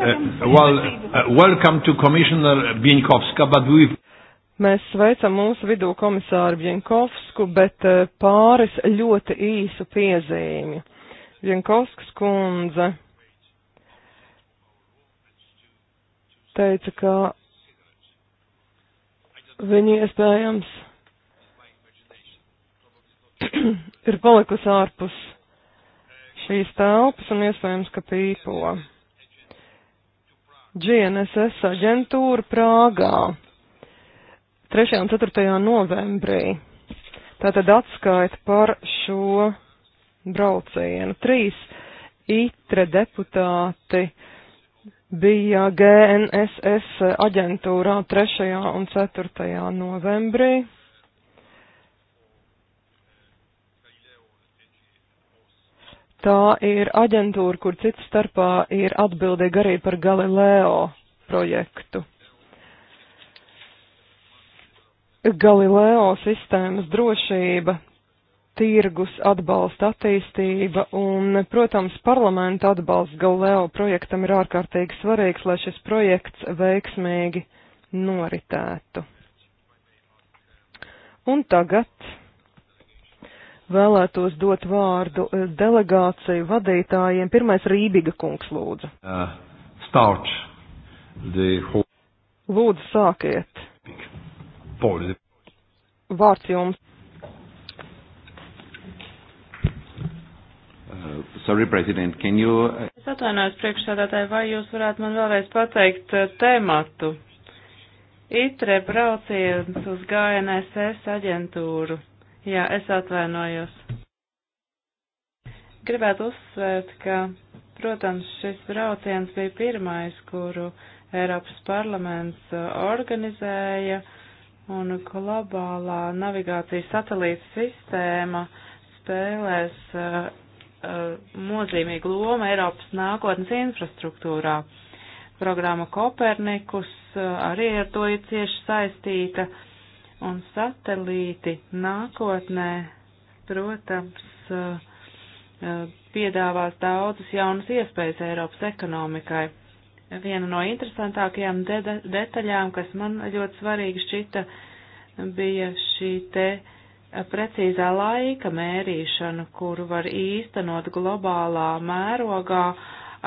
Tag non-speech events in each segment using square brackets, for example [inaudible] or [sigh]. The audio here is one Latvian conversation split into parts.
Uh, well, uh, welcome to Commissioner Bieņkovska, but we... Mēs sveicam mūsu vidū komisāru Bieņkovsku, bet uh, pāris ļoti īsu piezīmi. Bieņkovskas kundze teica, ka viņi iespējams [clears throat] ir palikusi ārpus šīs telpas un iespējams, ka pīpo. GNSS aģentūra Prāgā 3. un 4. novembrī. Tātad atskaita par šo braucienu. Trīs itre deputāti bija GNSS aģentūrā 3. un 4. novembrī. Tā ir aģentūra, kur cits starpā ir atbildīga arī par Galileo projektu. Galileo sistēmas drošība, tirgus atbalsta attīstība un, protams, parlamenta atbalsts Galileo projektam ir ārkārtīgi svarīgs, lai šis projekts veiksmīgi noritētu. Un tagad vēlētos dot vārdu eh, delegāciju vadītājiem. Pirmais Rībiga kungs lūdzu. Uh, starts. The... Lūdzu, sākiet. Poli. Vārds jums. Uh, sorry, President, can you... Uh, es atvainojos priekšsādātāji, vai jūs varētu man vēlreiz pateikt uh, tēmatu? ITRE brauciens uz GNSS aģentūru. Jā, es atvainojos. Gribētu uzsvērt, ka, protams, šis brauciens bija pirmais, kuru Eiropas parlaments uh, organizēja, un globālā navigācijas satelīta sistēma spēlēs uh, uh, nozīmīgu lomu Eiropas nākotnes infrastruktūrā. Programma Kopernikus uh, arī ar to ir cieši saistīta. Uh, Un satelīti nākotnē, protams, eh, eh, piedāvās daudzas jaunas iespējas Eiropas ekonomikai. Viena no interesantākajām de detaļām, kas man ļoti svarīga šķita, bija šī te eh, precīzā laika mērīšana, kuru var īstenot globālā mērogā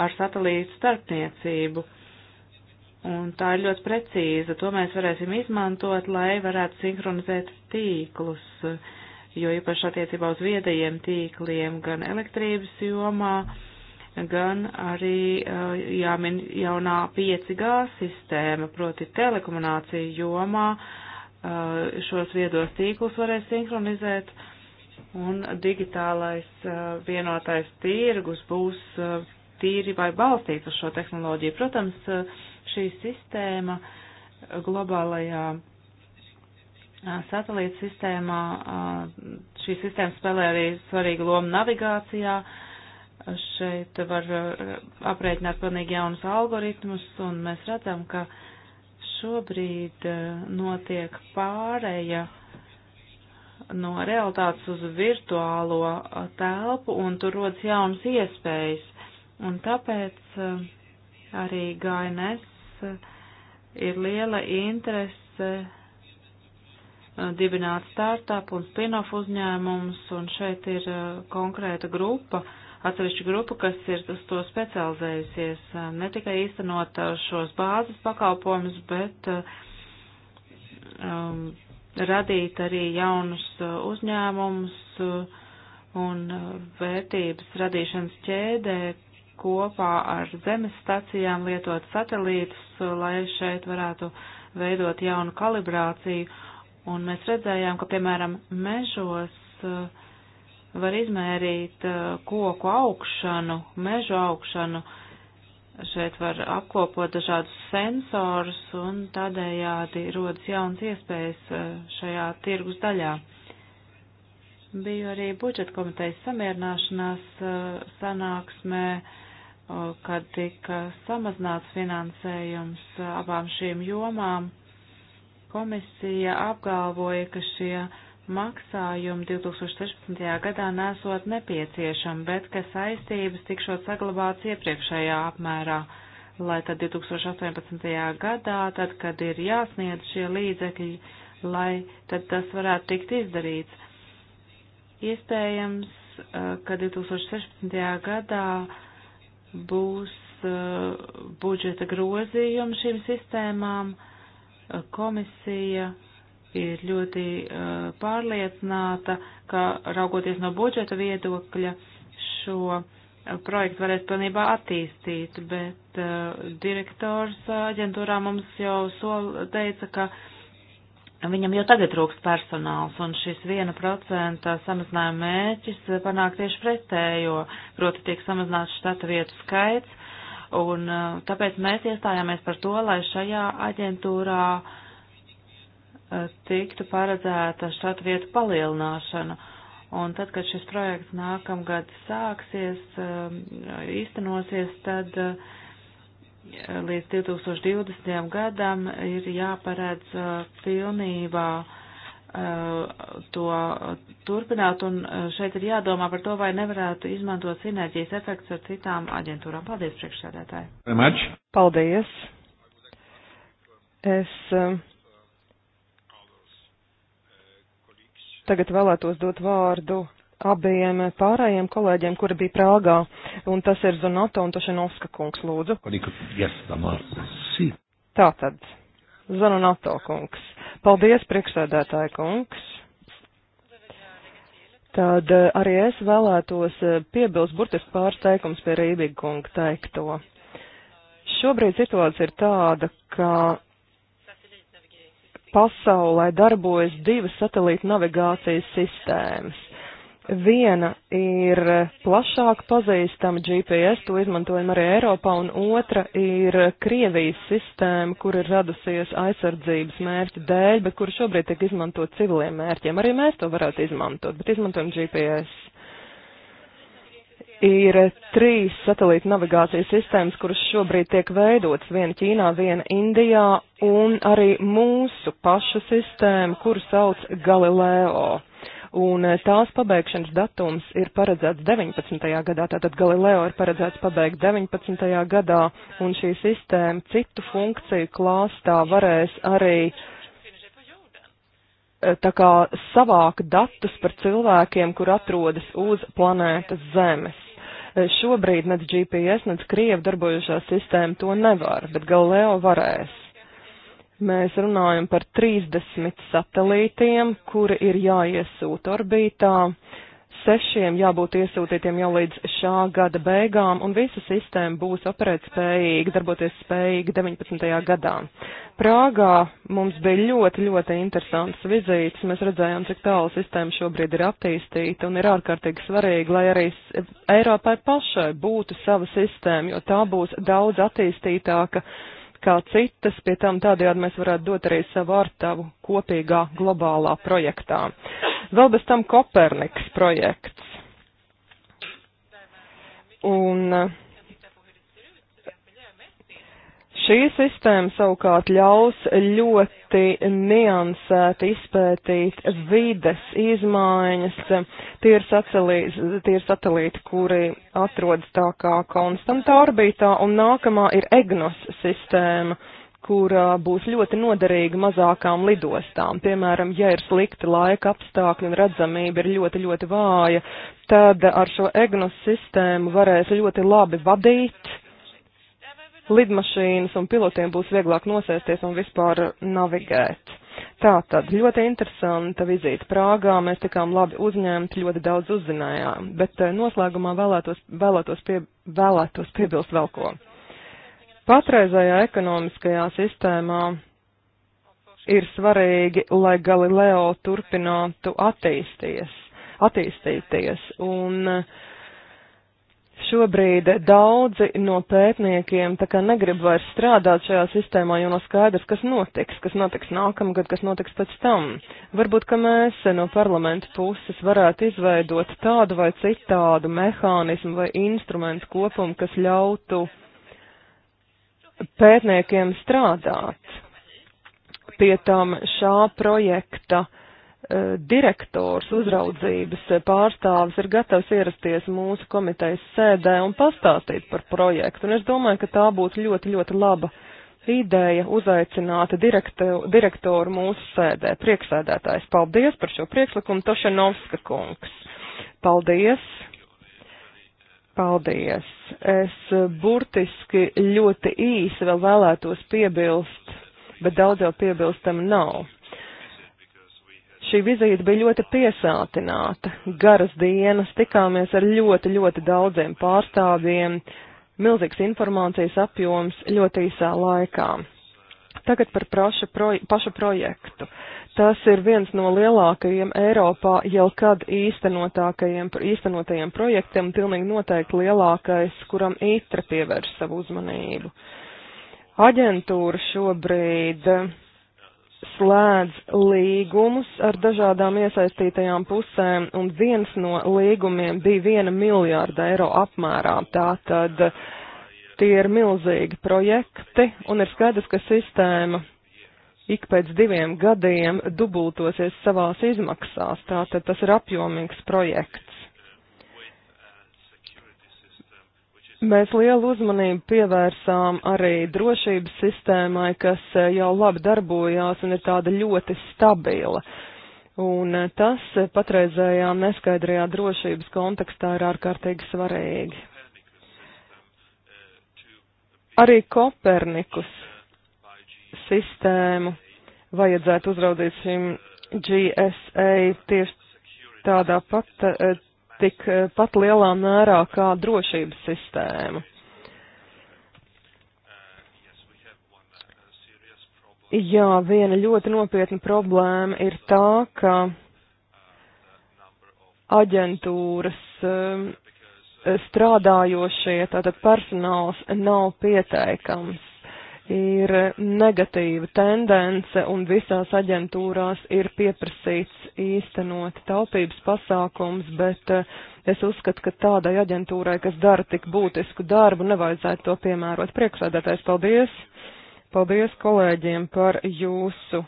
ar satelītu starpniecību. Un tā ir ļoti precīza. To mēs varēsim izmantot, lai varētu sinhronizēt tīklus, jo īpaši attiecībā uz viedajiem tīkliem gan elektrības jomā, gan arī jāmin jaunā 5G sistēma, proti telekomunāciju jomā šos viedos tīklus varēs sinhronizēt. Un digitālais vienotais tirgus būs tīri vai balstīts uz šo tehnoloģiju. Protams, šī sistēma globālajā satelīta sistēmā, šī sistēma spēlē arī svarīgu lomu navigācijā. Šeit var aprēķināt pilnīgi jaunus algoritmus, un mēs redzam, ka šobrīd notiek pāreja no realitātes uz virtuālo telpu, un tur rodas jaunas iespējas. Un tāpēc arī GNS ir liela interese uh, dibināt startup un spin-off uzņēmumus, un šeit ir uh, konkrēta grupa, atsevišķa grupa, kas ir uz to specializējusies, uh, ne tikai īstenot šos bāzes pakalpojumus, bet um, radīt arī jaunus uzņēmumus un vērtības radīšanas ķēdē, kopā ar zemes stacijām lietot satelītus, lai šeit varētu veidot jaunu kalibrāciju. Un mēs redzējām, ka, piemēram, mežos eh, var izmērīt eh, koku augšanu, mežu augšanu. Šeit var apkopot dažādus sensorus un tādējādi rodas jauns iespējas eh, šajā tirgus daļā. Biju arī budžeta komitejas samierināšanās sanāksmē kad tika samazināts finansējums abām šīm jomām, komisija apgalvoja, ka šie maksājumi 2016. gadā nesot nepieciešami, bet ka saistības tikšot saglabāts iepriekšējā apmērā, lai tad 2018. gadā, tad, kad ir jāsniedz šie līdzekļi, lai tad tas varētu tikt izdarīts. Iespējams, ka 2016. gadā būs eh, budžeta grozījumi šīm sistēmām. Eh, komisija ir ļoti eh, pārliecināta, ka raugoties no budžeta viedokļa šo projektu varēs pilnībā attīstīt, bet direktors aģentūrā mums jau sola teica, ka Viņam jau tagad trūkst personāls, un šis 1% samazinājuma mērķis panāk tieši pretējo, proti tiek samazināts štata vietu skaits, un eh, tāpēc mēs iestājāmies par to, lai šajā aģentūrā eh, tiktu paredzēta štata vietu palielināšana. Un tad, kad šis projekts nākamgad sāksies, eh, īstenosies, tad uh, līdz 2020. gadam ir jāparedz uh, pilnībā uh, to turpināt, un uh, šeit ir jādomā par to, vai nevarētu izmantot sinerģijas efekts ar citām aģentūrām. Paldies, priekšsēdētāji! Paldies! Es um, tagad vēlētos dot vārdu abiem pārējiem kolēģiem, kuri bija Prāgā, un tas ir Zanoto un Tošenovska kungs, lūdzu. Tātad, Zanonato kungs. Paldies, priekšsēdētāja kungs. Tad eh, arī es vēlētos eh, piebilst burtiski pāris teikums pie Rībīga kunga teikto. Šobrīd situācija ir tāda, ka pasaulē darbojas divas satelīta navigācijas sistēmas. Viena ir plašāk pazīstama GPS, to izmantojam arī Eiropā, un otra ir Krievijas sistēma, kur ir radusies aizsardzības mērķa dēļ, bet kur šobrīd tiek izmantot civiliem mērķiem. Arī mēs to varētu izmantot, bet izmantojam GPS. Ir trīs satelīta navigācijas sistēmas, kuras šobrīd tiek veidotas viena Ķīnā, viena Indijā, un arī mūsu paša sistēma, kuru sauc Galileo. Uh, un eh, tās pabeigšanas datums ir paredzēts 19. gadā, tātad Galileo ir paredzēts pabeigt 19. gadā, un šī sistēma citu funkciju klāstā varēs arī eh, tā kā savākt datus par cilvēkiem, kur atrodas uz planētas Zemes eh, šobrīd nec GPS, nec Krievi darbojušā sistēma to nevar, bet Galileo varēs. Mēs runājam par 30 satelītiem, kuri ir jāiesūta orbītā. Sešiem jābūt iesūtītiem jau līdz šā gada beigām, un visa sistēma būs operēt spējīga, darboties spējīga 19. gadā. Prāgā mums bija ļoti, ļoti interesants vizītes. Mēs redzējām, cik tālu sistēma šobrīd ir attīstīta, un ir ārkārtīgi svarīgi, lai arī Eiropai pašai būtu sava sistēma, jo tā būs daudz attīstītāka kā citas, pie tam tādējādi mēs varētu dot arī savu ārtavu kopīgā globālā projektā. Vēl bez tam Koperniks projekts. Un uh, Šī sistēma savukārt ļaus ļoti niansēti izpētīt vides izmaiņas. Tie ir, satelīti, tie ir satelīti, kuri atrodas tā kā konstantā orbītā, un nākamā ir EGNOS sistēma, kura būs ļoti noderīga mazākām lidostām. Piemēram, ja ir slikti laika apstākļi un redzamība ir ļoti, ļoti vāja, tad ar šo EGNOS sistēmu varēs ļoti labi vadīt lidmašīnas un pilotiem būs vieglāk nosēsties un vispār navigēt. Tā tad ļoti interesanta vizīte Prāgā, mēs tikām labi uzņemti, ļoti daudz uzzinājām, bet eh, noslēgumā vēlētos, vēlētos, pie, vēlētos piebilst vēl ko. Patreizējā ekonomiskajā sistēmā ir svarīgi, lai Galileo turpinātu attīsties, attīstīties, un uh, Šobrīd daudzi no pētniekiem tā kā negrib vairs strādāt šajā sistēmā, jo nav no skaidrs, kas notiks, kas notiks nākamgad, kas notiks pēc tam. Varbūt, ka mēs no parlamenta puses varētu izveidot tādu vai citādu mehānismu vai instrumentu kopumu, kas ļautu pētniekiem strādāt. Pie tam šā projekta uh, Eh, direktors, uzraudzības eh, pārstāvis ir gatavs ierasties mūsu komitejas sēdē un pastāstīt par projektu. Un es domāju, ka tā būtu ļoti, ļoti laba ideja uzaicināt direktoru, direktoru mūsu sēdē. Prieksēdētājs, paldies par šo priekšlikumu, Tošanovska kungs. Paldies! Paldies! Es burtiski ļoti īsi vēl vēlētos piebilst, bet daudz jau piebilstam nav. Šī vizīte bija ļoti piesātināta, garas dienas, tikāmies ar ļoti, ļoti daudziem pārstāvjiem, milzīgs informācijas apjoms ļoti īsā laikā. Tagad par prašu, proj pašu projektu. Tas ir viens no lielākajiem Eiropā jau kad īstenotākajiem, īstenotajiem projektiem, pilnīgi noteikti lielākais, kuram ītra pievērš savu uzmanību. Aģentūra šobrīd slēdz līgumus ar dažādām iesaistītajām pusēm, un viens no līgumiem bija viena miljārda eiro apmērā. Tātad eh, tie ir milzīgi projekti, un ir skaidrs, ka sistēma ik pēc diviem gadiem dubultosies savās izmaksās. Tātad tas ir apjomīgs projekts. Mēs lielu uzmanību pievērsām arī drošības sistēmai, kas eh, jau labi darbojās un ir tāda ļoti stabila. Un eh, tas patreizējā neskaidrajā drošības kontekstā ir ārkārtīgi svarīgi. Arī Kopernikus sistēmu vajadzētu uzraudzīt šim GSA tieši tādā pat eh, tik eh, pat lielā mērā kā drošības sistēmu. Jā, viena ļoti nopietna problēma ir tā, ka aģentūras eh, strādājošie, tātad personāls nav pieteikams ir negatīva tendence un visās aģentūrās ir pieprasīts īstenot taupības pasākums, bet eh, es uzskatu, ka tādai aģentūrai, kas dara tik būtisku darbu, nevajadzētu to piemērot. Priekšsēdētājs, paldies! Paldies kolēģiem par jūsu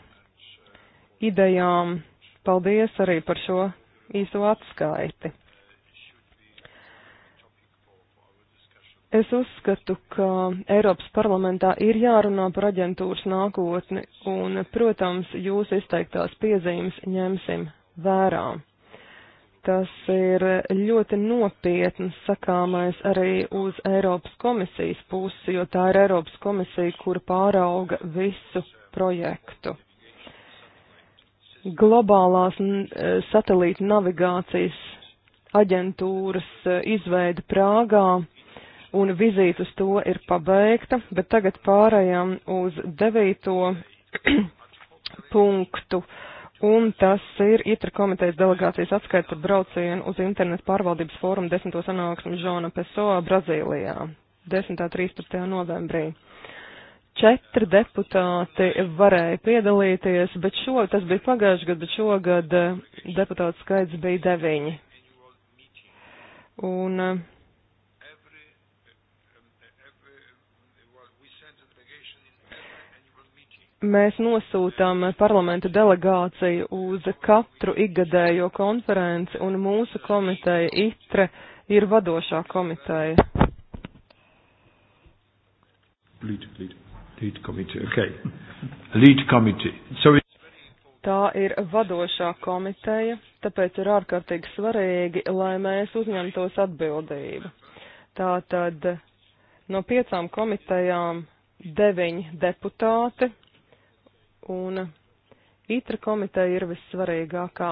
idejām! Paldies arī par šo īso atskaiti! Es uzskatu, ka Eiropas parlamentā ir jārunā par aģentūras nākotni, un, protams, jūs izteiktās piezīmes ņemsim vērā. Tas ir ļoti nopietns sakāmais arī uz Eiropas komisijas pusi, jo tā ir Eiropas komisija, kura pārauga visu projektu. Globālās satelīta navigācijas aģentūras eh, izveida Prāgā un vizīte uz to ir pabeigta, bet tagad pārējām uz devīto [clears throat] punktu, un tas ir ITRA komitejas delegācijas atskaita braucienu uz internetu pārvaldības fórumu 10. sanāksmi Žona Pesoa Brazīlijā 10.13. novembrī. Četri deputāti varēja piedalīties, bet šo, tas bija pagājuši gadu, bet šogad eh, deputātu skaits bija deviņi. Un uh, mēs nosūtām parlamenta delegāciju uz katru ikgadējo konferenci, un mūsu komiteja ITRE ir vadošā komiteja. Lead, lead, lead committee, okay. Lead committee. So it... Tā ir vadošā komiteja, tāpēc ir ārkārtīgi svarīgi, lai mēs uzņemtos atbildību. Tātad no piecām komitejām deviņi deputāti un ITRA komiteja ir vissvarīgākā.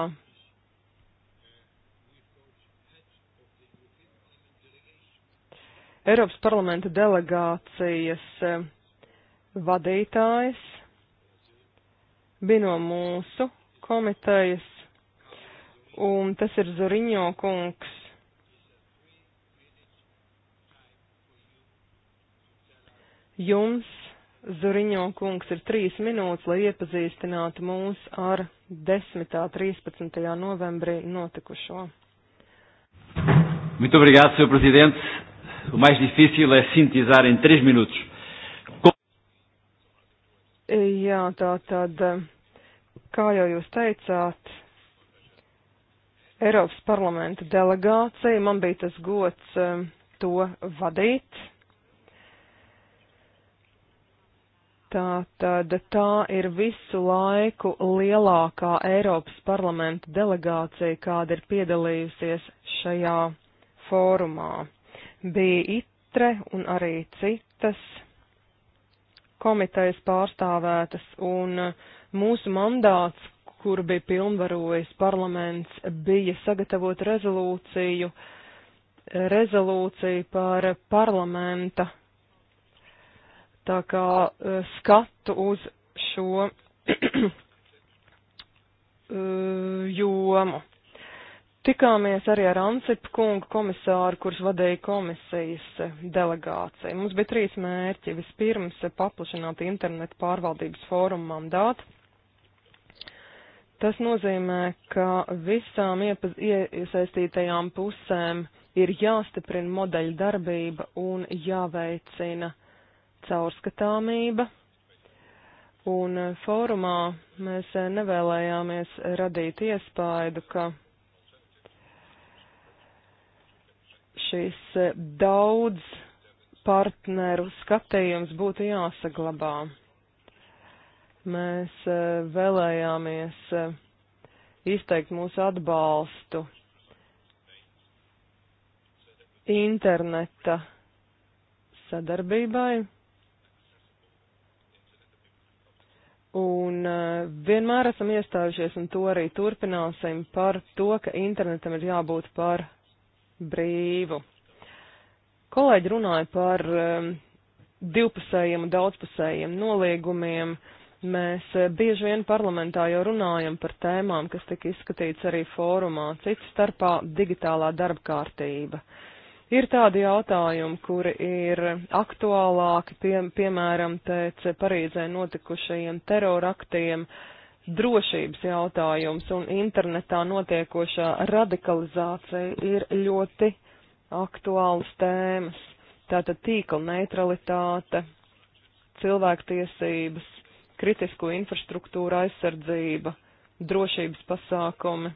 Eiropas parlamenta delegācijas eh, vadītājs bija no mūsu komitejas, un tas ir Zoriņo kungs. Jums Zuriņo kungs ir trīs minūtes, lai iepazīstinātu mūs ar 10. 13. novembrī notikušo. Muito obrigado, Sr. Presidente. O mais difícil é sintetizar em três minutos. Com... Jā, tā tad, kā jau jūs teicāt, Eiropas parlamenta delegācija, man bija tas gods eh, to vadīt Tā tad tā ir visu laiku lielākā Eiropas parlamenta delegācija, kāda ir piedalījusies šajā fórumā. Bija ITRE un arī citas komitejas pārstāvētas, un mūsu mandāts, kur bija pilnvarojis parlaments, bija sagatavot rezolūciju, rezolūciju par parlamenta tā kā eh, skatu uz šo [clears throat] eh, jomu. Tikāmies arī ar Ansipu kungu komisāru, kurš vadīja komisijas eh, delegāciju. Mums bija trīs mērķi. Vispirms paplašināt internetu pārvaldības fórumu mandātu. Tas nozīmē, ka visām iesaistītajām pusēm ir jāstiprina modeļa darbība un jāveicina caurskatāmība. Un eh, fórumā mēs eh, nevēlējāmies radīt iespaidu, ka šis eh, daudz partneru skatījums būtu jāsaglabā. Mēs vēlējāmies izteikt mūsu atbalstu interneta sadarbībai, Un uh, vienmēr esam iestājušies, un to arī turpināsim, par to, ka internetam ir jābūt par brīvu. Kolēģi runāja par um, divpusējiem un daudzpusējiem noliegumiem. Mēs eh, bieži vien parlamentā jau runājam par tēmām, kas tika izskatīts arī fórumā, cits starpā digitālā darba kārtība. Uh, Ir tādi jautājumi, kuri ir aktuālāki, pie, piemēram, pēc Parīzē notikušajiem teroraktiem, drošības jautājums un internetā notiekošā radikalizācija ir ļoti aktuāls tēmas. Tātad tīkla neutralitāte, cilvēktiesības, kritisko infrastruktūru aizsardzība, drošības pasākumi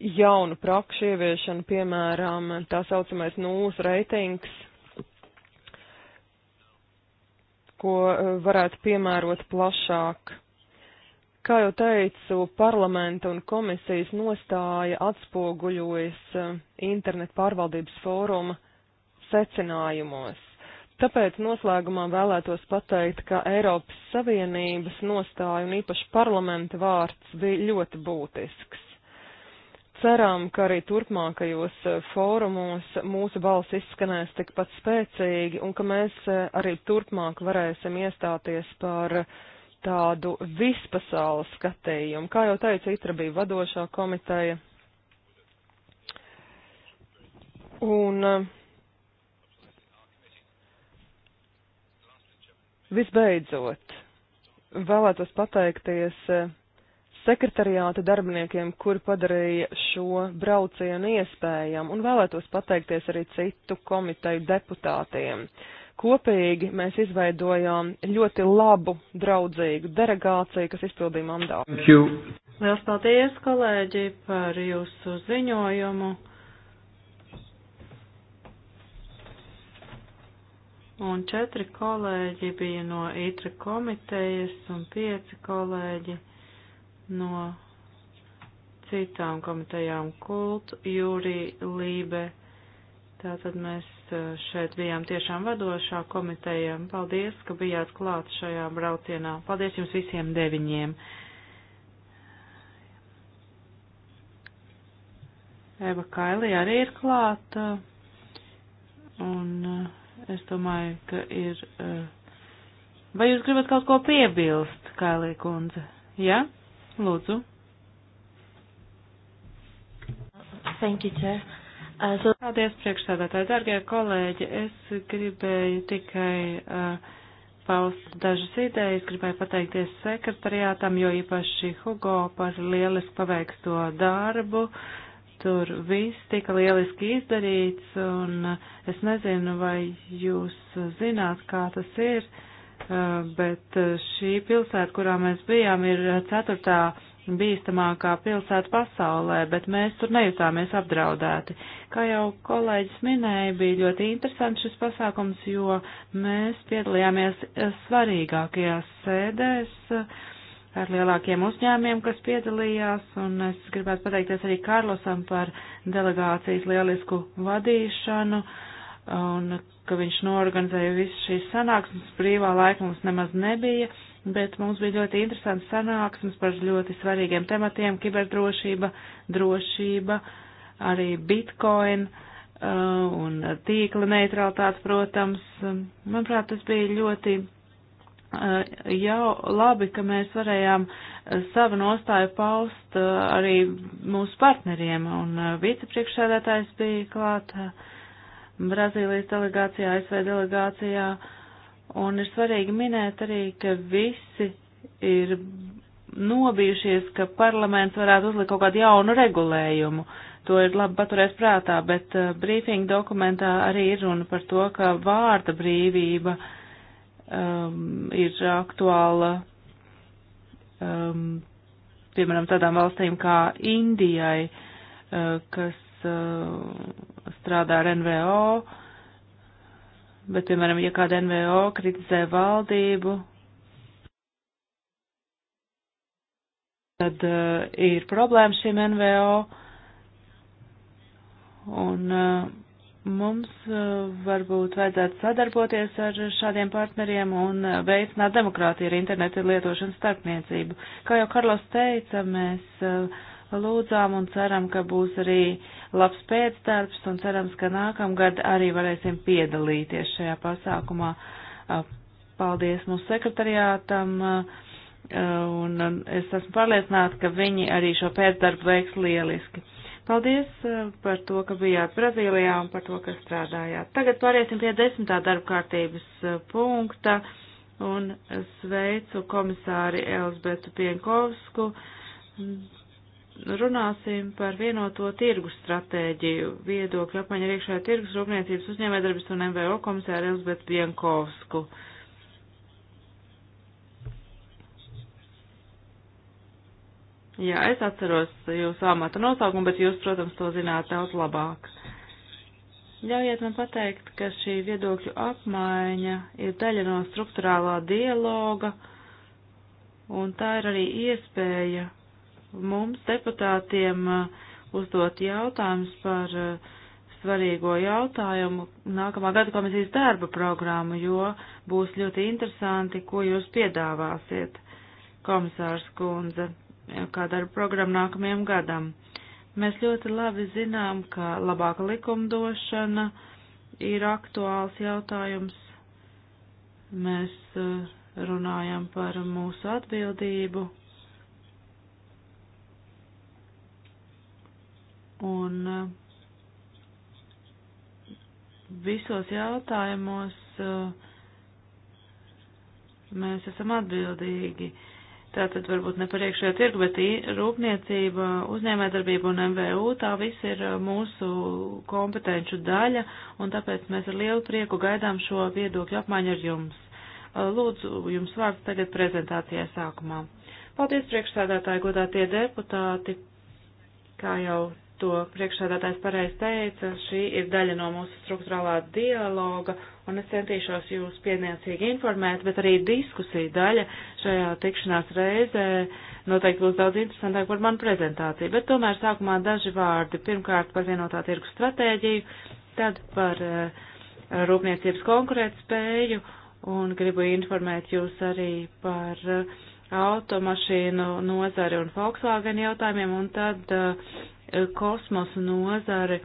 jaunu prakšu ieviešanu, piemēram, tā saucamais nulles reitings, ko e, varētu piemērot plašāk. Kā jau teicu, parlamenta un komisijas nostāja atspoguļojas e, internet pārvaldības fóruma secinājumos. Tāpēc noslēgumā vēlētos pateikt, ka Eiropas Savienības nostāja un īpaši parlamenta vārds bija ļoti būtisks. Ceram, ka arī turpmākajos e, fórumos mūsu balss izskanēs tikpat spēcīgi un ka mēs e, arī turpmāk varēsim iestāties par tādu vispasaules skatījumu. Kā jau teicu, Itra bija vadošā komiteja. Un e, visbeidzot, vēlētos pateikties sekretariāta darbiniekiem, kuri padarīja šo braucienu iespējamu, un vēlētos pateikties arī citu komiteju deputātiem. Kopīgi mēs izveidojām ļoti labu, draudzīgu delegāciju, kas izpildīja mandātu. Lielas paldies, kolēģi, par jūsu ziņojumu. Un četri kolēģi bija no ITRA komitejas un pieci kolēģi no citām komitejām kultu, jūri, lībe. Tātad mēs uh, šeit bijām tiešām vadošā komiteja. Paldies, ka bijāt klāt šajā braucienā. Paldies jums visiem deviņiem. Eva Kailī arī ir klāta. Uh, un uh, es domāju, ka ir. Vai jūs gribat kaut ko piebilst, Kailī kundze? Ja? Lūdzu. Thank you, Chair. Uh, so... Paldies, priekšsēdētāji. Dargie kolēģi, es gribēju tikai uh, paust dažas idejas, gribēju pateikties sekretariātam, jo īpaši Hugo par lieliski paveikto darbu. Tur viss tika lieliski izdarīts, un es nezinu, vai jūs zināt, kā tas ir, Eh, bet eh, šī pilsēta, kurā mēs bijām, ir ceturtā bīstamākā pilsēta pasaulē, bet mēs tur nejutāmies apdraudēti. Kā jau kolēģis minēja, bija ļoti interesants šis pasākums, jo mēs piedalījāmies eh, svarīgākajās sēdēs ar lielākiem uzņēmiem, kas piedalījās, un es gribētu pateikties arī Karlosam par delegācijas lielisku vadīšanu. Uh, un ka viņš norganizēja visu šīs sanāksmes. Brīvā laika mums nemaz nebija, bet mums bija ļoti interesants sanāksmes par ļoti svarīgiem tematiem - kiberdrošība, drošība, arī bitcoin uh, un tīkla neutralitāte, protams. Manuprāt, tas bija ļoti uh, jau labi, ka mēs varējām uh, savu nostāju paust arī mūsu partneriem, un vicepriekšsēdētājs bija klāt, Brazīlijas delegācijā, ASV delegācijā, un ir svarīgi minēt arī, ka visi ir nobijušies, ka parlaments varētu uzlikt kaut kādu jaunu regulējumu. To ir labi paturēt prātā, bet uh, brīfinga dokumentā arī ir runa par to, ka vārda brīvība um, ir aktuāla, um, piemēram, tādām valstīm kā Indijai, uh, kas uh, strādā ar NVO, bet, piemēram, ja kāda NVO kritizē valdību, tad uh, ir problēma šīm NVO, un uh, mums uh, varbūt vajadzētu sadarboties ar šādiem partneriem un uh, veicināt demokrātiju ar interneta lietošanas starpniecību. Kā jau Karlos teica, mēs uh, lūdzām un ceram, ka būs arī labs pēcdarbs un cerams, ka nākamgad arī varēsim piedalīties šajā pasākumā. Paldies mūsu sekretariātam un es esmu pārliecināta, ka viņi arī šo pēcdarbu veiks lieliski. Paldies par to, ka bijāt Brazīlijā un par to, ka strādājāt. Tagad pāriesim pie desmitā darba kārtības punkta un sveicu komisāri Elzbetu Pienkovsku runāsim par vienoto tirgus stratēģiju, viedokļu apmaiņu ar iekšējā tirgus rūpniecības uzņēmējdarbības un MVO komisāru Elizabeti Bienkovsku. Jā, es atceros jūsu amata nosaukumu, bet jūs, protams, to zināt daudz labāk. Ļaujiet man pateikt, ka šī viedokļu apmaiņa ir daļa no struktūrālā dialoga, un tā ir arī iespēja mums deputātiem uh, uzdot jautājumus par uh, svarīgo jautājumu nākamā gada komisijas darba programmu, jo būs ļoti interesanti, ko jūs piedāvāsiet, komisārs kundze, kā darba programma nākamajam gadam. Mēs ļoti labi zinām, ka labāka likumdošana ir aktuāls jautājums. Mēs uh, runājam par mūsu atbildību Un eh, visos jautājumos eh, mēs esam atbildīgi. Tātad varbūt ne par iekšējo tirgu, bet rūpniecība, uzņēmējdarbība un MVU, tā viss ir eh, mūsu kompetenču daļa, un tāpēc mēs ar lielu prieku gaidām šo viedokļu apmaiņu ar jums. Lūdzu, jums vārds tagad prezentācijai sākumā. Paldies priekšsādātāji, godātie deputāti, kā jau to priekšsēdētājs pareizi teica, šī ir daļa no mūsu struktūrālā dialoga, un es centīšos jūs piedniecīgi informēt, bet arī diskusija daļa šajā tikšanās reizē noteikti būs daudz interesantāk par manu prezentāciju, bet tomēr sākumā daži vārdi. Pirmkārt par vienotā tirgu stratēģiju, tad par eh, rūpniecības konkurētspēju, un gribu informēt jūs arī par eh, automašīnu nozari un Volkswagen jautājumiem, un tad uh, kosmosa nozari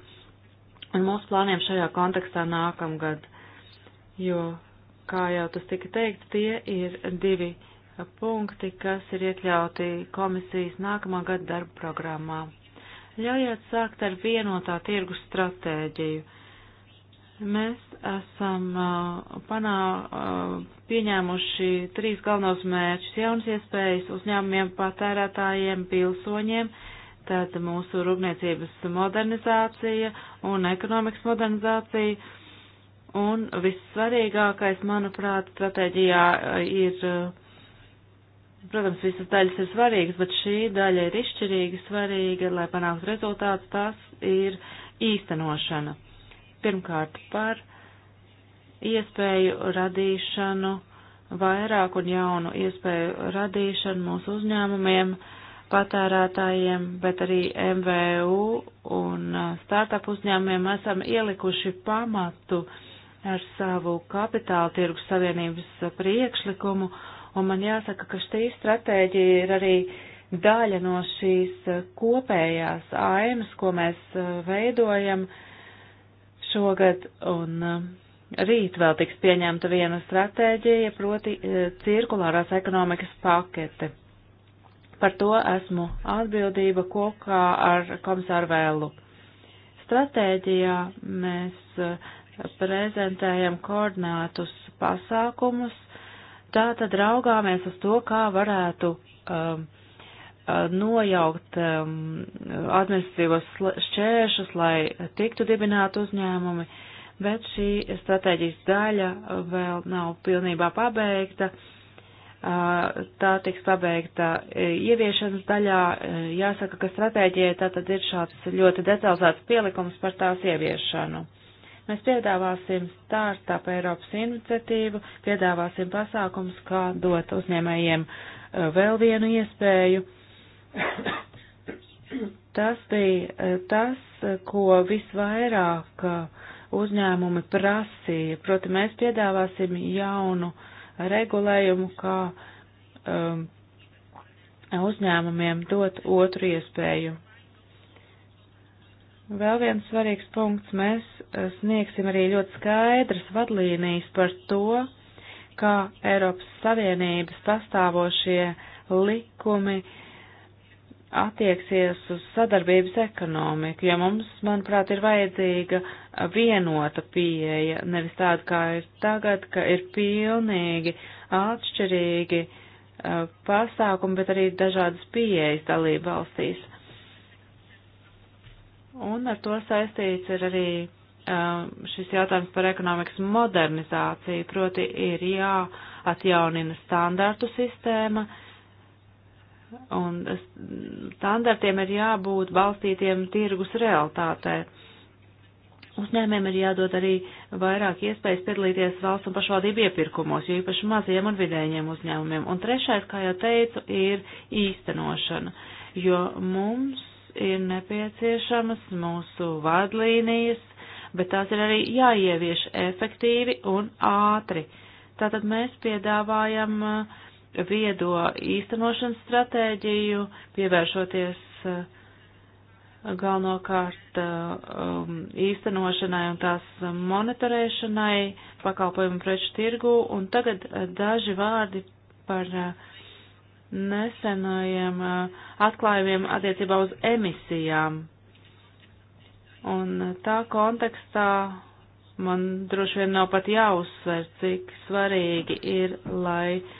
un mūsu plāniem šajā kontekstā nākamgad, jo, kā jau tas tika teikt, tie ir divi punkti, kas ir iekļauti komisijas nākamā gada darba programmā. Ļaujiet sākt ar vienotā tirgus stratēģiju. Mēs esam uh, panā, uh, pieņēmuši trīs galvenos mērķus - jaunas iespējas uzņēmumiem, patērētājiem, pilsoņiem Tāda mūsu rūpniecības modernizācija un ekonomikas modernizācija. Un vissvarīgākais, manuprāt, stratēģijā ir, protams, visas daļas ir svarīgas, bet šī daļa ir izšķirīgi svarīga, lai panāktu rezultāts, tas ir īstenošana. Pirmkārt, par iespēju radīšanu, vairāk un jaunu iespēju radīšanu mūsu uzņēmumiem, uh, patērētājiem, bet arī MVU un uh, startup uzņēmumiem esam ielikuši pamatu ar savu kapitāla tirgus savienības uh, priekšlikumu, un man jāsaka, ka šī stratēģija ir arī daļa no šīs uh, kopējās ainas, ko mēs veidojam šogad, un rīt vēl tiks pieņemta viena stratēģija, proti cirkulārās ekonomikas pakete. Par to esmu atbildība kopā ar komisāru Vēlu. Stratēģijā mēs eh, prezentējam koordinātus pasākumus, tā tad raugāmies uz to, kā varētu um, nojaukt um, administratīvos šķēršus, lai tiktu dibināti uzņēmumi, bet šī stratēģijas daļa vēl nav pilnībā pabeigta. Uh, tā tiks pabeigta ieviešanas daļā. Jāsaka, ka stratēģijai tā tad ir šāds ļoti detalizēts pielikums par tās ieviešanu. Mēs piedāvāsim startup Eiropas iniciatīvu, piedāvāsim pasākums, kā dot uzņēmējiem vēl vienu iespēju. [coughs] Tas bija tas, ko visvairāk uzņēmumi prasīja. Proti, mēs piedāvāsim jaunu uh, regulējumu, kā um, uzņēmumiem dot otru iespēju. Vēl viens svarīgs punkts. Mēs uh, sniegsim arī ļoti skaidras vadlīnijas par to, kā Eiropas Savienības pastāvošie likumi uh, attieksies uz sadarbības ekonomiku, jo mums, manuprāt, ir vajadzīga vienota pieeja, nevis tāda, kā ir tagad, ka ir pilnīgi atšķirīgi uh, pasākumi, bet arī dažādas pieejas dalība valstīs. Un ar to saistīts ir arī uh, šis jautājums par ekonomikas modernizāciju, proti ir jāatjaunina standārtu sistēma, uh, un standartiem ir jābūt balstītiem tirgus realitātē. Uzņēmēm ir jādod arī vairāk iespējas piedalīties valsts un pašvaldību iepirkumos, jo īpaši maziem un vidējiem uzņēmumiem. Un trešais, kā jau teicu, ir īstenošana, jo mums ir nepieciešamas mūsu vadlīnijas, bet tās ir arī jāievieš efektīvi un ātri. Tātad mēs piedāvājam uh, viedo īstenošanas stratēģiju, pievēršoties eh, galvenokārt eh, um, īstenošanai un tās monitorēšanai, pakalpojumu preču tirgu, un tagad eh, daži vārdi par nesenajiem atklājumiem attiecībā uz emisijām. Un tā kontekstā man droši vien nav pat jāuzsver, cik svarīgi ir, lai uh,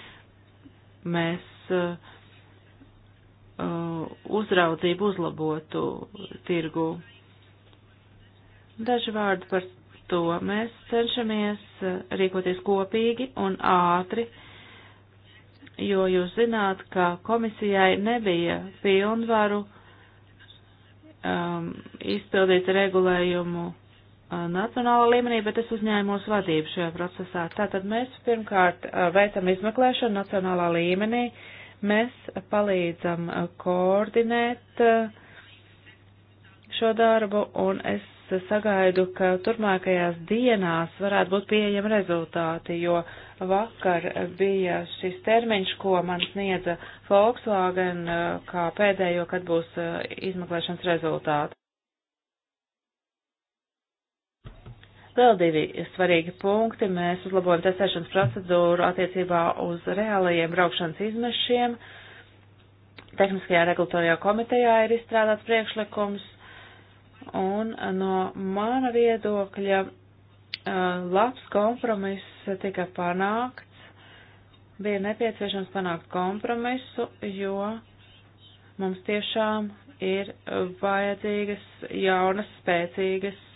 mēs uh, uh, uzraudzību uzlabotu tirgu. Daži vārdi par to. Mēs cenšamies uh, rīkoties kopīgi un ātri, jo jūs zināt, ka komisijai nebija pilnvaru um, izpildīt regulējumu Uh, nacionālā līmenī, bet es uzņēmos vadību šajā procesā. Tātad mēs pirmkārt uh, veicam izmeklēšanu nacionālā līmenī, mēs palīdzam uh, koordinēt šo darbu un es sagaidu, ka turpmākajās dienās varētu būt pieejami rezultāti, jo vakar bija šis termiņš, ko man sniedza Volkswagen kā pēdējo, kad būs izmeklēšanas rezultāti. Vēl divi svarīgi punkti. Mēs uzlabojam testēšanas procedūru attiecībā uz reālajiem braukšanas izmešiem. Tehniskajā regulatorijā komitejā ir izstrādāts priekšlikums, un no mana viedokļa labs kompromiss tika panākts. Bija nepieciešams panākt kompromisu, jo mums tiešām ir vajadzīgas jaunas, spēcīgas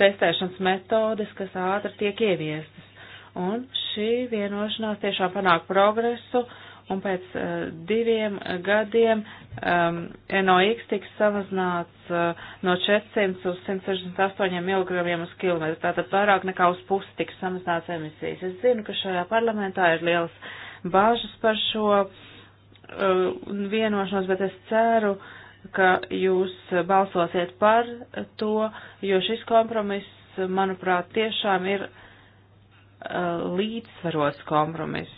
testēšanas metodes, kas ātri tiek ieviestas. Un šī vienošanās tiešām panāk progresu, un pēc uh, diviem gadiem um, ehm, NOx tiks samazināts uh, no 400 uz 168 mg uz kilometru, tātad vairāk nekā uz pusi tiks samazināts emisijas. Es zinu, ka šajā parlamentā ir liels bāžas par šo uh, vienošanos, bet es ceru, uh, ka jūs balsosiet par to, jo šis kompromiss, manuprāt, tiešām ir uh, līdzsvarots kompromiss.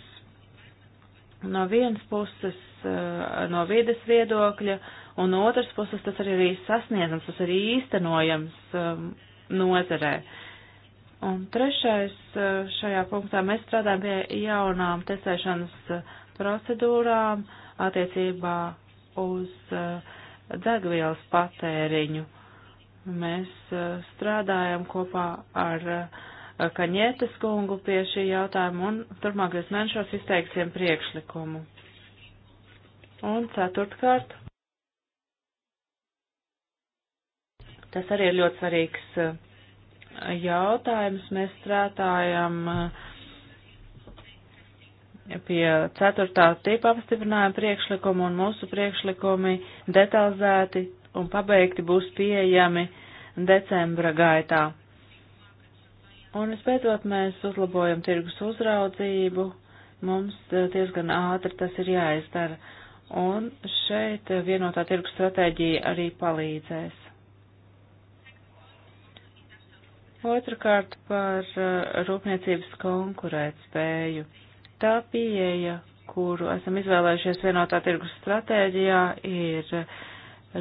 No vienas puses, uh, no vides viedokļa, un no otras puses tas arī ir sasniedzams, tas ir īstenojams um, nozerē. Un trešais, uh, šajā punktā mēs strādājam pie jaunām testēšanas uh, procedūrām attiecībā uz uh, degvielas patēriņu. Mēs eh, strādājam kopā ar eh, Kaņietes kungu pie šī jautājuma un turpmākajos mēnešos izteiksim priekšlikumu. Un ceturtkārt, tas arī ir ļoti svarīgs eh, jautājums. Mēs strādājam uh, pie ceturtā tipa apstiprinājuma priekšlikumu un mūsu priekšlikumi detalizēti un pabeigti būs pieejami decembra gaitā. Un visbeidzot mēs uzlabojam tirgus uzraudzību, mums eh, diezgan ātri tas ir jāizdara, un šeit eh, vienotā tirgus stratēģija arī palīdzēs. Otrakārt par eh, rūpniecības konkurētspēju. spēju Tā pieeja, kuru esam izvēlējušies vienotā tirgus stratēģijā, ir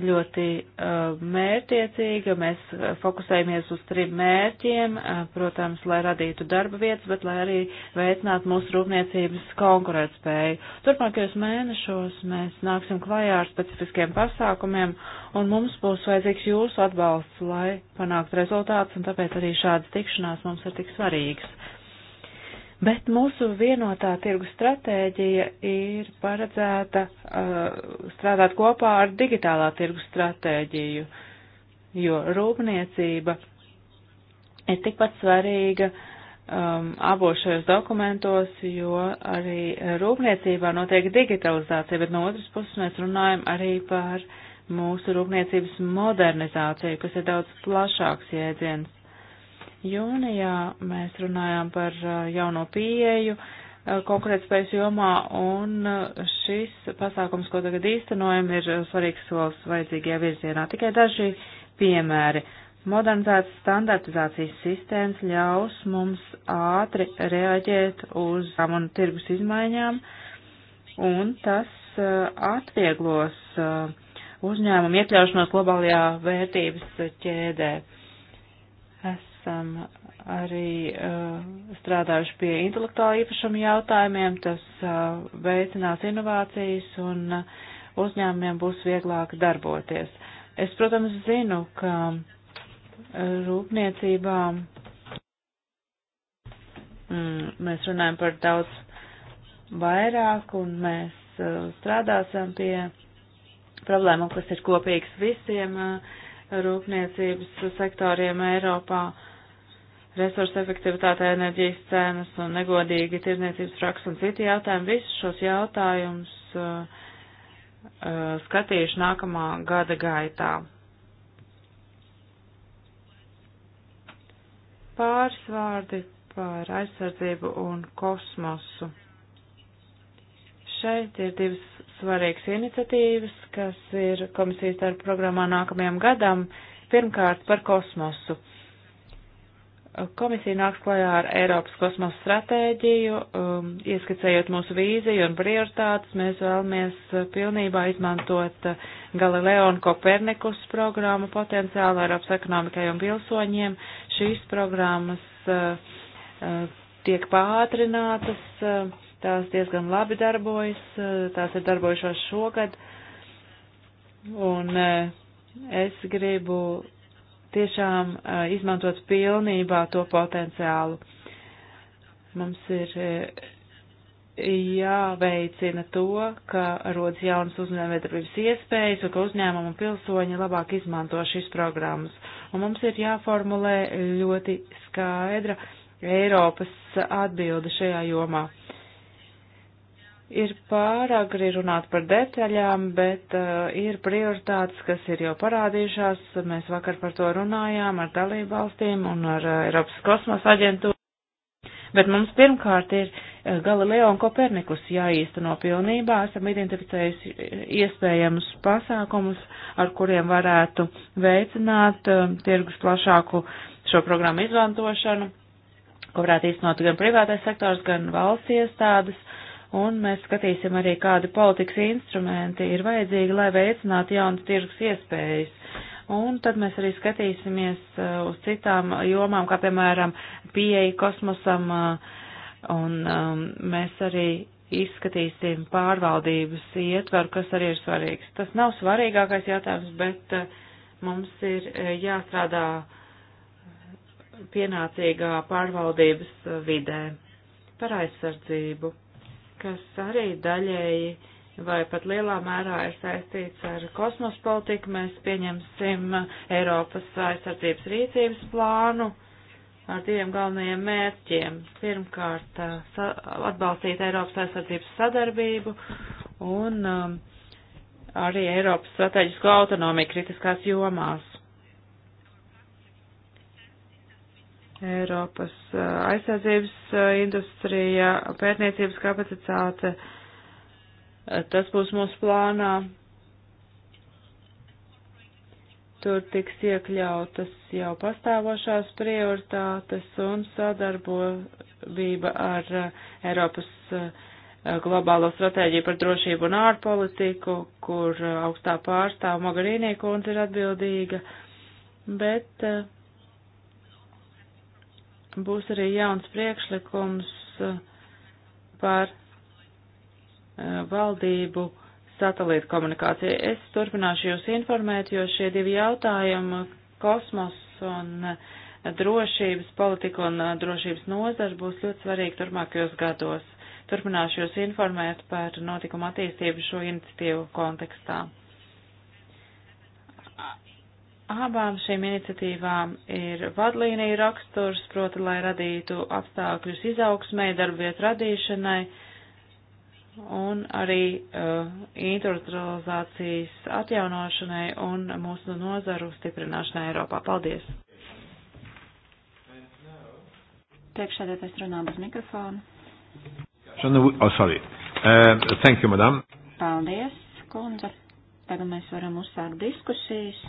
ļoti uh, mērtiecīga. Mēs uh, fokusējamies uz trim mērķiem, uh, protams, lai radītu darba vietas, bet lai arī veicinātu mūsu rūpniecības konkurētspēju. Turpmākajos mēnešos mēs nāksim klajā ar specifiskiem pasākumiem, un mums būs vajadzīgs jūsu atbalsts, lai panāktu rezultātus, un tāpēc arī šādas tikšanās mums ir tik svarīgas. Bet mūsu vienotā tirgu stratēģija ir paredzēta uh, strādāt kopā ar digitālā tirgu stratēģiju, jo rūpniecība ir tikpat svarīga um, abos šajos dokumentos, jo arī rūpniecībā notiek digitalizācija, bet no otras puses mēs runājam arī par mūsu rūpniecības modernizāciju, kas ir daudz plašāks jēdziens. Jūnijā mēs runājām par uh, jauno pieeju uh, konkurētspējas jomā, un uh, šis pasākums, ko tagad īstenojam, ir svarīgs solis vajadzīgajā virzienā. Tikai daži piemēri. Modernizētas standartizācijas sistēmas ļaus mums ātri reaģēt uz un tirgus izmaiņām, un tas atvieglos uzņēmumu iekļaušanos globālajā vērtības ķēdē esam arī uh, strādājuši pie intelektuāla īpašuma jautājumiem, tas uh, veicinās inovācijas un uh, uzņēmumiem būs vieglāk darboties. Es, protams, zinu, ka rūpniecībā mm, mēs runājam par daudz vairāk un mēs uh, strādāsim pie problēmām, kas ir kopīgas visiem uh, rūpniecības sektoriem Eiropā. Uh, resursu efektivitāte, enerģijas cenas un negodīgi tirdzniecības praksa un citi jautājumi. Visus šos jautājumus uh, uh, skatījuši nākamā gada gaitā. Pāris vārdi par aizsardzību un kosmosu. Šeit ir divas svarīgas iniciatīvas, kas ir komisijas darba programmā nākamajam gadam. Pirmkārt par kosmosu. Uh, Komisija nāks klajā ar Eiropas kosmosa stratēģiju, um, ieskicējot mūsu vīziju un prioritātes. Mēs vēlamies uh, pilnībā izmantot uh, Galileo un Kopernikus programmu potenciālu Eiropas ekonomikai un pilsoņiem. Šīs programmas uh, uh, tiek pātrinātas, uh, tās diezgan labi darbojas, uh, tās ir darbojušās šogad. Un uh, es gribu tiešām eh, izmantot pilnībā to potenciālu. Mums ir eh, jāveicina to, ka rodas jaunas uzņēmējdarbības iespējas un ka uzņēmumu un pilsoņi labāk izmanto šīs programmas. Un mums ir jāformulē ļoti skaidra Eiropas atbilde šajā jomā. Ir pārāk grūti runāt par detaļām, bet uh, ir prioritātes, kas ir jau parādījušās. Mēs vakar par to runājām ar dalību valstīm un ar uh, Eiropas kosmosa aģentūru. Bet mums pirmkārt ir uh, Galileo un Kopernikus jāīsteno pilnībā. Esam identificējuši uh, iespējamus pasākumus, ar kuriem varētu veicināt uh, tirgus plašāku šo programmu izmantošanu, ko varētu īstenot gan privātais sektors, gan valsts iestādes un mēs skatīsim arī, kādi politikas instrumenti ir vajadzīgi, lai veicinātu jaunas tirgus iespējas. Un tad mēs arī skatīsimies uh, uz citām jomām, kā piemēram pieeja kosmosam, uh, un um, mēs arī izskatīsim pārvaldības ietvaru, kas arī ir svarīgs. Tas nav svarīgākais jautājums, bet uh, mums ir jāstrādā pienācīgā pārvaldības vidē par aizsardzību kas arī daļēji vai pat lielā mērā ir saistīts ar kosmos politiku. Mēs pieņemsim Eiropas aizsardzības rīcības plānu ar diviem galvenajiem mērķiem. Pirmkārt, atbalstīt Eiropas aizsardzības sadarbību un um, arī Eiropas strateģisko autonomiju kritiskās jomās. Eiropas eh, aizsardzības eh, industrija, pētniecības kapacitāte. Eh, tas būs mūsu plānā. Tur tiks iekļautas jau pastāvošās prioritātes un sadarbība ar Eiropas globālo stratēģiju par drošību un ārpolitiku, kur augstā pārstāva Mogarīnī kundze ir atbildīga, bet uh, Būs arī jauns priekšlikums uh, par uh, valdību satelīta komunikācija. Es turpināšu jūs informēt, jo šie divi jautājumi - kosmos un uh, drošības politika un drošības nozara būs ļoti svarīgi turpmākajos gados. Turpināšu jūs informēt par notikumu attīstību šo iniciatīvu kontekstā. Abām šīm iniciatīvām ir vadlīnija raksturs, proti, lai radītu apstākļus izaugsmē, darbvietu radīšanai un arī uh, industrializācijas atjaunošanai un mūsu nozaru stiprināšanai Eiropā. Paldies! Priekšsēdētājs runā bez mikrofona. Oh, sorry. Uh, thank you, madam. Paldies, kundze. Tagad mēs varam uzsākt diskusijas.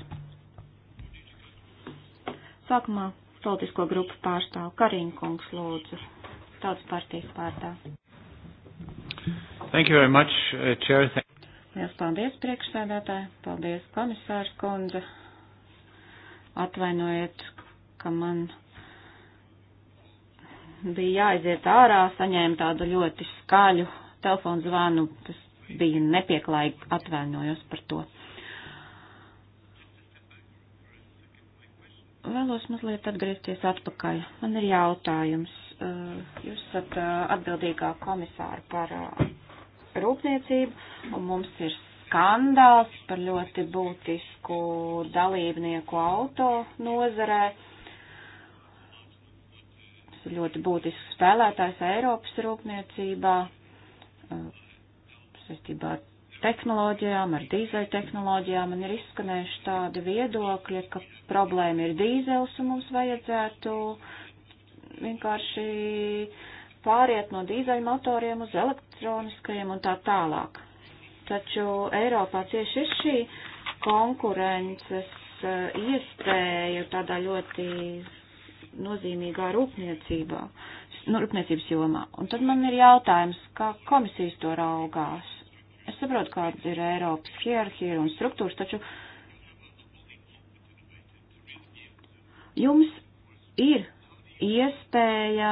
Sākumā politisko grupu pārstāvu Kariņkungs lūdzu. Tautas partijas pārdā. Thank you very much, uh, Chair. Liels paldies priekšsēdētāji, paldies komisārs kundze. Atvainojiet, ka man bija jāiziet ārā, saņēmu tādu ļoti skaļu telefonu zvanu, tas bija nepieklājīgi, atvainojos par to. Vēlos mazliet atgriezties atpakaļ. Man ir jautājums. Eh, jūs esat eh, atbildīgā komisāra par eh, rūpniecību, un mums ir skandāls par ļoti būtisku dalībnieku auto nozarē. Tas ir ļoti būtisks spēlētājs Eiropas rūpniecībā saistībā ar tehnoloģijām, ar dīzeļu tehnoloģijām, un ir izskanējuši tādi viedokļi, ka problēma ir dīzels, un mums vajadzētu vienkārši pāriet no dīzeļu motoriem uz elektroniskajiem un tā tālāk. Taču Eiropā tieši ir šī konkurences eh, iespēju tādā ļoti nozīmīgā rūpniecībā, nu, rūpniecības jomā. Un tad man ir jautājums, kā komisijas to raugās. Es saprotu, kādas ir Eiropas hierarhija un struktūras, taču jums ir iespēja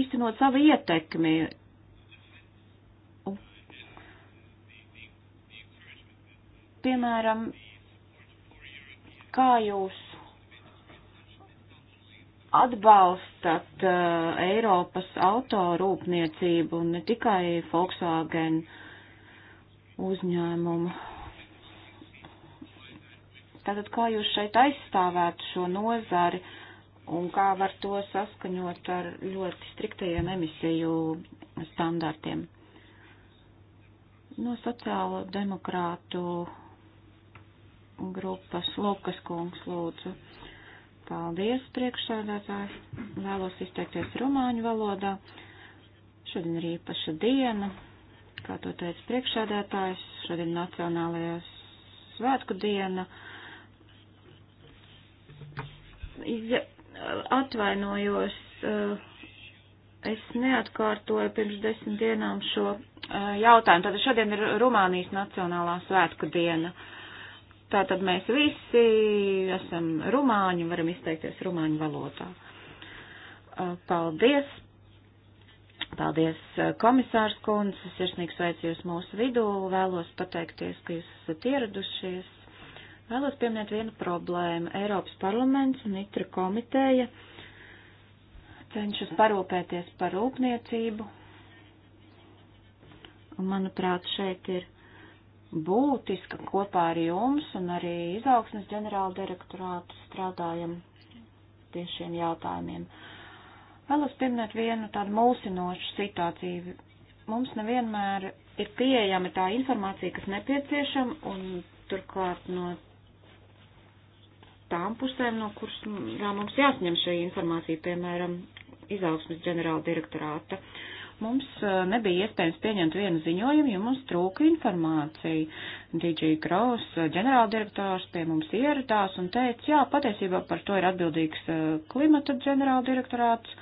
īstenot savu ietekmi. Piemēram, kā jūs atbalstat uh, Eiropas autorūpniecību, ne tikai Volkswagen uh, uzņēmumu. Tātad kā jūs šeit aizstāvētu šo nozari un kā var to saskaņot ar ļoti striktajiem emisiju standartiem? No sociālo demokrātu grupas Lukas kungs lūdzu. Paldies, priekšsēdētāji. Vēlos izteikties rumāņu valodā. Šodien ir īpaša diena kā to teica priekšsēdētājs, šodien Nacionālajā svētku diena. Ja, atvainojos, eh, es neatkārtoju pirms desmit dienām šo eh, jautājumu. Tātad šodien ir Rumānijas Nacionālā svētku diena. Tātad mēs visi esam rumāņi un varam izteikties rumāņu valodā. Eh, paldies Paldies, eh, komisārs Kunz, es sirsnīgi sveicu jūs mūsu vidū, vēlos pateikties, ka jūs esat ieradušies. Vēlos pieminēt vienu problēmu. Eiropas parlaments un itra komiteja cenšas parūpēties par rūpniecību. Un, manuprāt, šeit ir būtiska kopā ar jums un arī izaugsmes ģenerāla direktorātu strādājam tieši šiem jautājumiem. Uh, Vēlos pieminēt vienu tādu mulsinošu situāciju. Mums nevienmēr ir pieejama tā informācija, kas nepieciešama, un turklāt no tām pusēm, no kurām mums jāsņem šī informācija, piemēram, izaugsmas ģenerāla direktorāta. Mums uh, nebija iespējams pieņemt vienu ziņojumu, jo mums trūka informācija. DJ Kraus, uh, ģenerāldirektors, pie mums ieradās un teica, jā, patiesībā par to ir atbildīgs uh, klimata ģenerāldirektorāts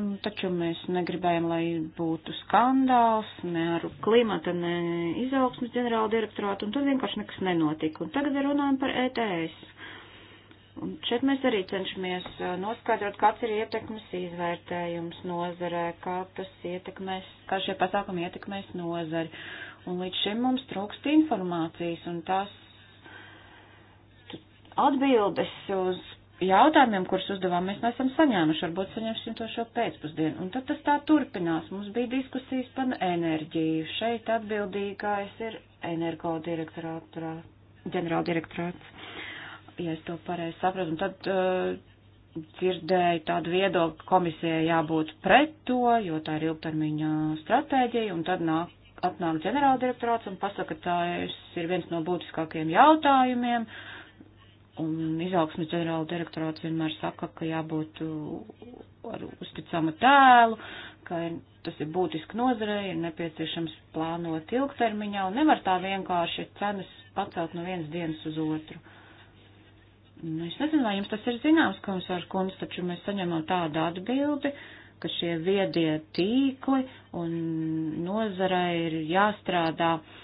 Mm, taču mēs negribējam, lai būtu skandāls ne ar klimata, ne izaugsmas ģenerāla direktorātu, un tad vienkārši nekas nenotika. Un tagad runājam par ETS. Un šeit mēs arī cenšamies noskaidrot, kāds ir ietekmes izvērtējums nozarē, kā tas ietekmēs, kā šie pasākumi ietekmēs nozari. Un līdz šim mums trūkst informācijas, un tas atbildes uz jautājumiem, kurus uzdevām, mēs nesam saņēmuši, varbūt saņemsim to šo pēcpusdienu. Un tad tas tā turpinās. Mums bija diskusijas par enerģiju. Šeit atbildīgais ir energo ģenerāldirektorāts, ja es to pareizi sapratu. Un tad uh, dzirdēju tādu viedokli, komisijai jābūt pret to, jo tā ir ilgtermiņa stratēģija, un tad nāk atnāk ģenerāldirektorāts un pasaka, ka tā ir viens no būtiskākajiem jautājumiem. Uh, Un izaugsmes ģenerāla direktorāts vienmēr saka, ka jābūt uh, ar uzticama tēlu, ka ir, tas ir būtiski nozarei, ir nepieciešams plānot ilgtermiņā un nevar tā vienkārši cenas pacelt no vienas dienas uz otru. Nu, es nezinu, vai jums tas ir zināms, komisārs Kunds, taču mēs saņemam tādu atbildi, ka šie viedie tīkli un nozarei ir jāstrādā uh,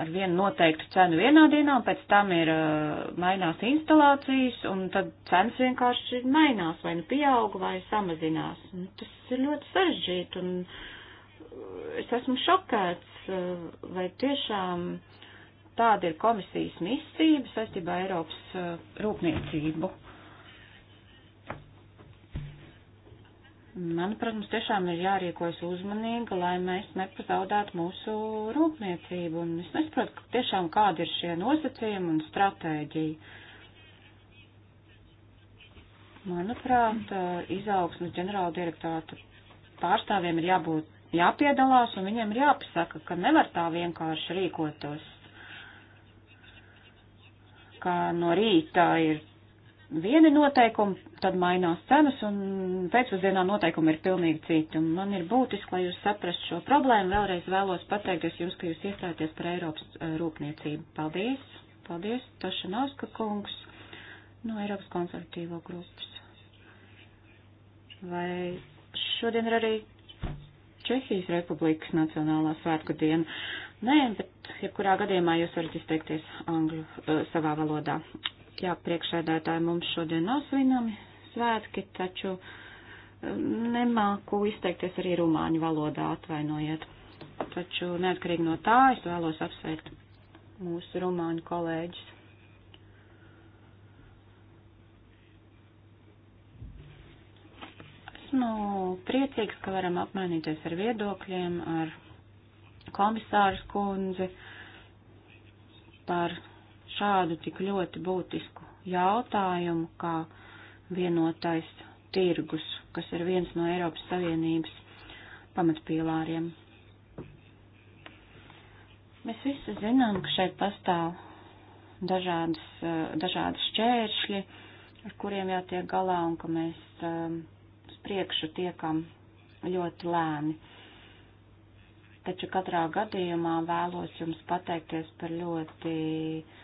ar vienu noteiktu cenu vienā dienā, un pēc tam ir uh, mainās instalācijas, un tad cenas vienkārši mainās, vai nu pieauga, vai samazinās. Un tas ir ļoti sarežģīti, un uh, es esmu šokēts, uh, vai tiešām tāda ir komisijas mistība saistībā Eiropas rūpniecību. Manuprāt, mums tiešām ir jārīkojas uzmanīgi, lai mēs nepazaudētu mūsu rūpniecību. Un es nesaprotu, tiešām kādi ir šie nosacījumi un stratēģija. Manuprāt, eh, izaugsmas ģenerāla direktāta pārstāvjiem ir jābūt jāpiedalās un viņiem ir jāpasaka, ka nevar tā vienkārši rīkotos, ka no rīta ir vieni noteikumi, tad mainās cenas, un pēcpusdienā noteikumi ir pilnīgi citi. Un man ir būtiski, lai jūs saprastu šo problēmu. Vēlreiz vēlos pateikties jums, ka jūs iestājaties par Eiropas eh, rūpniecību. Paldies! Paldies, Tašanovska kungs no Eiropas konservatīvo grupas. Vai šodien ir arī Čehijas Republikas Nacionālā svētku diena? Nē, bet jebkurā gadījumā jūs varat izteikties angļu eh, savā valodā jā, priekšēdētāji mums šodien nav svinami svētki, taču um, nemāku izteikties arī rumāņu valodā, atvainojiet. Taču neatkarīgi no tā es vēlos apsveikt mūsu rumāņu kolēģis. Esmu priecīgs, ka varam apmainīties ar viedokļiem, ar komisāru skundzi par šādu tik ļoti būtisku jautājumu kā vienotais tirgus, kas ir viens no Eiropas Savienības pamatpīlāriem. Mēs visi zinām, ka šeit pastāv dažādas, eh, dažādas šķēršļi, ar kuriem jātiek galā un ka mēs ehm, uz priekšu tiekam ļoti lēni. Taču katrā gadījumā vēlos jums pateikties par ļoti uh,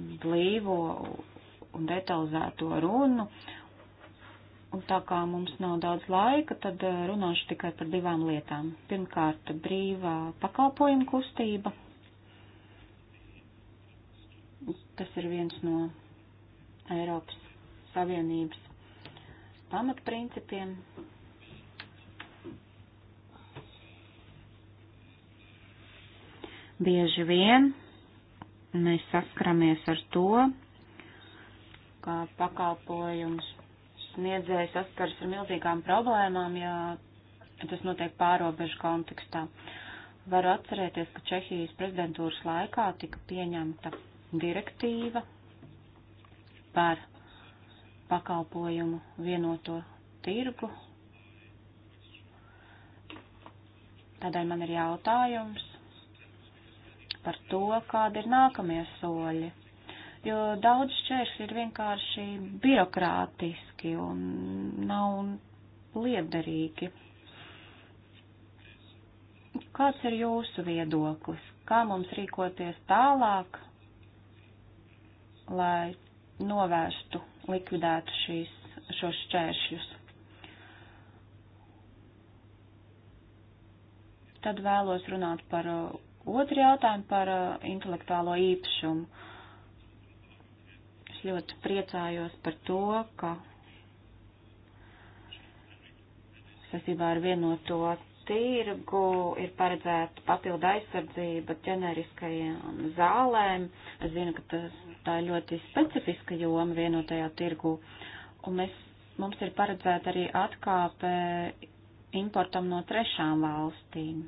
blīvo un detalizēto runu. Un tā kā mums nav daudz laika, tad eh, runāšu tikai par divām lietām. Pirmkārt, brīvā pakalpojuma kustība. Tas ir viens no Eiropas Savienības pamatprincipiem, bieži vien mēs saskaramies ar to, ka pakalpojums sniedzēja saskars ar milzīgām problēmām, ja tas notiek pārobežu kontekstā. Varu atcerēties, ka Čehijas prezidentūras laikā tika pieņemta direktīva par pakalpojumu vienoto tirgu. Tādēļ man ir jautājums, par to, kādi ir nākamie soļi. Jo daudz šķēršļi ir vienkārši birokrātiski un nav liederīgi. Kāds ir jūsu viedoklis? Kā mums rīkoties tālāk, lai novērstu, likvidētu šīs, šos šķēršļus? Tad vēlos runāt par Otru jautājumu par uh, intelektuālo īpašumu. Es ļoti priecājos par to, ka saistībā ar vienoto tirgu ir paredzēta papildu aizsardzība ģeneriskajām zālēm. Es zinu, ka tas, tā ir ļoti specifiska joma vienotajā tirgu. Un mēs, mums ir paredzēta arī atkāpe importam no trešām valstīm.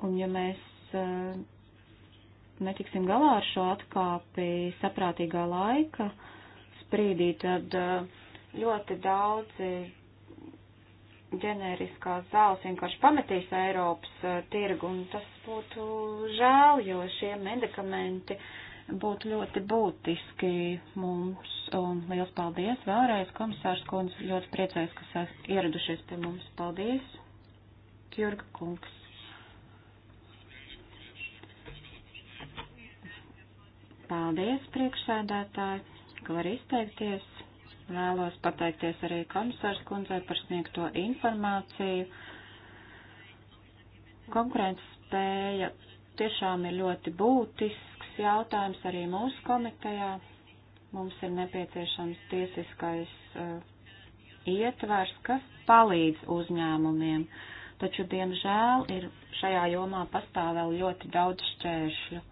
Un ja mēs eh, netiksim galā ar šo atkāpi saprātīgā laika sprīdī, tad eh, ļoti daudzi ģenēriskās zāles vienkārši pametīs Eiropas eh, tirgu, un tas būtu žēl, jo šie medikamenti būtu ļoti būtiski mums. Un liels paldies vēlreiz, komisārs Kundze, ļoti priecājos, ka esat ieradušies pie mums. Paldies, Jurga Kungs. Paldies, priekšsēdētāji, ka var izteikties. Vēlos pateikties arī komisārs kundzei par sniegto informāciju. Konkurences spēja tiešām ir ļoti būtisks jautājums arī mūsu komitejā. Mums ir nepieciešams tiesiskais uh, ietvers, kas palīdz uzņēmumiem, taču, diemžēl, ir šajā jomā pastāv vēl ļoti daudz šķēršļu.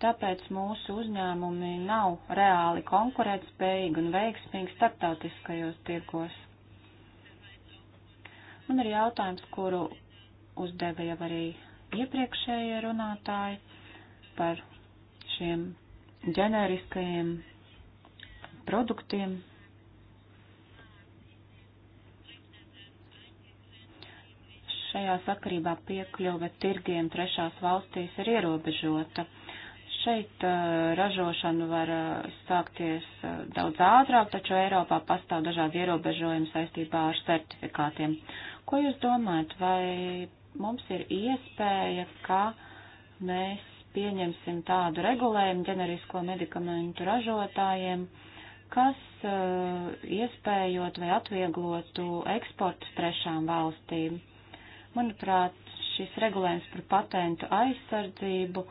Tāpēc mūsu uzņēmumi nav reāli konkurētspējīgi un veiksmīgi starptautiskajos tirgos. Man ir jautājums, kuru uzdeva jau arī iepriekšējie runātāji par šiem ģeneriskajiem produktiem. Šajā sakarībā piekļuve tirgiem trešās valstīs ir ierobežota Šeit eh, ražošana var eh, sākties eh, daudz ātrāk, taču Eiropā pastāv dažādi ierobežojumi saistībā ar certifikātiem. Ko jūs domājat, vai mums ir iespēja, ka mēs pieņemsim tādu regulējumu ģenerisko medikamentu ražotājiem, kas iespējot vai atvieglotu eksportu trešām valstīm? Manuprāt, šis regulējums par patentu aizsardzību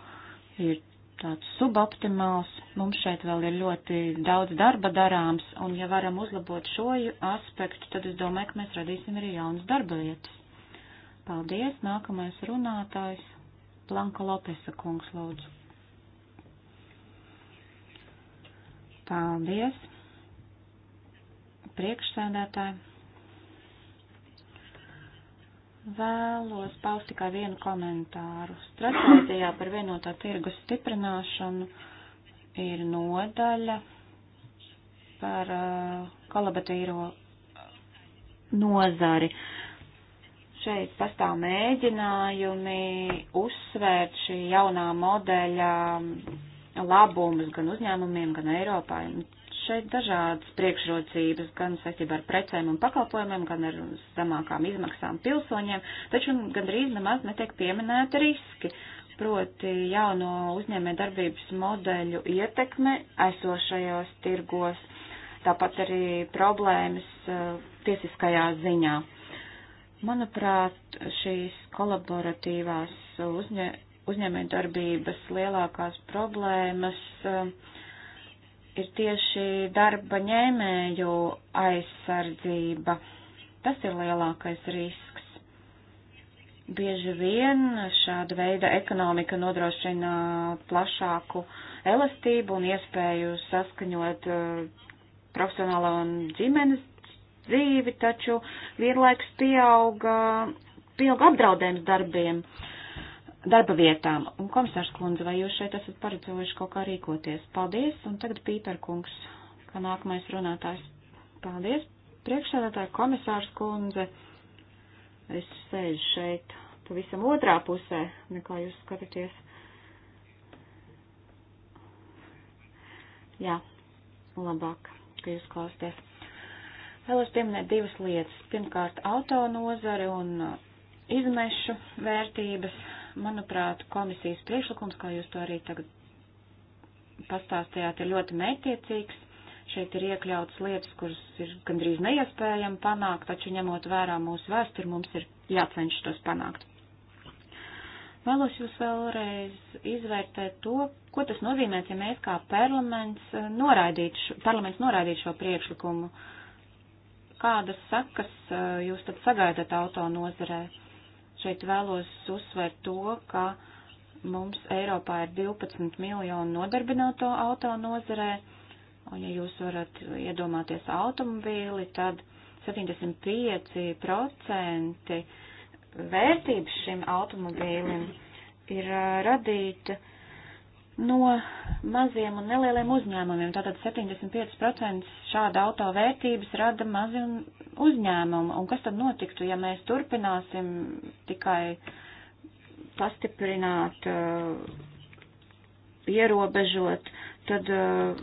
ir tāds suboptimāls. Mums šeit vēl ir ļoti daudz darba darāms, un ja varam uzlabot šo aspektu, tad es domāju, ka mēs radīsim arī jaunas darba vietas. Paldies, nākamais runātājs, Blanka Lopesa kungs, lūdzu. Paldies, priekšsēdētāji. Vēlos paust tikai vienu komentāru. Stratēģijā par vienotā tirgus stiprināšanu ir nodaļa par uh, kolaboratīvo uh, nozari. Šeit pastāv mēģinājumi uzsvērt šī jaunā modeļa um, labumus gan uzņēmumiem, gan Eiropai, šeit dažādas priekšrocības gan saistībā ar precēm un pakalpojumiem, gan ar zamākām izmaksām pilsoņiem, taču gandrīz nemaz netiek pieminēti riski, proti jauno uzņēmē darbības modeļu ietekme esošajos tirgos, tāpat arī problēmas uh, tiesiskajā ziņā. Manuprāt, šīs kolaboratīvās uzņē, uzņēmē darbības lielākās problēmas uh, ir tieši darba ņēmēju aizsardzība. Tas ir lielākais risks. Bieži vien šāda veida ekonomika nodrošina plašāku elastību un iespēju saskaņot eh, profesionālo un ģimenes dzīvi, taču vienlaiks pieauga, pieauga apdraudējums darbiem. Uh, darba vietām. Un komisārs kundze, vai jūs šeit esat paredzējuši kaut kā rīkoties? Paldies, un tagad Pīperkungs, kā nākamais runātājs. Paldies, priekšsēdētāja komisārs kundze. Es sēžu šeit pavisam otrā pusē, nekā jūs skatāties. Jā, labāk, ka jūs klausties. Vēlos pieminēt divas lietas. Pirmkārt, autonozari un izmešu vērtības Manuprāt, komisijas priekšlikums, kā jūs to arī tagad pastāstījāt, ir ļoti mētiecīgs. Šeit ir iekļautas lietas, kuras ir gandrīz neiespējami panākt, taču ņemot vērā mūsu vēsturi, mums ir jācenšas tos panākt. Vēlos jūs vēlreiz izvērtēt to, ko tas nozīmē, ja mēs kā parlaments noraidītu, parlaments noraidītu šo priekšlikumu. Kādas sakas eh, jūs tad sagaidat auto nozarē? Šeit vēlos uzsvērt to, ka mums Eiropā ir 12 miljonu nodarbināto auto nozarē, un ja jūs varat iedomāties automobīli, tad 75% vērtības šim automobīlim ir uh, radīta no maziem un nelieliem uzņēmumiem. Tātad 75% šāda auto vērtības rada mazi uzņēmumi. Un kas tad notiktu, ja mēs turpināsim tikai pastiprināt, uh, ierobežot, tad uh,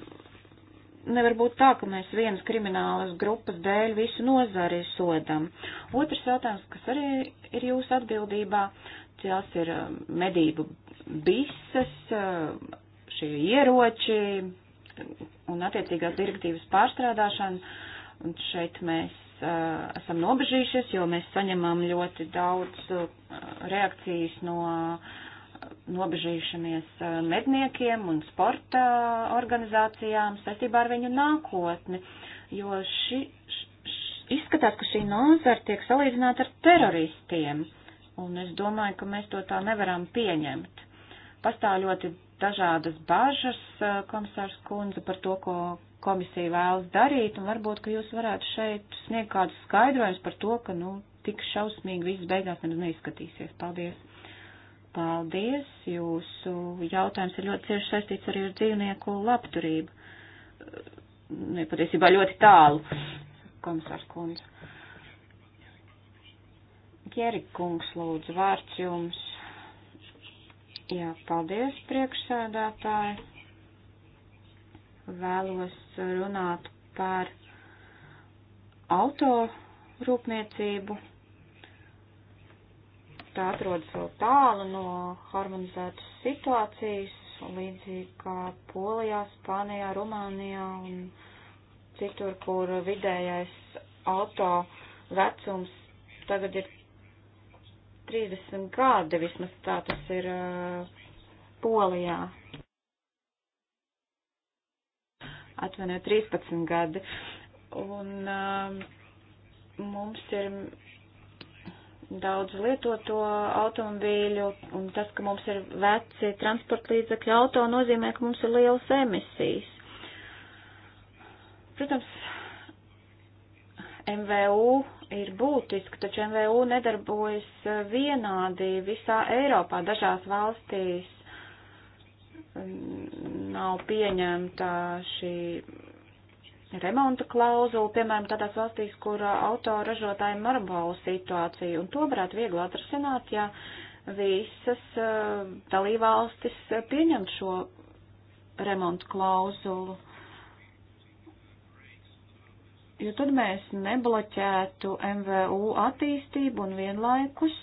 nevar būt tā, ka mēs vienas kriminālas grupas dēļ visu nozari sodam. Otrs jautājums, kas arī ir jūsu atbildībā, uh, Tās ir um, medību bises, uh, šie ieroči un attiecīgās direktīvas pārstrādāšana. Un šeit mēs uh, esam nobežījušies, jo mēs saņemam ļoti daudz uh, reakcijas no uh, nobežījušamies uh, medniekiem un sporta organizācijām saistībā ar viņu nākotni, jo ši, š, š, izskatās, ka šī nozara tiek salīdzināta ar teroristiem. Uh, un es domāju, ka mēs to tā nevaram pieņemt. Pastāv ļoti dažādas bažas, komisārs Kunze, par to, ko komisija vēlas darīt, un varbūt, ka jūs varētu šeit sniegt kādus skaidrojumus par to, ka, nu, tik šausmīgi viss beigās neizskatīsies. Paldies! Paldies! Jūsu jautājums ir ļoti cieši saistīts arī ar dzīvnieku labturību. Nepatiesībā ļoti tālu, komisārs Kunze. Gierikungs, lūdzu, vārds jums. Jā, paldies, priekšsēdētāji. Vēlos runāt par auto rūpniecību. Tā atrodas vēl tālu no harmonizētas situācijas, līdzīgi kā Polijā, Spānijā, Rumānijā un citur, kur vidējais auto vecums tagad ir 30 gadi, vismaz tā tas ir uh, Polijā. Atvainojiet, 13 gadi. Un uh, mums ir daudz lietoto automobīļu, un tas, ka mums ir veci transporta līdzekļi auto, nozīmē, ka mums ir lielas emisijas. Protams, MVU ir būtiski, taču MVU nedarbojas eh, vienādi visā Eiropā. Dažās valstīs mm, nav pieņemta šī remonta klauzula, piemēram, tādās valstīs, kur eh, autoražotājiem ir marbalu situācija, un to varētu viegli atrasināt, ja visas eh, dalībvalstis pieņemt šo remontu klauzulu jo tad mēs nebloķētu MVU attīstību un vienlaikus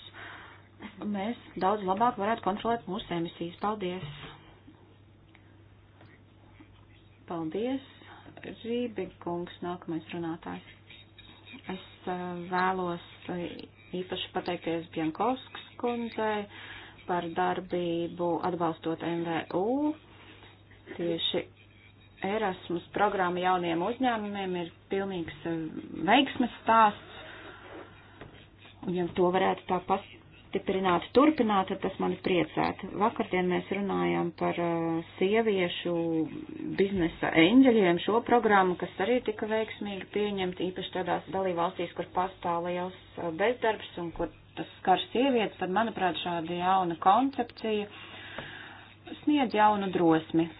mēs daudz labāk varētu kontrolēt mūsu emisijas. Paldies! Paldies! Rībikungs, nākamais runātājs. Es eh, vēlos īpaši pateikties Bienkovskas kundzei par darbību atbalstot MVU. Tieši Erasmus programma jauniem uzņēmumiem ir pilnīgs eh, veiksmes stāsts, un ja to varētu tā pastiprināt, turpināt, tad tas mani priecētu. Vakardien mēs runājām par eh, sieviešu biznesa eņģeļiem šo programmu, kas arī tika veiksmīgi pieņemta, īpaši tādās dalībvalstīs, kur pastāv liels eh, bezdarbs un kur tas skar sievietes, tad, manuprāt, šāda jauna koncepcija sniedz jaunu drosmi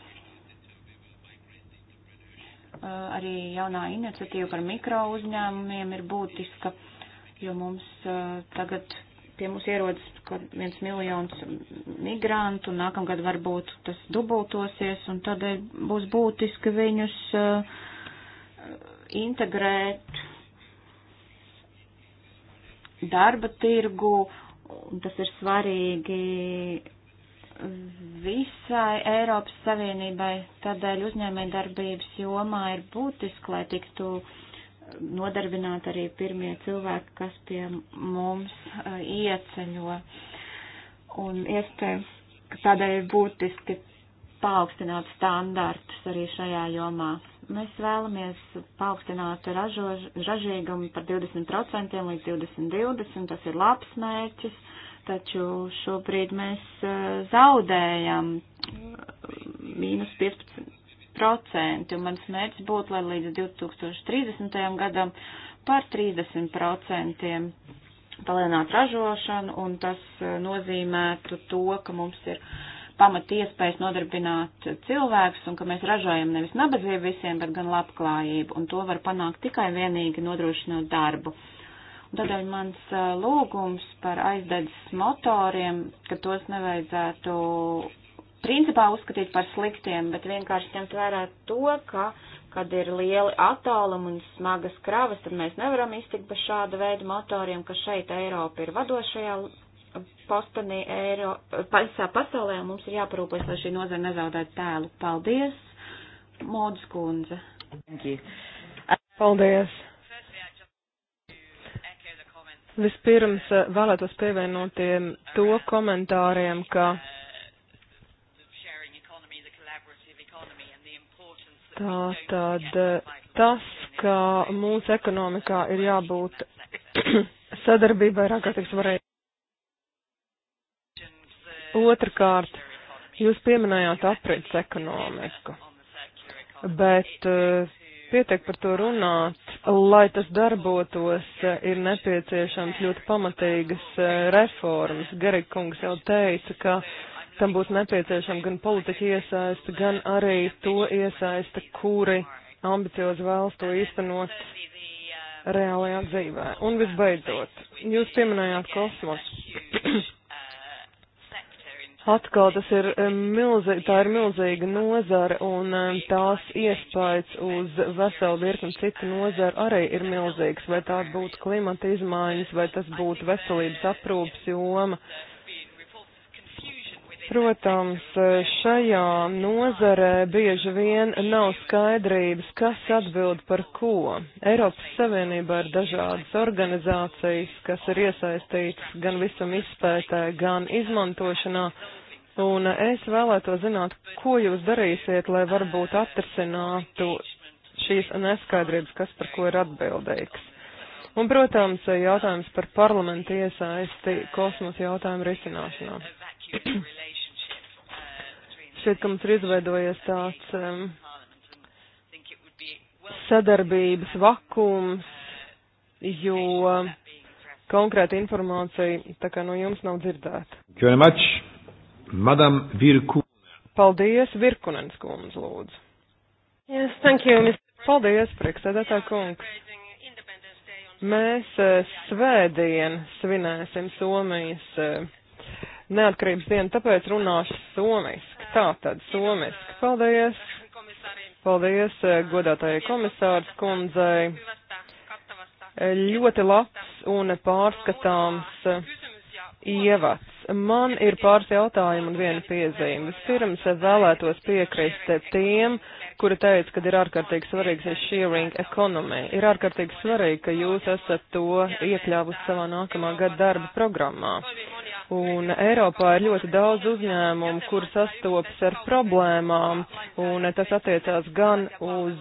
Eh, arī jaunā iniciatīva par mikro uzņēmumiem ir būtiska, jo mums eh, tagad pie mums ierodas kaut viens miljons migrantu, un nākamgad varbūt tas dubultosies, un tādēļ eh, būs būtiski viņus integrēt darba tirgu, un tas ir svarīgi visai Eiropas Savienībai, tādēļ uzņēmē darbības jomā ir būtiski, lai tiktu nodarbināt arī pirmie cilvēki, kas pie mums ieceļo. Un iespējams, ka tādēļ ir būtiski paaugstināt standartus arī šajā jomā. Mēs vēlamies paaugstināt ražo, ražīgumu par 20% līdz 2020, tas ir labs mērķis taču šobrīd mēs eh, zaudējam eh, mīnus 15%, un mans mērķis būtu, lai līdz 2030. gadam par 30% palielināt ražošanu, un tas eh, nozīmētu to, ka mums ir pamat iespējas nodarbināt cilvēkus, un ka mēs ražojam nevis nabadzību visiem, bet gan labklājību, un to var panākt tikai vienīgi nodrošinot darbu. Uh, Tādēļ mans lūgums par aizdedzes motoriem, ka tos nevajadzētu principā uzskatīt par sliktiem, bet vienkārši ņemt vērā to, ka, kad ir lieli attālumi un smagas kravas, tad mēs nevaram iztikt bez šāda veida motoriem, ka šeit Eiropa ir vadošajā postenī Eiro, visā pasaulē, un mums ir jāparūpēs, lai šī nozara nezaudētu tēlu. Paldies, Mūdz kundze! Paldies! Vispirms eh, vēlētos pievienotiem to komentāriem, ka tā tad eh, tas, ka mūsu ekonomikā ir jābūt [clears throat] sadarbībai ar ārkārtīgs varēja. Otrakārt, jūs pieminējāt aprits ekonomiku, bet uh, pietiek par to runāt. Lai tas darbotos, ir nepieciešams ļoti pamatīgas e, reformas. Garīgkungs jau teica, ka tam būtu nepieciešama gan politiķa iesaista, gan arī to iesaista, kuri ambiciozi vēlas to īstenot reālajā dzīvē. Un visbeidzot, jūs pieminējāt kosmosu. Atkal tas ir eh, milzīgi, tā ir milzīga nozara un eh, tās iespējas uz veselu virkni citu nozaru arī ir milzīgs, vai tā būtu klimata izmaiņas, vai tas būtu veselības aprūpas joma. Uh, Protams, šajā nozarē bieži vien nav skaidrības, kas atbild par ko. Eiropas Savienībā ir dažādas organizācijas, kas ir iesaistītas gan visam izpētē, gan izmantošanā. Un es vēlētos zināt, ko jūs darīsiet, lai varbūt atrisinātu šīs neskaidrības, kas par ko ir atbildīgs. Un, protams, jautājums par parlamentu iesaisti kosmosa jautājumu risināšanā. [clears throat] Šeit, ka mums ir izveidojies tāds um, sadarbības vakums, jo konkrēta informācija tā kā no jums nav dzirdēta. Much, Madam Virku. Paldies, Virkunens kundze, lūdzu. Yes, thank you, Mr. Paldies, priekšsēdētā kungs. Mēs eh, svētdien svinēsim Somijas eh, neatkarības dienu, tāpēc runāšu Somijas Tātad somiski. Paldies! Paldies eh, godātajai komisārs kundzei. Eh, ļoti labs un pārskatāms eh, ievads. Man ir pāris jautājumu un viena piezīme. Vispirms vēlētos piekrist tiem, kuri teica, ka ir ārkārtīgi svarīgs sharing economy. Ir ārkārtīgi svarīgi, ka jūs esat to iekļāvusi savā nākamā gada darba programmā. Un Eiropā ir ļoti daudz uzņēmumu, kur sastopas ar problēmām, un tas attiecās gan uz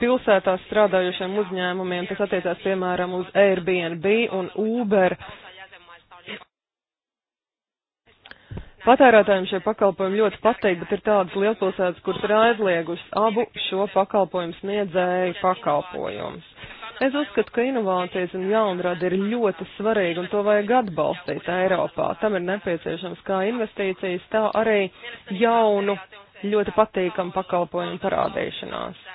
pilsētās strādājošiem uzņēmumiem, tas attiecās piemēram uz Airbnb un Uber Patērētājiem šie pakalpojumi ļoti pateikti, bet ir tādas lielpilsētas, kuras ir aizliegušas abu šo pakalpojumu sniedzēju pakalpojumus. Es uzskatu, ka inovācijas un jaunrada ir ļoti svarīga un to vajag atbalstīt Eiropā. Tam ir nepieciešams kā investīcijas, tā arī jaunu, ļoti patīkamu pakalpojumu parādīšanās.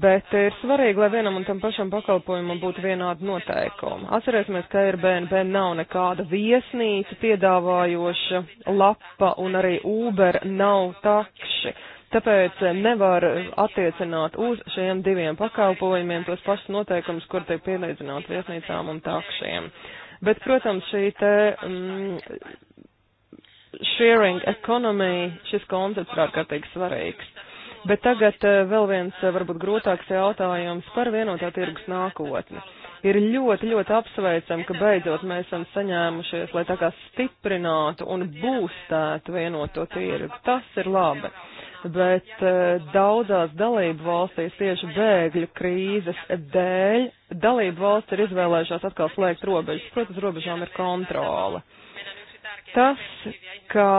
Bet ir svarīgi, lai vienam un tam pašam pakalpojumam būtu vienādi noteikumi. Atcerēsimies, ka Airbnb nav nekāda viesnīca piedāvājoša lapa un arī Uber nav takši. Tāpēc nevar attiecināt uz šiem diviem pakalpojumiem tos pašus noteikumus, kur tiek pielīdzināt viesnīcām un takšiem. Bet, protams, šī te mm, sharing economy, šis koncepts ir ārkārtīgi svarīgs. Bet tagad eh, vēl viens eh, varbūt grūtāks jautājums par vienotā tirgus nākotni. Ir ļoti, ļoti apsveicam, ka beidzot mēs esam saņēmušies, lai tā kā stiprinātu un būstētu vienoto tirgu. Tas ir labi bet eh, daudzās dalību valstīs tieši bēgļu krīzes dēļ dalību valsts ir izvēlējušās atkal slēgt robežas. Protams, robežām ir kontrole. Tas, ka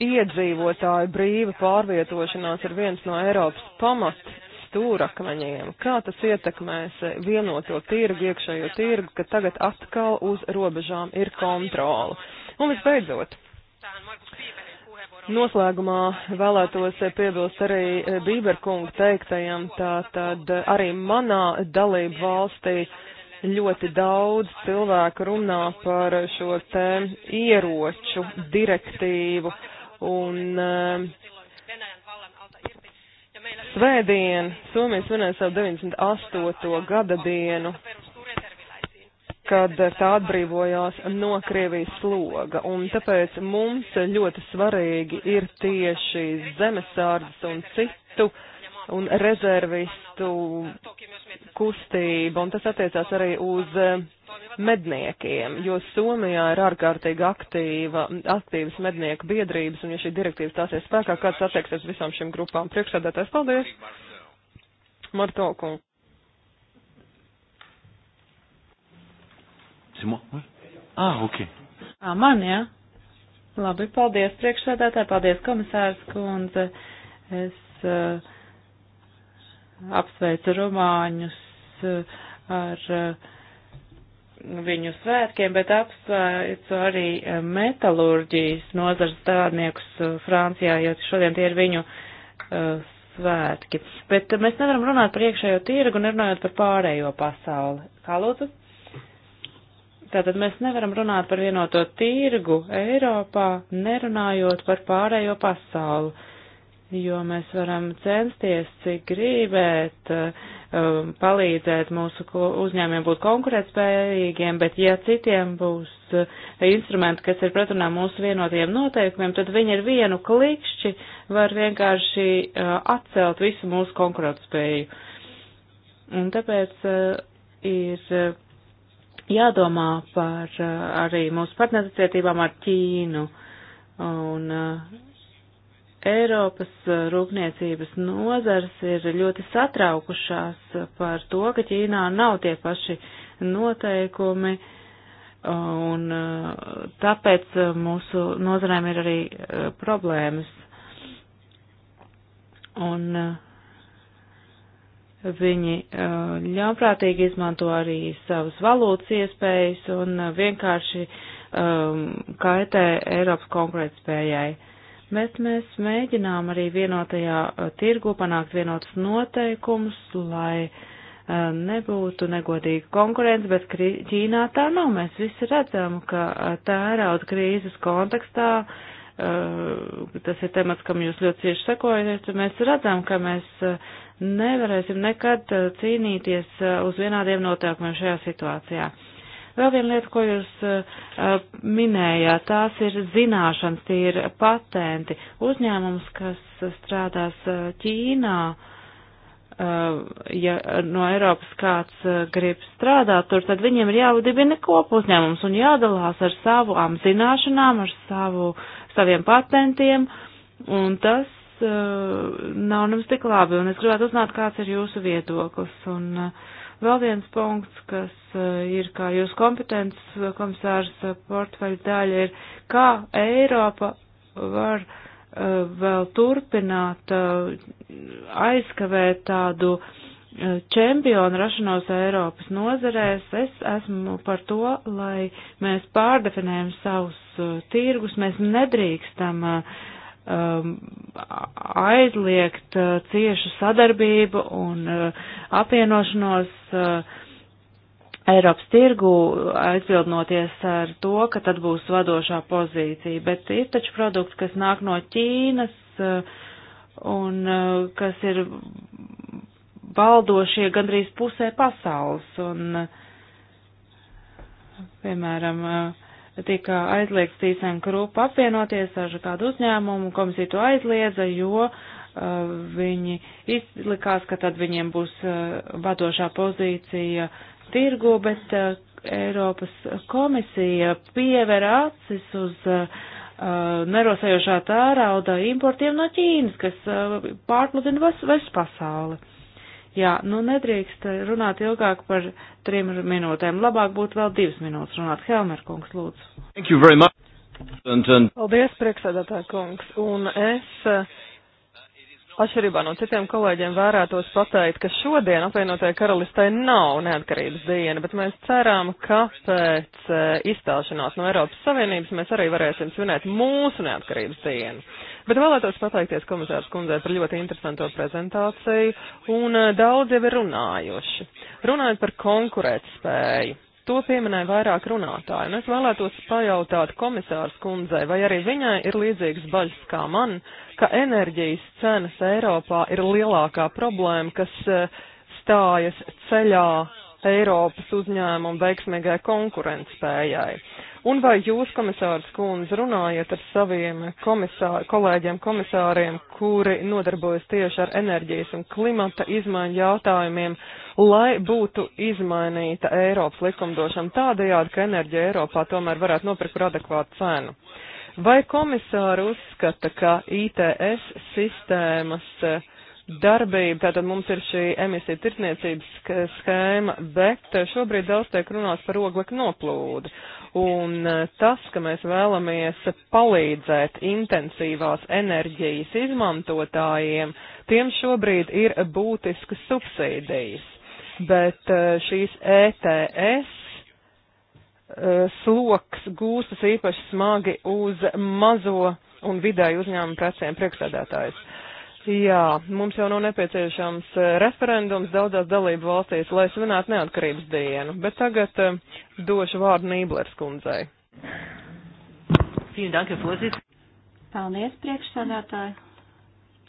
iedzīvotāju brīva pārvietošanās ir viens no Eiropas pamat stūrakmeņiem. Kā tas ietekmēs vienoto tirgu, iekšējo tirgu, ka tagad atkal uz robežām ir kontrola? Un visbeidzot, noslēgumā vēlētos piebilst arī Bīberkungu teiktajam, tātad arī manā dalību valstī ļoti daudz cilvēku runā par šo te ieroču direktīvu Un eh, svētdien Somija svinēja savu 98. gada dienu, kad tā atbrīvojās no Krievijas sloga. Un tāpēc mums ļoti svarīgi ir tieši zemesārdas un citu uh, un rezervistu kustību, un tas attiecās arī uz medniekiem, jo Somijā ir ārkārtīgi aktīva, aktīvas mednieku biedrības, un ja šī direktīva stāsies spēkā, kāds attieksies visām šīm grupām? Priekšsēdētājs, paldies! Marto kungs. Ah, ok. À, man, jā. Labi, paldies priekšsēdētāji, paldies komisārs kundze. Es uh, apsveicu romāņus eh, ar eh, viņu svētkiem, bet apsveicu arī eh, metalurģijas nozars strādniekus Francijā, jo šodien tie ir viņu svētki. Bet mēs nevaram runāt par iekšējo tirgu, nerunājot par pārējo pasauli. Kā lūdzu? Tātad mēs nevaram runāt par vienoto tirgu Eiropā, nerunājot par pārējo pasauli jo mēs varam censties, cik gribēt, um, palīdzēt mūsu uzņēmiem būt konkurētspējīgiem, bet ja citiem būs uh, instrumenti, kas ir pretrunā mūsu vienotajiem noteikumiem, tad viņi ar vienu klikšķi var vienkārši uh, atcelt visu mūsu konkurētspēju. Un tāpēc uh, ir jādomā par arī mūsu partnerattiecībām ar Ķīnu. Un uh, Eiropas eh, rūpniecības nozars ir ļoti satraukušās eh, par to, ka Ķīnā nav tie paši noteikumi, eh, un tāpēc mūsu nozarēm ir arī problēmas. Un viņi ļaunprātīgi izmanto arī savas valūtas iespējas un vienkārši kaitē Eiropas konkurētspējai bet mēs mēģinām arī vienotajā uh, tirgu panākt vienotus noteikumus, lai uh, nebūtu negodīga konkurence, bet Ķīnā tā nav. Mēs visi redzam, ka uh, tērauda krīzes kontekstā, tas ir temats, kam jūs ļoti cieši sekojat, mēs redzam, ka mēs nevarēsim nekad cīnīties uz vienādiem noteikumiem šajā situācijā. Vēl viena lieta, ko jūs uh, minējāt, tās ir zināšanas, tie ir patenti. Uzņēmums, kas strādās eh, Ķīnā, uh, ja no Eiropas kāds uh, grib strādāt tur, tad viņiem ir jāvadibina kopu uzņēmums un jādalās ar savām zināšanām, ar savu, saviem patentiem, un tas nav nemaz tik labi, un es gribētu uzzināt, kāds ir jūsu viedoklis. Un, uh, Vēl viens punkts, kas eh, ir kā jūs kompetences eh, komisārs eh, portfeļa daļa, ir kā Eiropa var vēl turpināt aizkavēt tādu čempionu rašanos Eiropas nozarēs. Es esmu par to, lai mēs pārdefinējam savus tirgus. Mēs nedrīkstam uh, um, aizliegt uh, ciešu sadarbību un uh, apvienošanos uh, Eiropas tirgu, aizbildnoties ar to, ka tad būs vadošā pozīcija. Bet ir taču produkts, kas nāk no Ķīnas. Uh, un uh, kas ir valdošie gandrīz pusē pasaules. Un, uh, piemēram, uh, tika aizliegts tīsēm grupu apvienoties ar kādu uzņēmumu, komisija to aizliedza, jo uh, viņi izlikās, ka tad viņiem būs uh, vadošā pozīcija tirgu, bet uh, Eiropas komisija piever acis uz uh, uh nerosējošā tērauda importiem no Ķīnas, kas uh, pārpludina visu pasauli. Jā, nu nedrīkst runāt ilgāk par trim minūtēm. Labāk būtu vēl divas minūtes runāt. Helmer kungs, lūdzu. Thank you very much. And, and... Paldies, priekšsēdētā kungs. Un es. Eh, atšķirībā no citiem kolēģiem vērētos pateikt, ka šodien apvienotajai karalistei nav neatkarības diena, bet mēs ceram, ka pēc eh, izstāšanās no Eiropas Savienības mēs arī varēsim svinēt mūsu neatkarības dienu. Bet vēlētos pateikties komisārs kundzei par ļoti interesanto prezentāciju, un eh, daudz jau ir runājuši. Runājot par konkurētspēju. To pieminēja vairāk runātāji, un es vēlētos pajautāt komisārs kundzei, vai arī viņai ir līdzīgas baļas kā man, ka enerģijas cenas Eiropā ir lielākā problēma, kas eh, stājas ceļā Eiropas uzņēmumu veiksmīgai konkurentspējai. Un vai jūs, komisārs Kunz, runājat ar saviem komisār, kolēģiem komisāriem, kuri nodarbojas tieši ar enerģijas un klimata izmaiņu jautājumiem, lai būtu izmainīta Eiropas likumdošana tādējādi, ka enerģija Eiropā tomēr varētu nopirkt par adekvātu cenu? Vai komisāri uzskata, ka ITS sistēmas uh, darbību, tātad mums ir šī emisija tirdzniecības schēma, bet eh, šobrīd daudz tiek runāts par oglekļa noplūdi. Un eh, tas, ka mēs vēlamies palīdzēt intensīvās enerģijas izmantotājiem, tiem šobrīd ir būtiskas subsīdijas. Bet eh, šīs ETS sloks gūstas īpaši smagi uz mazo un vidēju uzņēmumu precēm priekšsēdētājs. Jā, mums jau nav nepieciešams eh, referendums daudzās dalību valstīs, lai svinētu neatkarības dienu, bet tagad eh, došu vārdu Nīblers kundzei. Paldies, priekšsādātāji.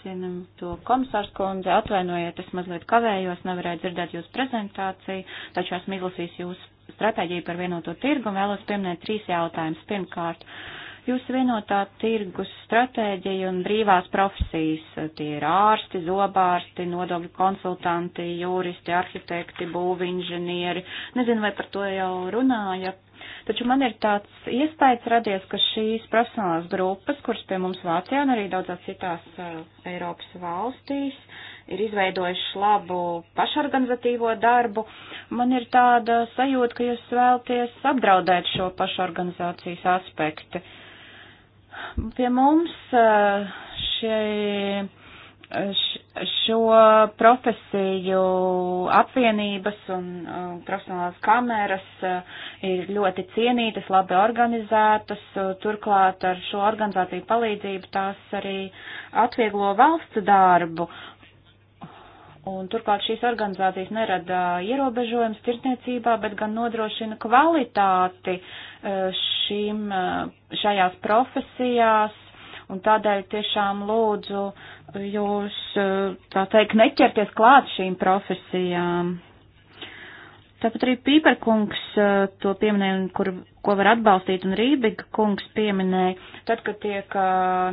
Cienam to komisārs kundze, atvainojiet, es mazliet kavējos, nevarēju dzirdēt jūsu prezentāciju, taču esmu izlasījis jūsu stratēģiju par vienoto tirgu un vēlos pieminēt trīs jautājumus. Pirmkārt, uh, Jūsu vienotā tirgus stratēģija un brīvās profesijas, eh, tie ir ārsti, zobārsti, nodokļu konsultanti, juristi, arhitekti, būvinženieri, nezinu, vai par to jau runāja. Taču man ir tāds iespējas radies, ka šīs profesionālās grupas, kuras pie mums Vācijā un arī daudzās citās eh, Eiropas valstīs, ir izveidojuši labu pašorganizatīvo darbu, man ir tāda sajūta, ka jūs vēlties apdraudēt šo pašorganizācijas aspektu. Pie mums eh, šie, eh, šo profesiju apvienības un profesionālās kameras eh, ir ļoti cienītas, labi organizētas. Turklāt ar šo organizāciju palīdzību tās arī atvieglo valsts darbu Un turklāt šīs organizācijas nerada ierobežojums tirdzniecībā, bet gan nodrošina kvalitāti šīm, šajās profesijās. Un tādēļ tiešām lūdzu jūs, tā teikt, neķerties klāt šīm profesijām. Tāpat arī Pīperkungs to pieminēja, kur, ko var atbalstīt, un Rībiga kungs pieminēja, tad, kad tiek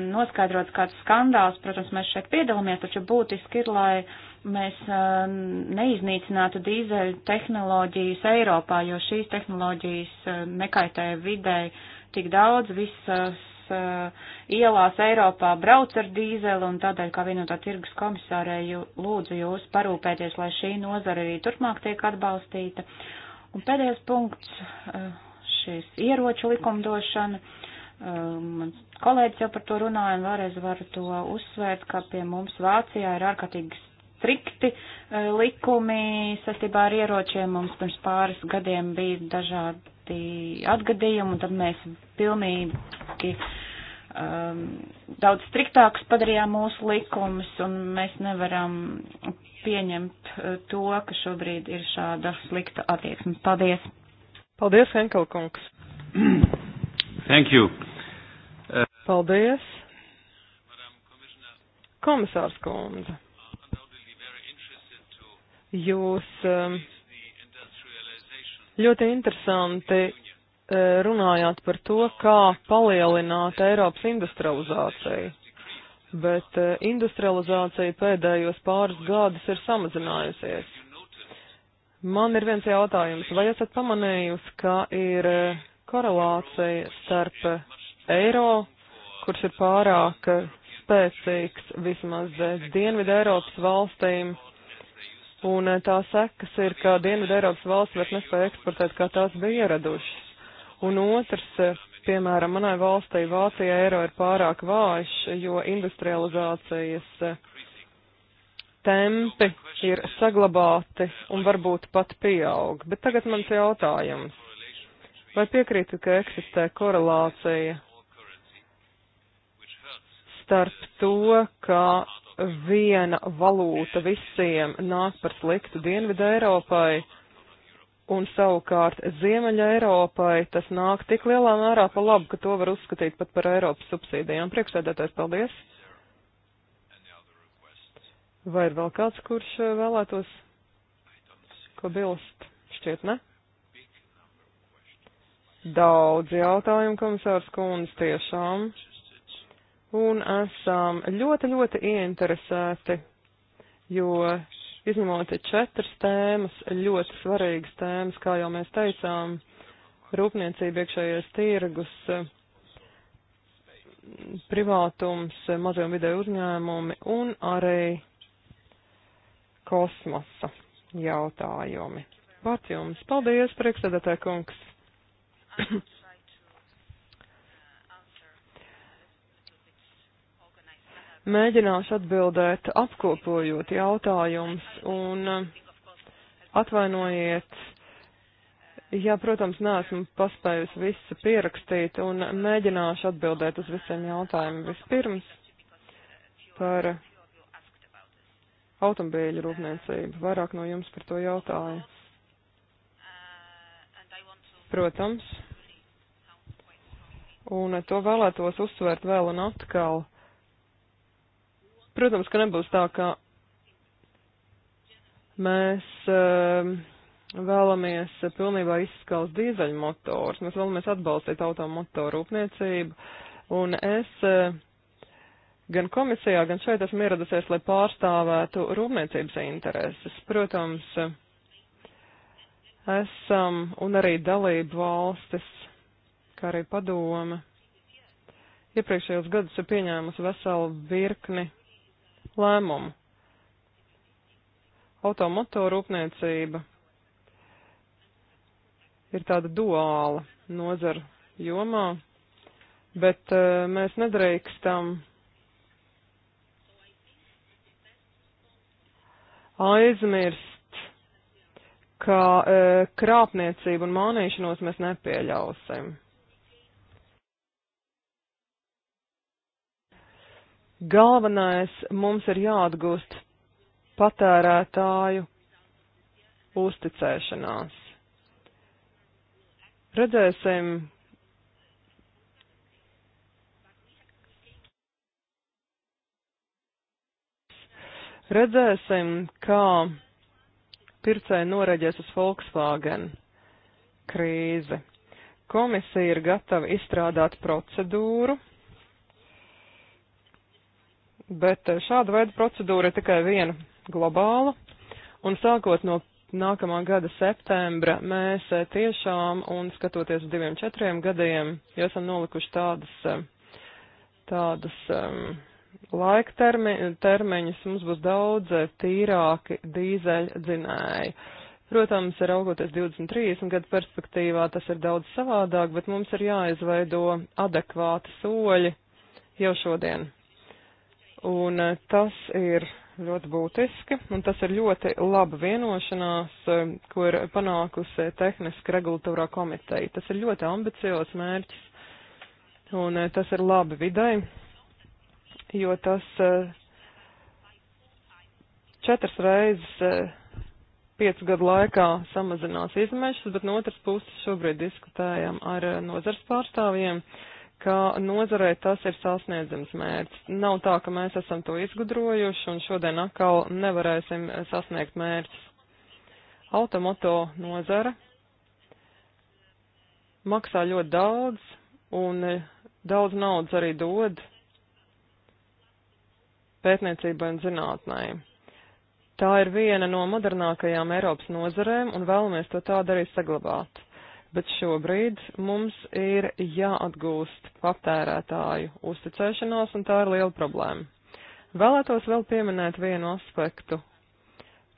noskaidrots kāds skandāls, protams, mēs šeit piedalāmies, taču būtiski ir, lai uh, mēs uh, neiznīcinātu dīzeļu tehnoloģijas Eiropā, jo šīs tehnoloģijas uh, nekaitē videi tik daudz. Visas uh, ielās Eiropā brauc ar dīzeli un tādēļ, kā vienotā tirgus komisārēju, lūdzu jūs parūpēties, lai šī nozara arī turpmāk tiek atbalstīta. Un pēdējais punkts - šīs ieroču likumdošana. Mans kolēģis jau par to runāja un vēlreiz varu to uzsvērt, ka pie mums Vācijā ir ārkārtīgi strikti e, likumi saistībā ar ieročiem. Mums pirms pāris gadiem bija dažādi atgadījumi, un tad mēs pilnīgi um, daudz striktākus padarījām mūsu likumus, un mēs nevaram pieņemt e, to, ka šobrīd ir šāda slikta attieksme. Paldies! Paldies, Henkel kungs! [clears throat] Thank you! Uh... Paldies! Komisārs kundze! Jūs um, ļoti interesanti uh, runājāt par to, kā palielināt Eiropas industrializāciju. Bet uh, industrializācija pēdējos pāris gadus ir samazinājusies. Man ir viens jautājums. Vai esat pamanījusi, ka ir uh, korelācija starp eiro, kurš ir pārāk spēcīgs vismaz Dienvidu Eiropas valstīm, Un eh, tā sekas ir, ka Dienvidu Eiropas valsts vairs nespēja eksportēt, kā tās bija ieradušas. Un otrs, eh, piemēram, manai valstī Vācija eiro ir pārāk vājš, jo industrializācijas eh, tempi ir saglabāti un varbūt pat pieaug. Bet tagad mans jautājums. Vai piekrītu, ka eksistē korelācija starp to, ka viena valūta visiem nāk par sliktu Dienvidu Eiropai, un savukārt Ziemeļa Eiropai tas nāk tik lielā mērā pa labu, ka to var uzskatīt pat par Eiropas subsīdijām. Priekšsēdētājs, paldies! Vai ir vēl kāds, kurš eh, vēlētos ko bilst? Šķiet, ne? Daudz jautājumu, komisārs Kūns, tiešām un esam ļoti, ļoti ieinteresēti, jo izņemot četras tēmas, ļoti svarīgas tēmas, kā jau mēs teicām, rūpniecība, iekšējais tirgus, privātums, mazie un vidēji uzņēmumi un arī kosmosa jautājumi. Vārds jums. Paldies, priekšsēdētāj kungs. [coughs] [coughs] Mēģināšu atbildēt apkopojot jautājums un eh, atvainojiet, ja, protams, neesmu paspējusi visu pierakstīt un mēģināšu atbildēt uz visiem jautājumiem vispirms par automobīļu rūpniecību. Vairāk no jums par to jautāju. Protams. Un to vēlētos uzsvērt vēl un atkal. Uh, Protams, ka nebūs tā, ka mēs uh, vēlamies pilnībā izskaust dīzeļmotors, mēs vēlamies atbalstīt automotoru rūpniecību, un es uh, gan komisijā, gan šeit esmu ieradusies, lai pārstāvētu rūpniecības intereses. Protams, esam un arī dalību valstis, kā arī padome. Iepriekšējos gadus ir pieņēmusi veselu virkni lēmumu. Automotoru rūpniecība ir tāda duāla nozara jomā, bet uh, mēs nedrīkstam aizmirst, ka uh, krāpniecību un mānīšanos mēs nepieļausim. Galvenais mums ir jāatgūst patērētāju uzticēšanās. Redzēsim, redzēsim, kā pircēji noreģēs uz Volkswagen krīzi. Komisija ir gatava izstrādāt procedūru Bet eh, šāda veida procedūra ir tikai viena globāla, un sākot no nākamā gada septembra mēs eh, tiešām un skatoties uz diviem četriem gadiem, jau esam nolikuši tādas, eh, tādas um, laika termi, termiņus, mums būs daudz tīrāki dīzeļdzinēji. Protams, raugoties 20-30 gadu perspektīvā, tas ir daudz savādāk, bet mums ir jāizveido adekvāti soļi jau šodien. Un eh, tas ir ļoti būtiski, un tas ir ļoti laba vienošanās, eh, ko ir panākusi tehniska regulatorā komiteja. Tas ir ļoti ambiciozs mērķis, un eh, tas ir labi videi, jo tas četras reizes piecu gadu laikā samazinās izmešas, bet no otras puses šobrīd diskutējam ar nozars pārstāvjiem. Uh, ka nozarē tas ir sasniedzams mērķis. Nav tā, ka mēs esam to izgudrojuši un šodien atkal nevarēsim sasniegt mērķis. Automoto nozara maksā ļoti daudz un daudz naudas arī dod pētniecībai un zinātnē. Tā ir viena no modernākajām Eiropas nozarēm un vēlamies to tādu arī saglabāt bet šobrīd mums ir jāatgūst patērētāju uzticēšanās, un tā ir liela problēma. Vēlētos vēl pieminēt vienu aspektu.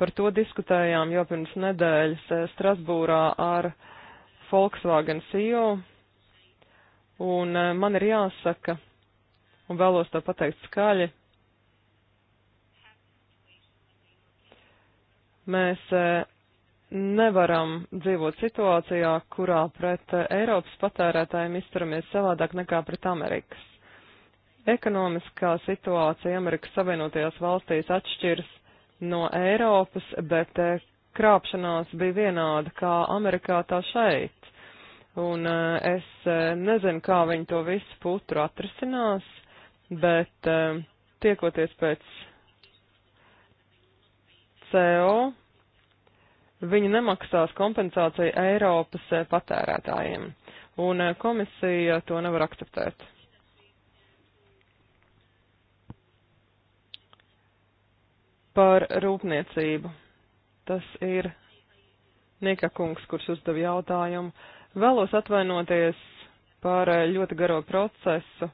Par to diskutējām jau pirms nedēļas eh, Strasbūrā ar Volkswagen CEO, un eh, man ir jāsaka, un vēlos to pateikt skaļi, mēs eh, nevaram dzīvot situācijā, kurā pret eh, Eiropas patērētājiem izturamies savādāk nekā pret Amerikas. Ekonomiskā situācija Amerikas Savienotajās valstīs atšķiras no Eiropas, bet eh, krāpšanās bija vienāda kā Amerikā, tā šeit. Un eh, es nezinu, kā viņi to visu putru atrisinās, bet tiekoties pēc CO Viņi nemaksās kompensāciju Eiropas eh, patērētājiem, un eh, komisija to nevar akceptēt. Par rūpniecību. Tas ir Nika kungs, kurš uzdev jautājumu. Vēlos atvainoties par eh, ļoti garo procesu,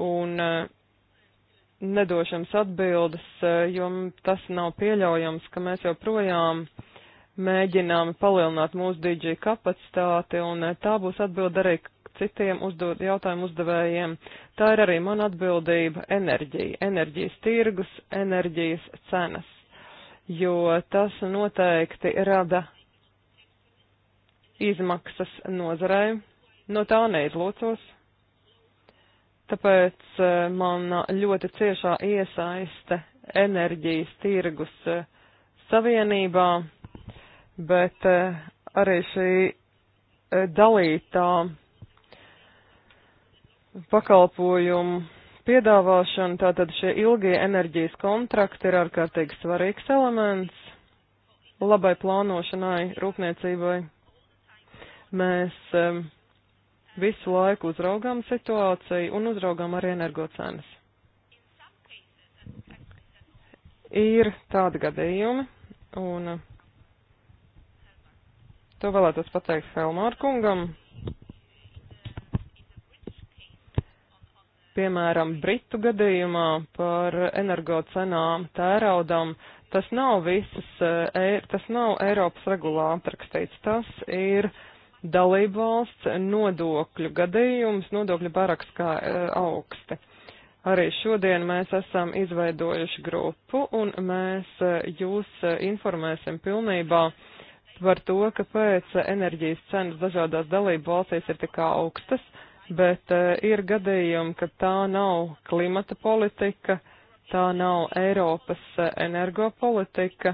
un nedošams atbildes, e, jo tas nav pieļaujams, ka mēs joprojām mēģinām palielināt mūsu DJ kapacitāti, un e, tā būs atbilde arī citiem uzdod, jautājumu uzdevējiem. Tā ir arī mana atbildība - enerģija, enerģijas tirgus, enerģijas cenas, jo tas noteikti rada izmaksas nozarei. No tā neizlūcos. Tāpēc eh, man ļoti ciešā iesaiste enerģijas tirgus eh, savienībā, bet eh, arī šī dalītā pakalpojumu piedāvāšana, tātad šie ilgie enerģijas kontrakti ir ārkārtīgi svarīgs elements labai plānošanai, rūpniecībai. Mēs um, Visu laiku uzraugām situāciju un uzraugām arī energocenas. Ir tādi gadījumi, un eh, to vēlētos pateikt Helmāra kungam. Piemēram, Britu gadījumā par energocenām tēraudam tas nav visas, eh, e, tas nav Eiropas regulā atrakstīts, tas ir dalībvalsts nodokļu gadījums, nodokļu baraks kā e, augsti. Arī šodien mēs esam izveidojuši grupu un mēs e, jūs e, informēsim pilnībā par to, kāpēc enerģijas cenas dažādās dalību valstīs ir tik augstas, bet ir gadījumi, ka tā nav klimata politika, tā nav Eiropas energopolitika,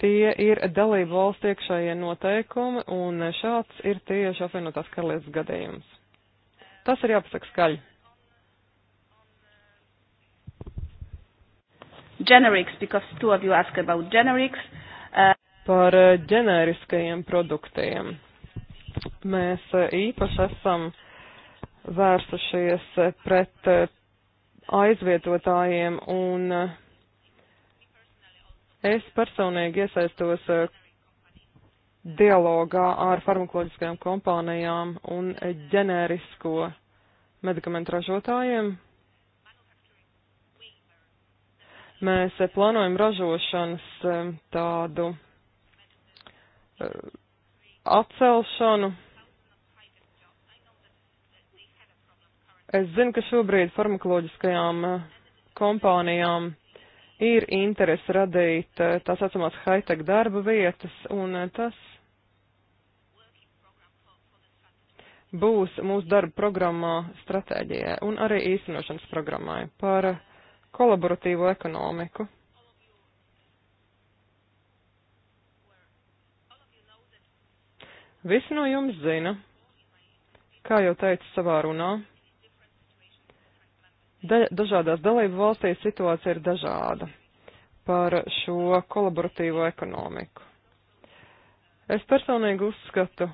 Tie ir dalību valsts iekšējie noteikumi, un šāds ir tieši apvienotās karalietas gadījums. Tas ir jāpasaka skaļi. Generics, because two of you ask about generics. Uh... Par uh, ģeneriskajiem produktiem. Mēs uh, īpaši esam vērsušies uh, pret aizvietotājiem un uh, Es personīgi iesaistos eh, dialogā ar farmakoloģiskajām kompānijām un ģenērisko medikamentu ražotājiem. Mēs eh, plānojam ražošanas eh, tādu atcelšanu. Es zinu, ka šobrīd farmakoloģiskajām kompānijām ir interesi radīt eh, tā saucamās high-tech darba vietas, un eh, tas būs mūsu darba programmā stratēģijai un arī īstenošanas programmai par kolaboratīvo ekonomiku. Visi no jums zina, kā jau teicu savā runā, Da, dažādās dalību valstīs situācija ir dažāda par šo kolaboratīvo ekonomiku. Es personīgi uzskatu,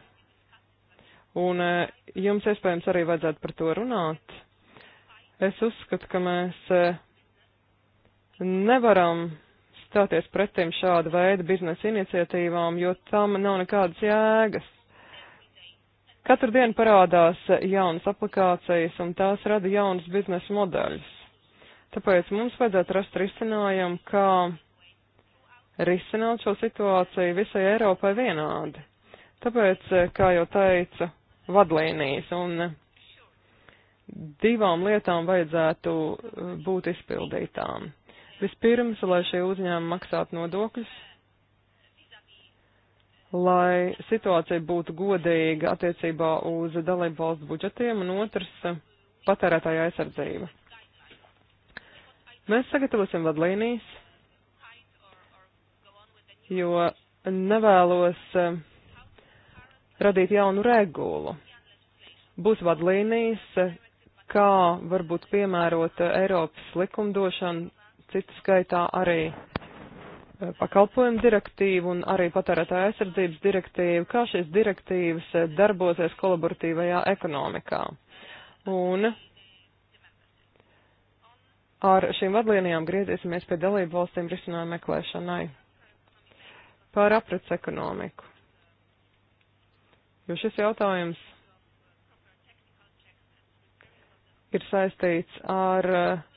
un eh, jums iespējams arī vajadzētu par to runāt, es uzskatu, ka mēs eh, nevaram stāties pretim šāda veida biznesa iniciatīvām, jo tam nav nekādas jēgas. Katru dienu parādās jaunas aplikācijas un tās rada jaunas biznesa modeļas. Tāpēc mums vajadzētu rast risinājumu, kā risināt šo situāciju visai Eiropai vienādi. Tāpēc, kā jau teicu, vadlīnijas un divām lietām vajadzētu uh, būt izpildītām. Vispirms, lai šie uzņēmumi maksātu nodokļus, lai situācija būtu godīga attiecībā uz dalību valstu budžetiem un otrs patērētāja aizsardzība. Mēs sagatavosim vadlīnijas, jo nevēlos eh, radīt jaunu regulu. Būs vadlīnijas, kā varbūt piemērot Eiropas likumdošanu, citu skaitā arī Eh, pakalpojumu direktīvu un arī patērētāja aizsardzības direktīvu, kā šīs direktīvas eh, darbosies kolaboratīvajā ekonomikā. Un ar šīm vadlīnijām griezīsimies pie dalību valstīm risinājumu meklēšanai par aprits ekonomiku. Jo šis jautājums ir saistīts ar uh,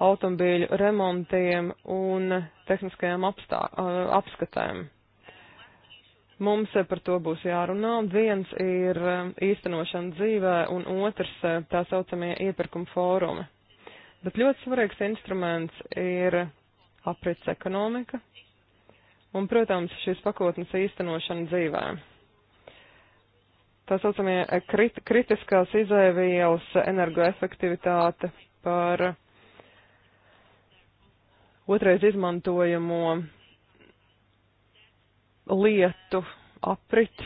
automobīļu remontiem un tehniskajām apstā, apskatēm. Mums par to būs jārunā. Viens ir īstenošana dzīvē un otrs tā saucamie iepirkuma fórumi. Bet ļoti svarīgs instruments ir aprits ekonomika un, protams, šīs pakotnes īstenošana dzīvē tā saucamie krit, kritiskās izēvielas energoefektivitāte par otrais izmantojamo lietu apriti,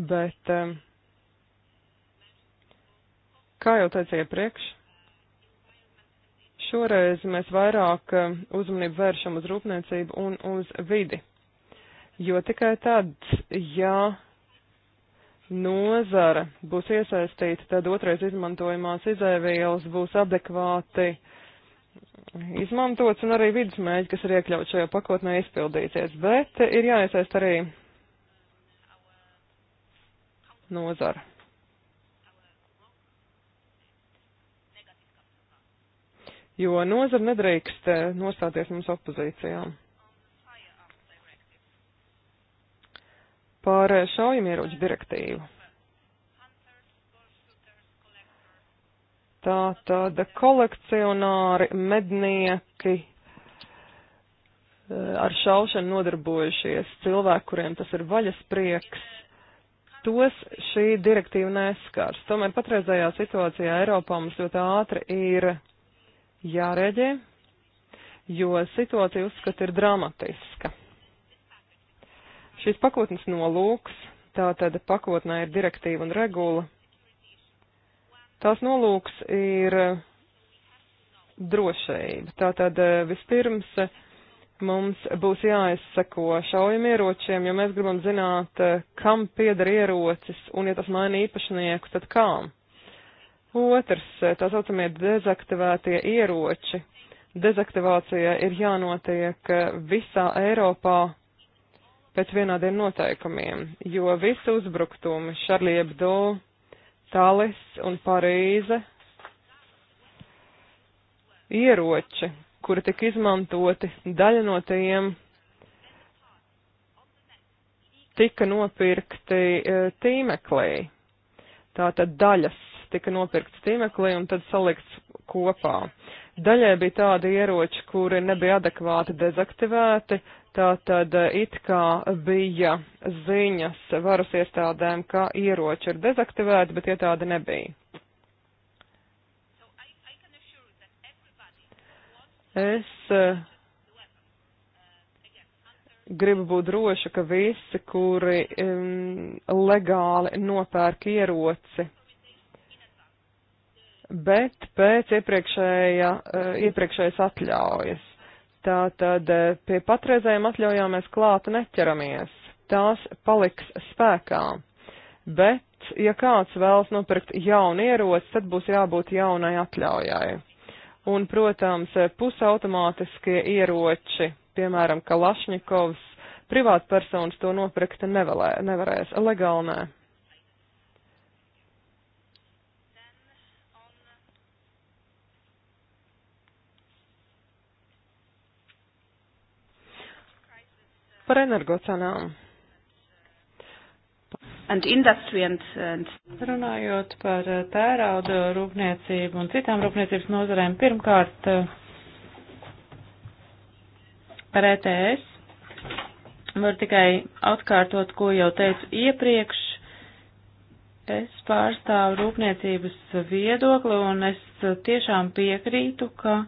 bet, eh, kā jau teicu iepriekš, šoreiz mēs vairāk eh, uzmanību vēršam uz rūpniecību un uz vidi, jo tikai tad, ja nozara būs iesaistīta, tad otrais izmantojumās izēvielas būs adekvāti uh, izmantots un arī vidusmēģi, kas ir iekļaut šajā pakotnē, izpildīsies, bet ir jāiesaist arī nozara. Jo nozara nedrīkst eh, nostāties mums opozīcijām. Par eh, šaujamieroģu direktīvu. Tā tad kolekcionāri, mednieki eh, ar šaušanu nodarbojušies cilvēki, kuriem tas ir vaļas prieks. Tos šī direktīva neskars. Tomēr patreizējā situācijā Eiropā mums ļoti ātri ir jārēģē, jo situācija uzskata ir dramatiska. Šīs pakotnes nolūks, tā tad pakotnē ir direktīva un regula, Tās nolūks ir drošība. Tātad eh, vispirms eh, mums būs jāizseko šaujamieročiem, jo mēs gribam zināt, eh, kam pieder ierocis un, ja tas maina īpašnieku, tad kam. Otrs, tā saucamie dezaktivētie ieroči. Dezaktivācija ir jānotiek visā Eiropā pēc vienādiem noteikumiem, jo visi uzbruktumi Šarlie Bdo Talis un Parīze ieroči, kuri tika izmantoti, daļa no tiem tika nopirkti e, tīmeklī. Tātad daļas tika nopirktas tīmeklī un tad salikts kopā. Daļai bija tādi ieroči, kuri nebija adekvāti dezaktivēti, Tā tad eh, it kā bija ziņas varas iestādēm, ka ieroči ir dezaktivēti, bet tie tādi nebija. Es eh, gribu būt droša, ka visi, kuri um, legāli nopērk ieroci, bet pēc iepriekšēja, uh, iepriekšējas atļaujas. Tātad e, pie patreizējiem atļaujām mēs klāt neķeramies. Tās paliks spēkā. Bet, ja kāds vēlas nopirkt jaunu ieroci, tad būs jābūt jaunai atļaujai. Un, protams, e, pusautomātiskie ieroči, piemēram, Kalašņikovs, privātpersonas to nopirkt nevarēs, legāli nē. Ne. par energocenām. And industry and, and... Runājot par eh, tērauda rūpniecību un citām rūpniecības nozarēm, pirmkārt eh, par ETS var tikai atkārtot, ko jau teicu iepriekš. Es pārstāvu rūpniecības viedokli un es eh, tiešām piekrītu, ka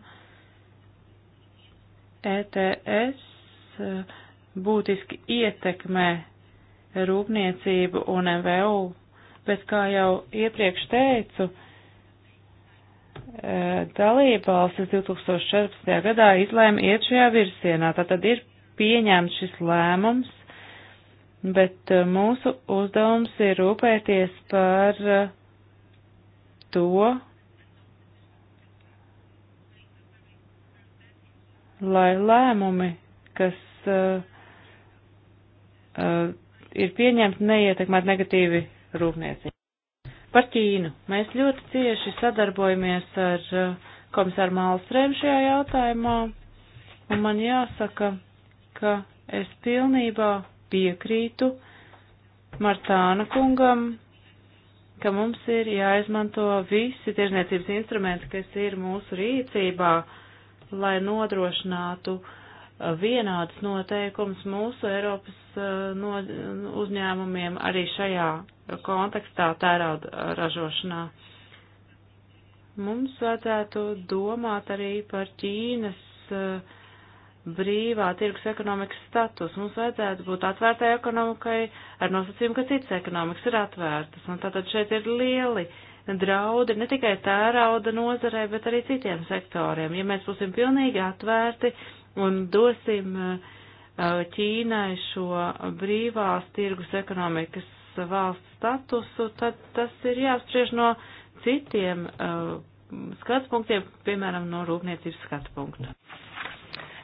ETS uh, būtiski ietekmē rūpniecību un MVU, bet kā jau iepriekš teicu, eh, dalībvalstis 2014. gadā izlēma iet šajā virsienā, tātad ir pieņemts šis lēmums, bet eh, mūsu uzdevums ir rūpēties par eh, to, lai lēmumi, kas uh, uh, ir pieņemti neietekmēt negatīvi rūpniecību. Par Ķīnu. Mēs ļoti cieši sadarbojamies ar uh, komisāru Mālstrēmu šajā jautājumā, un man jāsaka, ka es pilnībā piekrītu Martāna kungam, ka mums ir jāizmanto visi tirzniecības instrumenti, kas ir mūsu rīcībā, lai nodrošinātu uh, vienādas noteikums mūsu Eiropas uh, no, uzņēmumiem arī šajā kontekstā tērauda ražošanā. Mums vajadzētu domāt arī par Ķīnas uh, brīvā tirgus ekonomikas status. Mums vajadzētu būt atvērtai ekonomikai ar nosacījumu, ka citas ekonomikas ir atvērtas. Un tātad šeit ir lieli uh, draudi ne tikai tērauda nozarē, bet arī citiem sektoriem. Ja mēs būsim pilnīgi atvērti un dosim eh, Ķīnai šo brīvās tirgus ekonomikas valsts statusu, tad tas ir jāspriež no citiem eh, skatu punktiem, piemēram, no rūpniecības skatu punktu.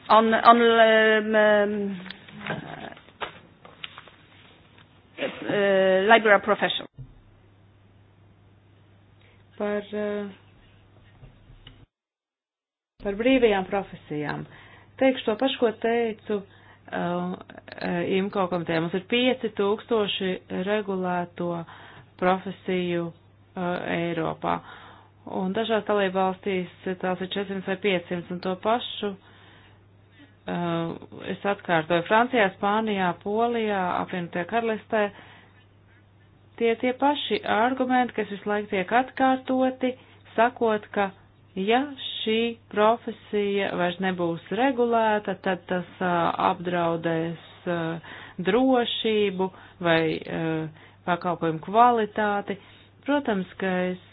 On, on, um, eh, um, uh, liberal profession. Par, uh, par brīvajām profesijām. Teikšu to pašu, ko teicu uh, IMCO komitē. Mums ir 5000 regulēto profesiju uh, Eiropā. Un dažās dalībvalstīs tās ir 400 vai 500 un to pašu uh, es atkārtoju, Francijā, Spānijā, Polijā, apvienotajā karalistē, tie tie paši argumenti, kas visu laiku tiek atkārtoti, sakot, ka Ja šī profesija vairs nebūs regulēta, tad tas apdraudēs drošību vai pakalpojumu kvalitāti. Protams, ka es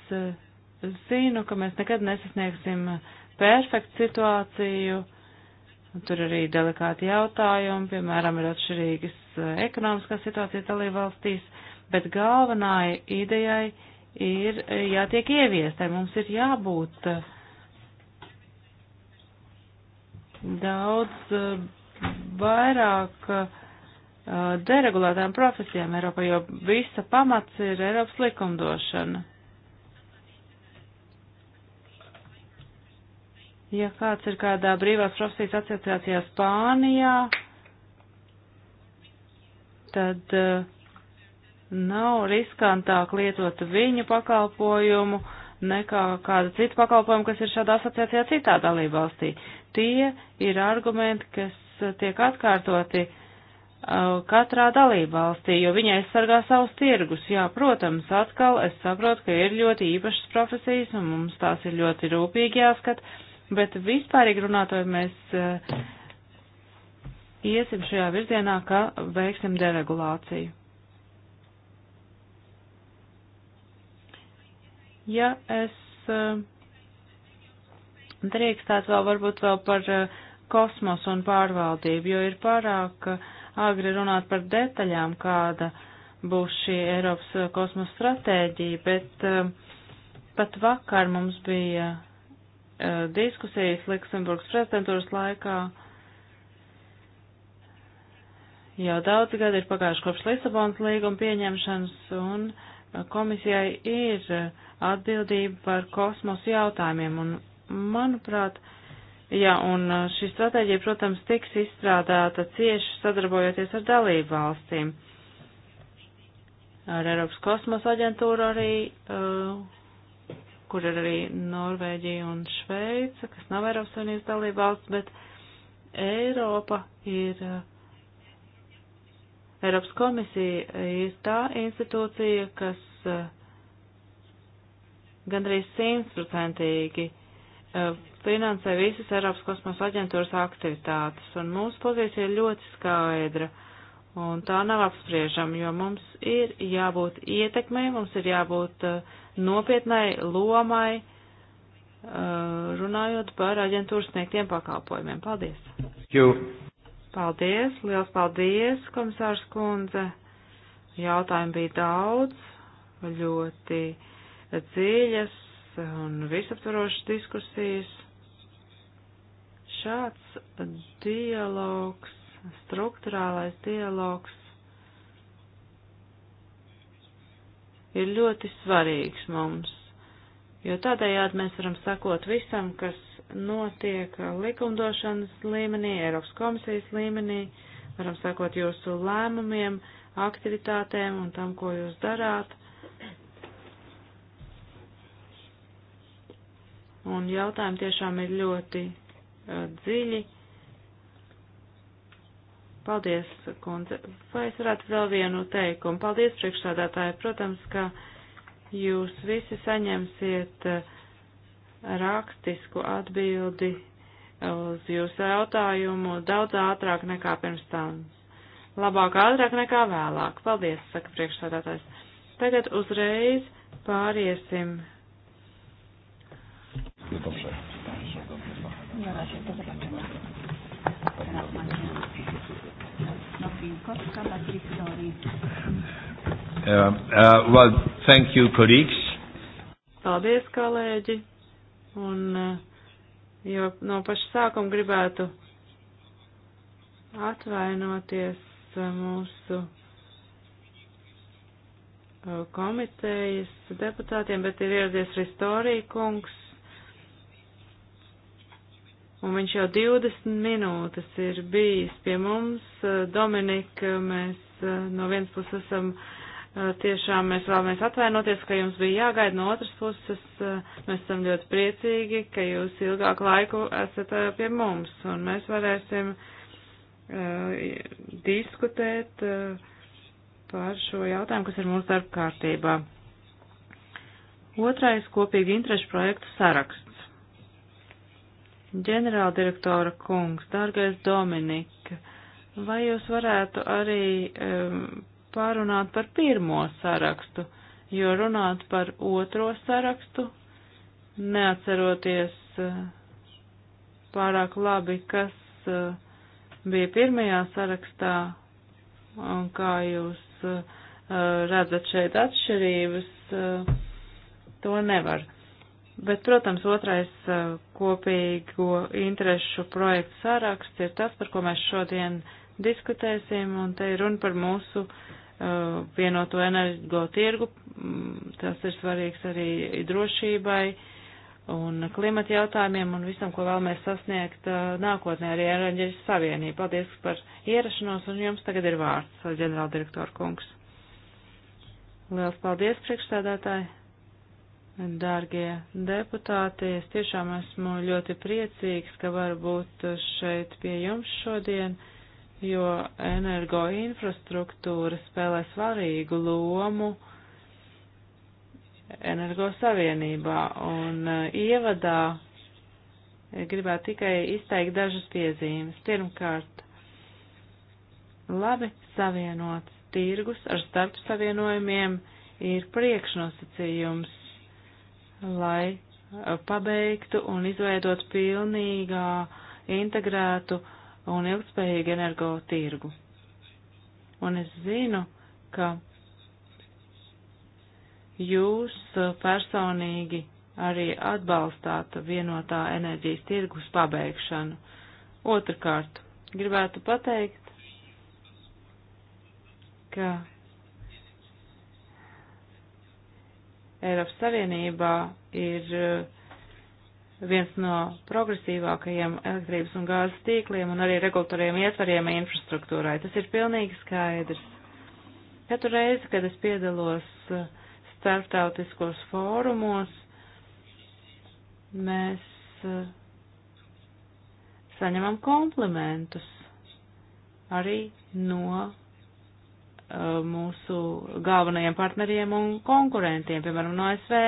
zinu, ka mēs nekad nesasniegsim perfektu situāciju. Tur arī delikāti jautājumi, piemēram, ir atšķirīgas ekonomiskās situācijas dalībvalstīs, bet galvenai idejai ir jātiek ieviestai. Mums ir jābūt uh, daudz eh, vairāk eh, deregulētām profesijām Eiropā, jo visa pamats ir Eiropas likumdošana. Ja kāds ir kādā brīvās profesijas asociācijā Spānijā, tad eh, nav riskantāk lietot viņu pakalpojumu nekā kāda cita pakalpojuma, kas ir šādā asociācijā citā dalībvalstī. Tie ir argumenti, kas tiek atkārtoti uh, katrā dalībvalstī, jo viņi aizsargā savus tirgus. Jā, protams, atkal es saprotu, ka ir ļoti īpašas profesijas un mums tās ir ļoti rūpīgi jāskat, bet vispārīgi runātoju mēs uh, iesim šajā virzienā, ka veiksim deregulāciju. Ja es eh, drīkstētu vēl varbūt vēl par eh, kosmosu un pārvaldību, jo ir pārāk eh, agri runāt par detaļām, kāda būs šī Eiropas kosmosa stratēģija, bet pat vakar mums bija diskusijas Liksemburgas prezidentūras laikā. Jau daudz gadi ir pagājuši kopš Lisabonas līguma pieņemšanas un uh, komisijai ir atbildība par kosmosu jautājumiem, un, manuprāt, jā, un šī stratēģija, protams, tiks izstrādāta cieši sadarbojoties ar dalību valstīm. Ar Eiropas kosmosa aģentūru arī, uh, kur ir arī Norvēģija un Šveica, kas nav Eiropas Savienības dalība valsts, bet Eiropa ir. Uh, Eiropas komisija ir tā institūcija, kas eh, gandrīz simtprocentīgi eh, finansē visas Eiropas kosmosa aģentūras aktivitātes, un mūsu pozīcija ir ļoti skaidra, un tā nav apspriežama, jo mums ir jābūt ietekmei, mums ir jābūt eh, nopietnai lomai, runājot par aģentūras sniegtiem pakalpojumiem. Paldies! Jū. Paldies, liels paldies, komisārs kundze. Jautājumi bija daudz, ļoti dziļas un visaptvarošas diskusijas. Šāds dialogs, struktūrālais dialogs ir ļoti svarīgs mums, jo tādējādi mēs varam sakot visam, kas notiek likumdošanas līmenī, Eiropas komisijas līmenī, varam sakot jūsu lēmumiem, aktivitātēm un tam, ko jūs darāt. Un jautājumi tiešām ir ļoti uh, dziļi. Paldies, kundze. Vai es varētu vēl vienu teikumu? Paldies, priekšsādātāji. Protams, ka jūs visi saņemsiet uh, rakstisku atbildi uz jūsu jautājumu daudz ātrāk nekā pirms tam. Labāk ātrāk nekā vēlāk. Paldies, saka priekšsādātājs. Tagad uzreiz pāriesim. Uh, uh, well, thank you, colleagues. Paldies, kolēģi. Un eh, jau no paša sākuma gribētu atvainoties eh, mūsu eh, komitejas deputātiem, bet ir ieradies Ristorija kungs, un viņš jau 20 minūtes ir bijis pie mums. Dominika, mēs no vienas puses esam uh, tiešām mēs vēlamies atvainoties, ka jums bija jāgaida no otras puses. Mēs esam ļoti priecīgi, ka jūs ilgāku laiku esat pie mums, un mēs varēsim uh, diskutēt uh, par šo jautājumu, kas ir mūsu darba kārtībā. Otrais kopīgi interešu projektu saraksts. Ģenerāldirektora kungs, dārgais Dominika, vai jūs varētu arī um, pārunāt par pirmo sarakstu, jo runāt par otro sarakstu, neatceroties eh, pārāk labi, kas eh, bija pirmajā sarakstā un kā jūs eh, redzat šeit atšķirības, to nevar. Bet, protams, otrais kopīgo interešu projektu saraksts ir tas, par ko mēs šodien diskutēsim, un te ir runa par mūsu Uh, vienoto energo tirgu. Mm, tas ir svarīgs arī drošībai un klimata jautājumiem un visam, ko vēlamies sasniegt uh, nākotnē arī Enerģijas Savienību. Paldies par ierašanos un jums tagad ir vārds, uh, ģenerāldirektora kungs. Liels paldies, priekšstādātāji! Dārgie deputāti, es tiešām esmu ļoti priecīgs, ka var būt šeit pie jums šodien jo energo infrastruktūra spēlē svarīgu lomu energo savienībā. Un uh, ievadā gribētu tikai izteikt dažas piezīmes. Pirmkārt, labi savienots tirgus ar starp savienojumiem ir priekšnosacījums, lai pabeigtu un izveidot pilnīgā integrētu uh, un ilgspējīgu energo tirgu. Un es zinu, ka jūs personīgi arī atbalstāt vienotā enerģijas tirgus pabeigšanu. Otrakārt, gribētu pateikt, ka Eiropas Savienībā ir uh, viens no progresīvākajiem elektrības un gāzes tīkliem un arī regulatoriem ietvariem infrastruktūrai. Tas ir pilnīgi skaidrs. Katru reizi, kad es piedalos uh, starptautiskos fórumos, mēs uh, saņemam komplimentus arī no uh, mūsu galvenajiem partneriem un konkurentiem, piemēram, no SV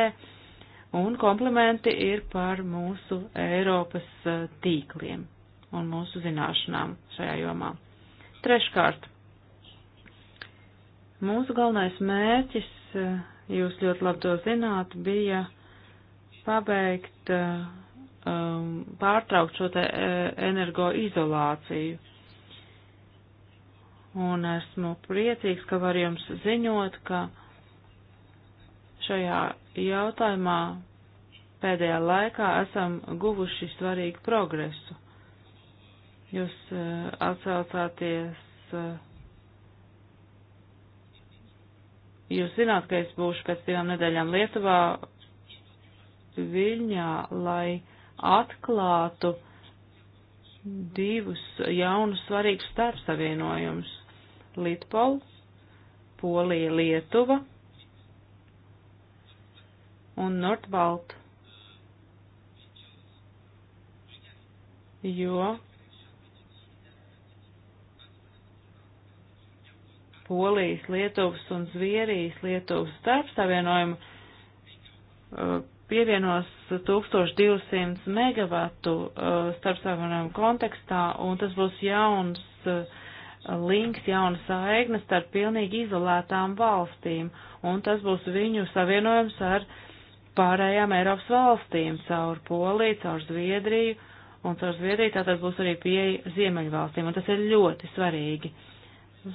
un komplimenti ir par mūsu Eiropas eh, tīkliem un mūsu zināšanām šajā jomā. Treškārt, mūsu galvenais mērķis, eh, jūs ļoti labi to zināt, bija pabeigt, eh, um, pārtraukt šo te energoizolāciju. Un esmu priecīgs, ka var jums ziņot, ka šajā jautājumā pēdējā laikā esam guvuši svarīgu progresu. Jūs uh, atsaucāties, uh, jūs zināt, ka es būšu pēc divām nedēļām Lietuvā, Viļņā, lai atklātu divus jaunus svarīgus starpsavienojumus - Litpol, Polija, Lietuva un Nordbalt, jo Polijas, Lietuvas un Zvierijas Lietuvas starpsavienojumu uh, pievienos 1200 megavatu uh, starpsavienojumu kontekstā, un tas būs jauns uh, links, jauna saigna starp pilnīgi izolētām valstīm, un tas būs viņu savienojums ar uh, pārējām Eiropas valstīm, caur Poliju, caur Zviedriju, un caur Zviedriju tātad būs arī pieeja Ziemeļvalstīm, un tas ir ļoti svarīgi.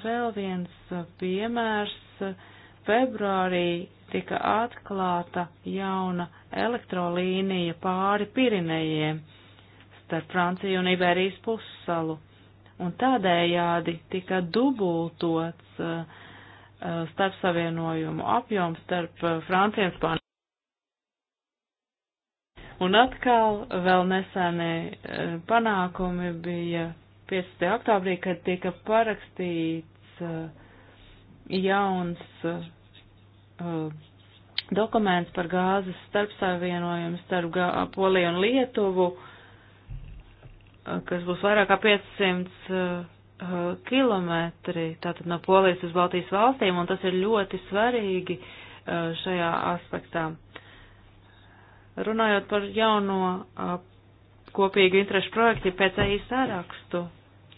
Vēl viens uh, piemērs. Februārī tika atklāta jauna elektrolīnija pāri Pirinejiem starp Franciju un Iberijas pussalu, un tādējādi tika dubultots uh, uh starpsavienojumu apjoms starp uh, Franciju un Spāniju. Un atkal vēl nesenie e, panākumi bija 15. oktobrī, kad tika parakstīts e, jauns e, dokuments par gāzes starpsavienojumu starp Poliju un Lietuvu, kas būs vairāk kā 500 kilometri, tātad no Polijas uz Baltijas valstīm, un tas ir ļoti svarīgi šajā aspektā. Runājot par jauno uh, kopīgu interešu projektu PCI sārakstu,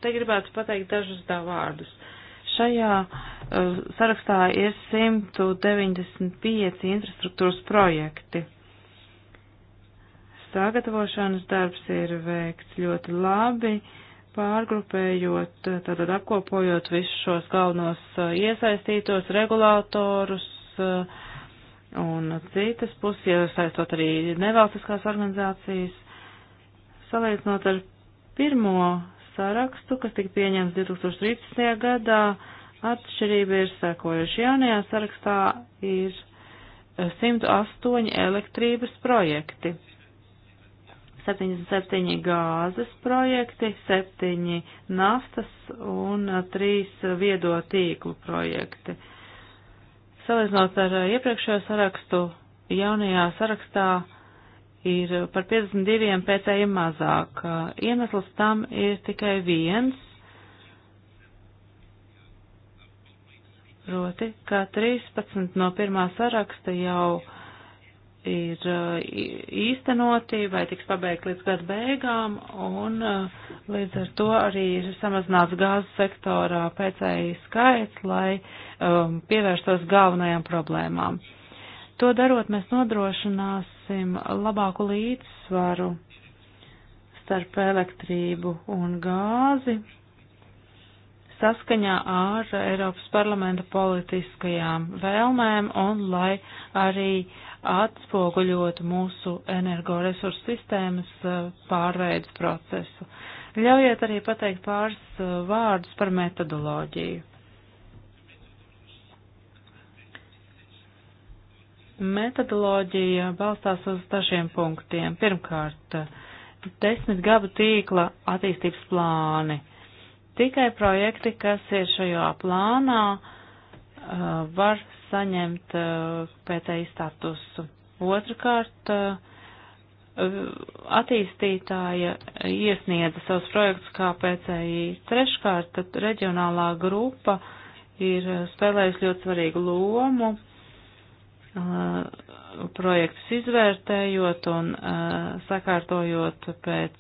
te gribētu pateikt dažus tā vārdus. Šajā uh, sarakstā ir 195 infrastruktūras projekti. Sagatavošanas darbs ir veikts ļoti labi. Uh, pārgrupējot, tātad apkopojot visus šos galvenos iesaistītos regulātorus, uh, un citas puses, iesaistot arī nevalstiskās organizācijas, salīdzinot ar pirmo sarakstu, kas tika pieņemts 2013. gadā, atšķirība ir sekojuši. Jaunajā sarakstā ir 108 eh, elektrības projekti, 77 gāzes projekti, 7 naftas un 3 eh, viedo tīklu projekti. Salīdzinot ar eh, iepriekšējo sarakstu, jaunajā sarakstā ir eh, par 52 pēcējiem mazāk. Eh, iemesls tam ir tikai viens, proti, ka 13 no pirmā saraksta jau ir eh, īstenoti vai tiks pabeigt līdz gada beigām, un eh, līdz ar to arī ir samazināts gāzes sektorā pēcēji skaits, lai um, pievērstos galvenajām problēmām. To darot, mēs nodrošināsim labāku līdzsvaru starp elektrību un gāzi saskaņā ar Eiropas parlamenta politiskajām vēlmēm un lai arī uh, atspoguļot mūsu energoresursu sistēmas uh, pārveidu procesu. Ļaujiet arī pateikt pāris uh, vārdus par metodoloģiju. Metodoloģija balstās uz dažiem punktiem. Pirmkārt, desmit gadu tīkla attīstības plāni. Tikai projekti, kas ir šajā plānā, uh, var saņemt eh, pētēji statusu. Otrakārt, eh, attīstītāja iesniedza savus projektus kā pēcēji. Treškārt, tad reģionālā grupa ir eh, spēlējusi ļoti svarīgu lomu projektus izvērtējot un sakārtojot pēc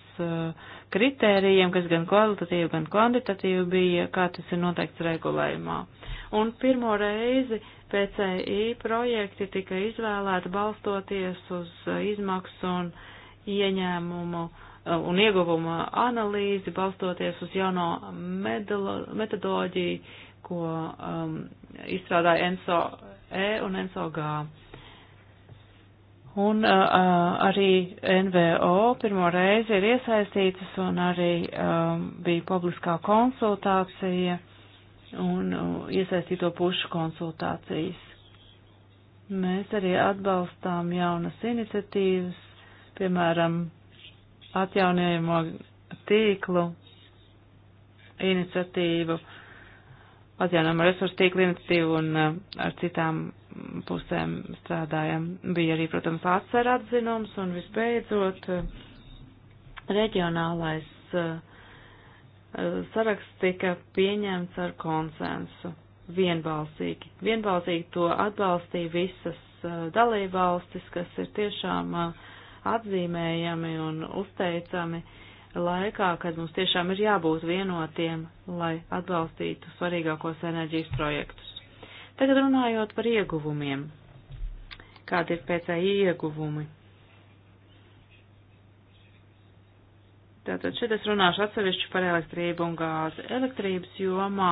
kritērijiem, kas gan kvalitatīvi, gan kvantitatīvi bija, kā tas ir noteikts regulējumā un pirmo reizi PCI projekti tika izvēlēti balstoties uz uh, izmaksu un ieņēmumu uh, un ieguvumu analīzi, balstoties uz jauno metodoloģiju, ko um, izstrādāja NSO E un NSO G. Un uh, uh arī NVO pirmo reizi ir iesaistītas un arī um, bija publiskā konsultācija un uh, iesaistīto pušu konsultācijas. Mēs arī atbalstām jaunas iniciatīvas, piemēram, atjaunojamo tīklu iniciatīvu, atjaunojamo resursu tīklu iniciatīvu un uh, ar citām pusēm strādājam. Bija arī, protams, atsver atzinums un visbeidzot uh, reģionālais uh, saraksts tika pieņemts ar konsensu vienbalsīgi. Vienbalsīgi to atbalstīja visas dalībvalstis, kas ir tiešām atzīmējami un uzteicami laikā, kad mums tiešām ir jābūt vienotiem, lai atbalstītu svarīgākos enerģijas projektus. Tagad runājot par ieguvumiem. Kādi ir PCI ieguvumi? Tātad šeit es runāšu atsevišķi par elektrību un gāzi. Elektrības jomā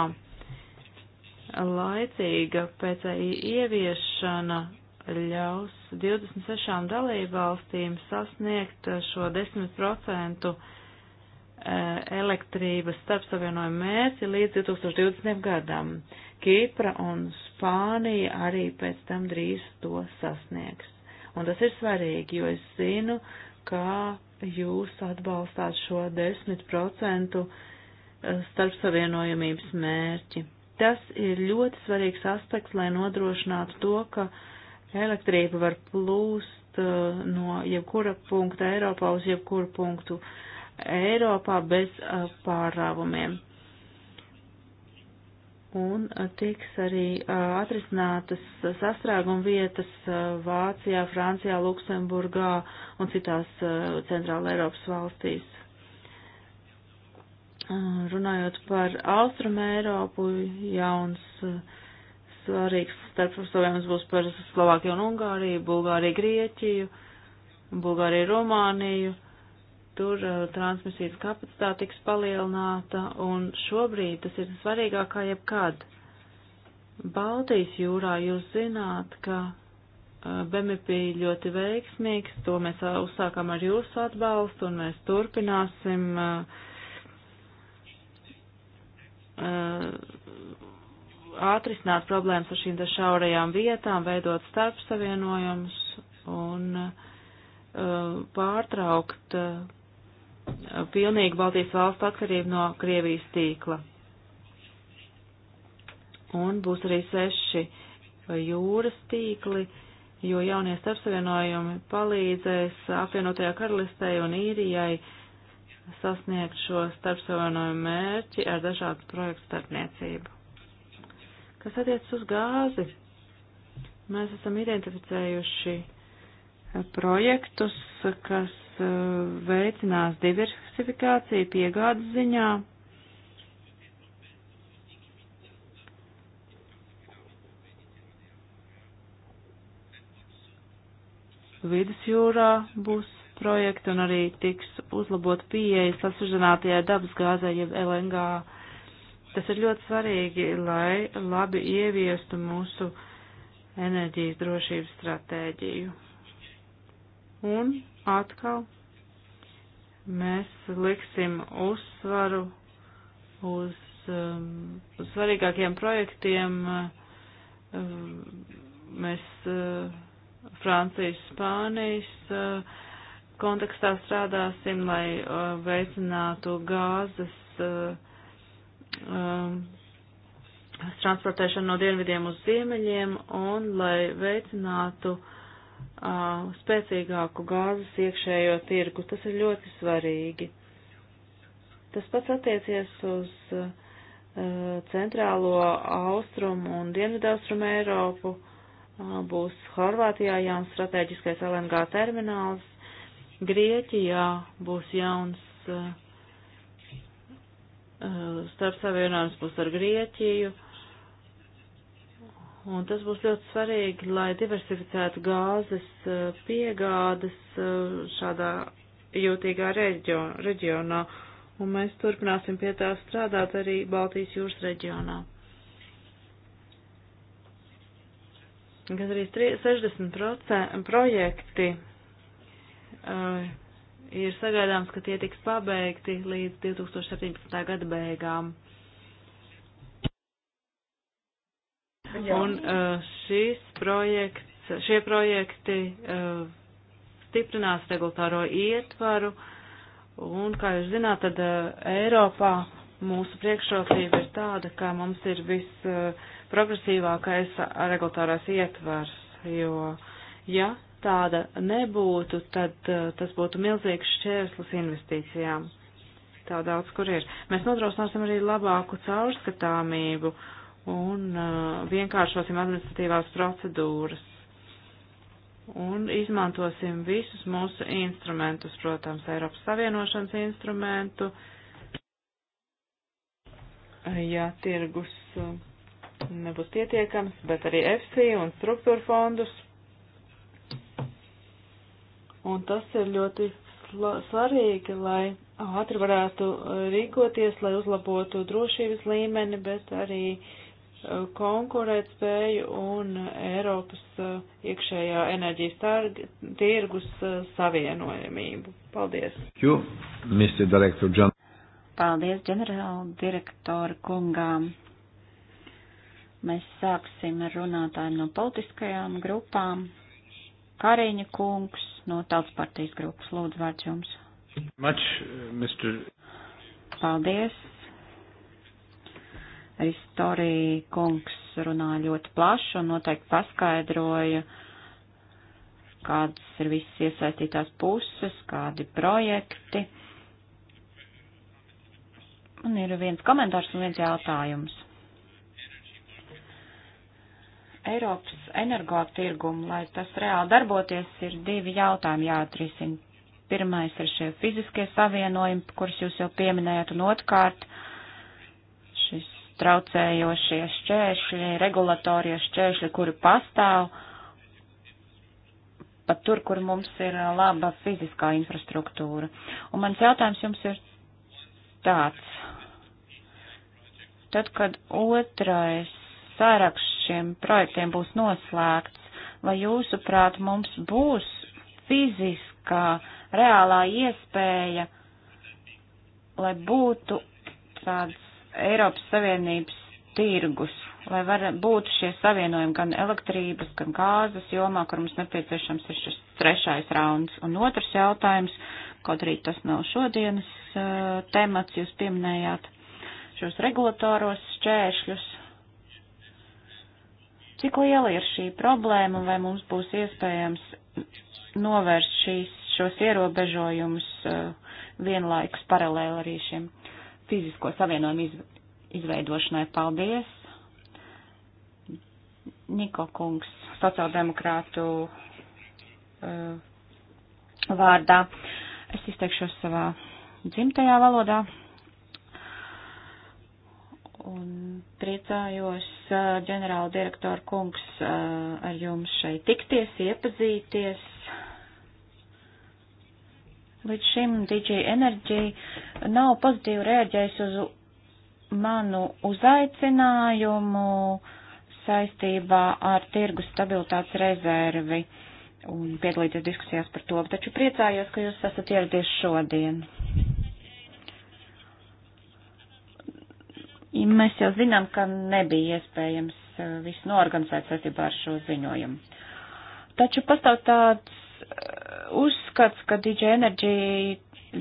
laicīga PCI ieviešana ļaus 26 dalībvalstīm sasniegt šo 10% e, elektrības starpsavienojumu mērķi līdz 2020. gadam. Kīpra un Spānija arī pēc tam drīz to sasniegs. Un tas ir svarīgi, jo es zinu, ka jūs atbalstāt šo 10% eh, starpsavienojamības mērķi. Tas ir ļoti svarīgs aspekts, lai nodrošinātu to, ka elektrība var plūst eh, no jebkura punkta Eiropā uz jebkuru punktu Eiropā bez eh, pārāvumiem un tiks arī atrisinātas sastrēguma vietas Vācijā, Francijā, Luksemburgā un citās centrāla Eiropas valstīs. Runājot par Austrum Eiropu, jauns svarīgs starpsavējums būs par Slovākiju un Ungāriju, Bulgāriju, Grieķiju, Bulgāriju, Rumāniju tur uh, transmisijas kapacitāte tiks palielināta, un šobrīd tas ir svarīgāk kā jebkad. Baltijas jūrā jūs zināt, ka uh, eh, BEMI bija ļoti veiksmīgs, to mēs uh, uzsākām ar jūsu atbalstu, un mēs turpināsim ātrisināt problēmas ar šīm te šaurajām vietām, veidot starpsavienojumus un pārtraukt uh, pilnīgi Baltijas valstu atkarību no Krievijas tīkla. Un būs arī seši jūras tīkli, jo jaunie starpsavienojumi palīdzēs apvienotajā karalistē un īrijai sasniegt šo starpsavienojumu mērķi ar dažādu projektu starpniecību. Kas attiec uz gāzi, mēs esam identificējuši projektus, kas Uh, veicinās diversifikāciju piegādes ziņā. Vidusjūrā būs projekti un arī tiks uzlabot pieeja sasvežinātajai dabas gāzai, jeb LNG. Tas ir ļoti svarīgi, lai labi ieviestu mūsu enerģijas drošības stratēģiju. Un atkal mēs liksim uzsvaru uz, um, uz svarīgākiem projektiem. Um, mēs uh, Francijas, Spānijas uh, kontekstā strādāsim, lai uh, veicinātu gāzes uh, um, transportēšanu no dienvidiem uz ziemeļiem un lai veicinātu uh, spēcīgāku gāzes iekšējo tirgu. Tas ir ļoti svarīgi. Tas pats attiecies uz uh, centrālo austrumu un dienvidaustrumu Eiropu. Uh, būs Horvātijā jauns strateģiskais LNG termināls, Grieķijā būs jauns uh, starp savienojums būs ar Grieķiju. Uh, Un tas būs ļoti svarīgi, lai diversificētu gāzes eh, piegādes eh, šādā jūtīgā reģionā. Un mēs turpināsim pie tā strādāt arī Baltijas jūras reģionā. Gan arī 60% projekti uh, ir sagaidāms, ka tie tiks pabeigti līdz 2017. gada beigām. Un uh, šis projekts, šie projekti uh, stiprinās regulāro ietvaru, un, kā jūs zināt, tad uh, Eiropā mūsu priekšrocība ir tāda, ka mums ir visprogresīvākais regulārās ietvars, jo, ja tāda nebūtu, tad tas būtu milzīgs šķērslis investīcijām. Tā daudz, kur ir. Mēs nodrošināsim arī labāku caurskatāmību un uh, vienkāršosim administratīvās procedūras. Un izmantosim visus mūsu instrumentus, protams, Eiropas Savienošanas instrumentu, ja tirgus uh, nebūs pietiekams, bet arī FC un struktūra fondus. Un tas ir ļoti svarīgi, lai ātri varētu rīkoties, lai uzlabotu drošības līmeni, bet arī uh, Uh, konkurētspēju un Eiropas uh, iekšējā enerģijas targa, tirgus uh, savienojamību. Paldies! You, Mr. Director John. Paldies, ģenerāla direktora kungām! Mēs sāksim ar runātāju no politiskajām grupām. Kariņa kungs no Tautas partijas grupas. Lūdzu, vārds jums. Much, Mr. Paldies, Istorija kungs runā ļoti plaši un noteikti paskaidroja, kādas ir visas iesaistītās puses, kādi projekti. Un ir viens komentārs un viens jautājums. Eiropas energotirgumu, lai tas reāli darboties, ir divi jautājumi jāatrisina. Pirmais ir šie fiziskie savienojumi, kurus jūs jau pieminējat, un otrkārt traucējošie šķēršļi, regulatorie šķēršļi, kuri pastāv, pat tur, kur mums ir uh, laba fiziskā infrastruktūra. Un mans jautājums jums ir tāds. Tad, kad otrais saraksts šiem projektiem būs noslēgts, vai jūsuprāt mums būs fiziskā, reālā iespēja, lai būtu tāds Eiropas Savienības tirgus, lai var būt šie savienojumi gan elektrības, gan gāzes jomā, kur mums nepieciešams ir šis trešais rauns. Un otrs jautājums, kaut arī tas nav šodienas uh, temats, jūs pieminējāt šos regulatoros šķēršļus. Cik liela ir šī problēma un vai mums būs iespējams novērst šīs, šos ierobežojumus uh, vienlaikus paralēli arī šiem fizisko savienojumu iz, izveidošanai. Paldies! Niko kungs, sociāldemokrātu uh, vārdā. Es izteikšos savā dzimtajā valodā un priecājos, eh, ģenerāla direktora kungs, eh, ar jums šeit tikties, iepazīties Līdz šim DJ Energy nav pozitīvi reaģējis uz manu uzaicinājumu saistībā ar tirgus stabilitātes rezervi un piedalīties diskusijās par to, taču priecājos, ka jūs esat ieradies šodien. Ja mēs jau zinām, ka nebija iespējams uh, visu norganizēt saistībā ar šo ziņojumu. Taču pastāv tāds uh, uzskats, ka DJ Energy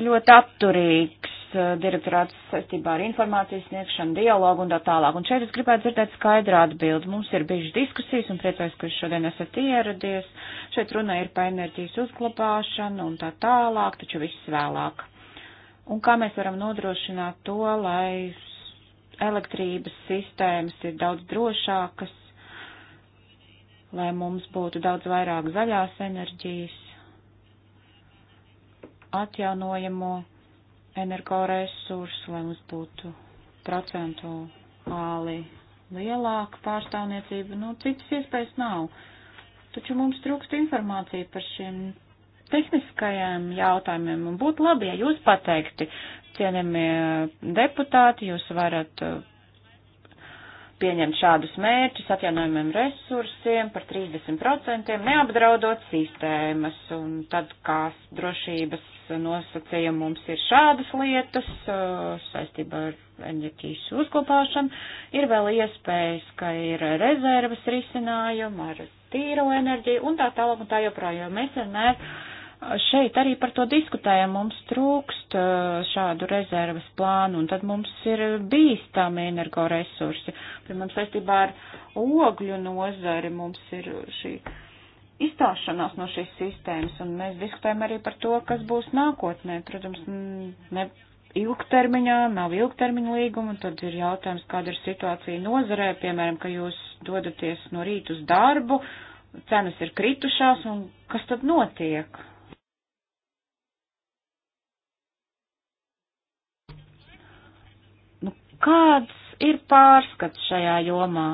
ļoti atturīgs eh, direktorāts saistībā ar informācijas sniegšanu, dialogu un tā tālāk. Un šeit es gribētu dzirdēt skaidrā atbildi. Mums ir bijušas diskusijas un priecājos, ka jūs šodien esat ieradies. Šeit runa ir par enerģijas uzglabāšanu un tā tālāk, taču viss vēlāk. Un kā mēs varam nodrošināt to, lai elektrības sistēmas ir daudz drošākas, lai mums būtu daudz vairāk zaļās enerģijas atjaunojamo energoresursu, lai mums būtu procentuāli lielāka pārstāvniecība, nu, citas iespējas nav. Taču mums trūkst informācija par šiem tehniskajiem jautājumiem, un būtu labi, ja jūs pateikti, cienījamie deputāti, jūs varat uh, pieņemt šādus mērķus atjaunojumiem resursiem par 30%, neapdraudot sistēmas, un tad kā drošības nosacīja mums ir šādas lietas uh, saistībā ar enerģijas uzkopāšanu, ir vēl iespējas, ka ir rezervas risinājumi ar tīro enerģiju un tā tālāk un tā joprojām. Mēs vienmēr uh, šeit arī par to diskutējam, mums trūkst uh, šādu rezervas plānu un tad mums ir bīstami energoresursi. Piemēram, saistībā ar ogļu nozari mums ir šī izstāšanās no šīs sistēmas, un mēs diskutējam arī par to, kas būs nākotnē. Protams, ne ilgtermiņā, nav ilgtermiņa līguma, un tad ir jautājums, kāda ir situācija nozarē, piemēram, ka jūs dodaties no rīta uz darbu, cenas ir kritušās, un kas tad notiek? Nu, kāds ir pārskats šajā jomā?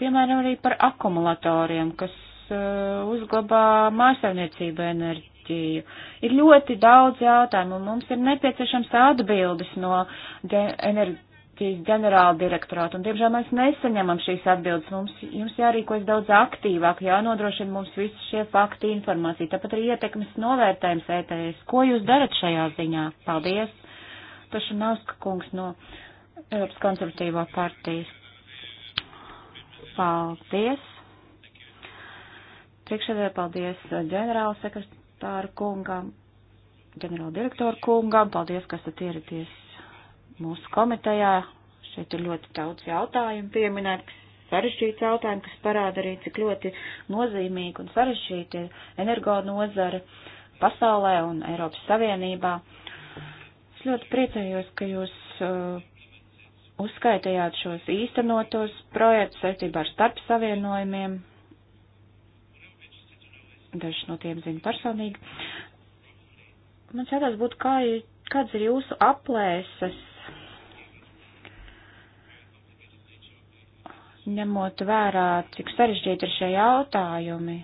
Piemēram, arī par akumulatoriem, kas Uh, uzglabā mājsaimniecība enerģiju. Ir ļoti daudz jautājumu, un mums ir nepieciešams atbildes no enerģijas ģenerāla direktorāta, un diemžēl mēs nesaņemam šīs atbildes. Mums, jums jārīkojas daudz aktīvāk, jānodrošina mums visi šie fakti informācija, tāpat arī ietekmes novērtējums ETS. Ko jūs darat šajā ziņā? Paldies! Tašu Nauska kungs no Eiropas konservatīvā partijas. Paldies! Priekšsēdē paldies uh, ģenerāla sekretāra kungam, ģenerāla direktora kungam, paldies, ka esat ieradies mūsu komitejā. Šeit ir ļoti daudz jautājumu pieminēt, sarežģīti jautājumi, kas parāda arī, cik ļoti nozīmīgi un sarežģīti ir energo nozara pasaulē un Eiropas Savienībā. Es ļoti priecājos, ka jūs uh, uzskaitījāt šos īstenotos projektus saistībā ar starp savienojumiem, dažus no tiem zinu personīgi. Man šādās būtu, kā ir, kāds ir jūsu aplēses, ņemot vērā, cik sarežģīti ir šie jautājumi.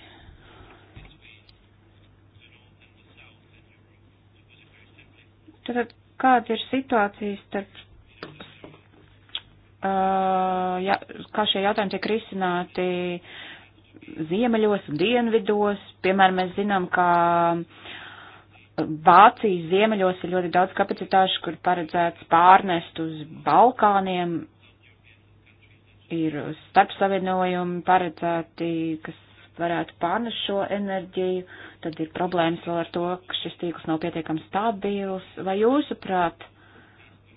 Tātad, kāda ir situācija starp Uh, ja, kā šie jautājumi tiek risināti ziemeļos un dienvidos. Piemēram, mēs zinām, ka Vācijas ziemeļos ir ļoti daudz kapacitāšu, kur paredzēts pārnest uz Balkāniem. Ir starpsavienojumi paredzēti, kas varētu pārnest šo enerģiju, tad ir problēmas vēl ar to, ka šis tīkls nav pietiekami stabils. Vai jūsuprāt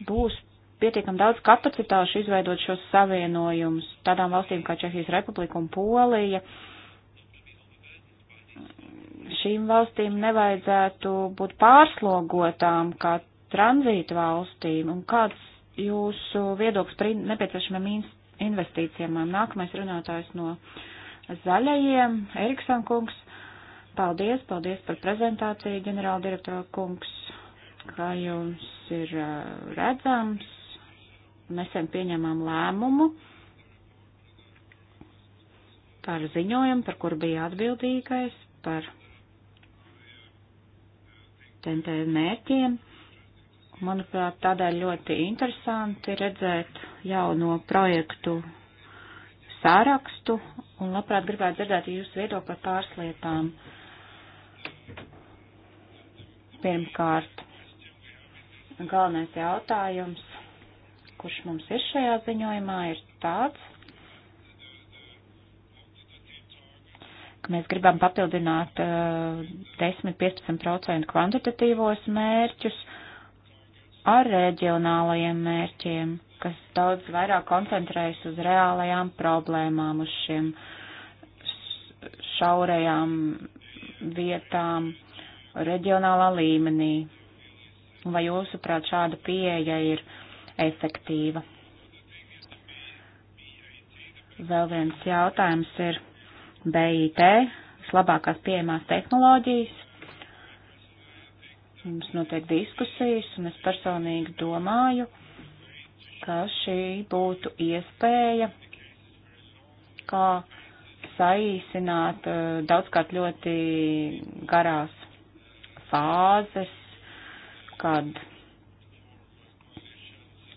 būs pietiekam daudz kapacitāšu izveidot šos savienojumus tādām valstīm kā Čehijas Republika un Polija. Šīm valstīm nevajadzētu būt pārslogotām kā tranzīta valstīm un kāds jūsu viedoklis par nepieciešamiem investīcijiem. Nākamais runātājs no zaļajiem, Erikson kungs. Paldies, paldies par prezentāciju, ģenerāldirektora kungs kā jums ir redzams, nesen pieņemām lēmumu par ziņojumu, par kur bija atbildīgais, par TNT mērķiem. Manuprāt, tādēļ ļoti interesanti redzēt jauno projektu sārakstu un labprāt gribētu dzirdēt jūsu viedokli par pāris lietām. Pirmkārt, galvenais jautājums kurš mums ir šajā ziņojumā, ir tāds, ka mēs gribam papildināt 10-15% eh, kvantitatīvos mērķus ar reģionālajiem mērķiem, kas daudz vairāk koncentrējas uz reālajām problēmām, uz šiem šaurajām vietām reģionālā līmenī. Vai jūsuprāt šāda pieeja ir efektīva. Vēl viens jautājums ir BIT, vislabākās pieejamās tehnoloģijas. Mums notiek diskusijas, un es personīgi domāju, ka šī būtu iespēja, kā saīsināt eh, daudzkārt ļoti garās fāzes, kad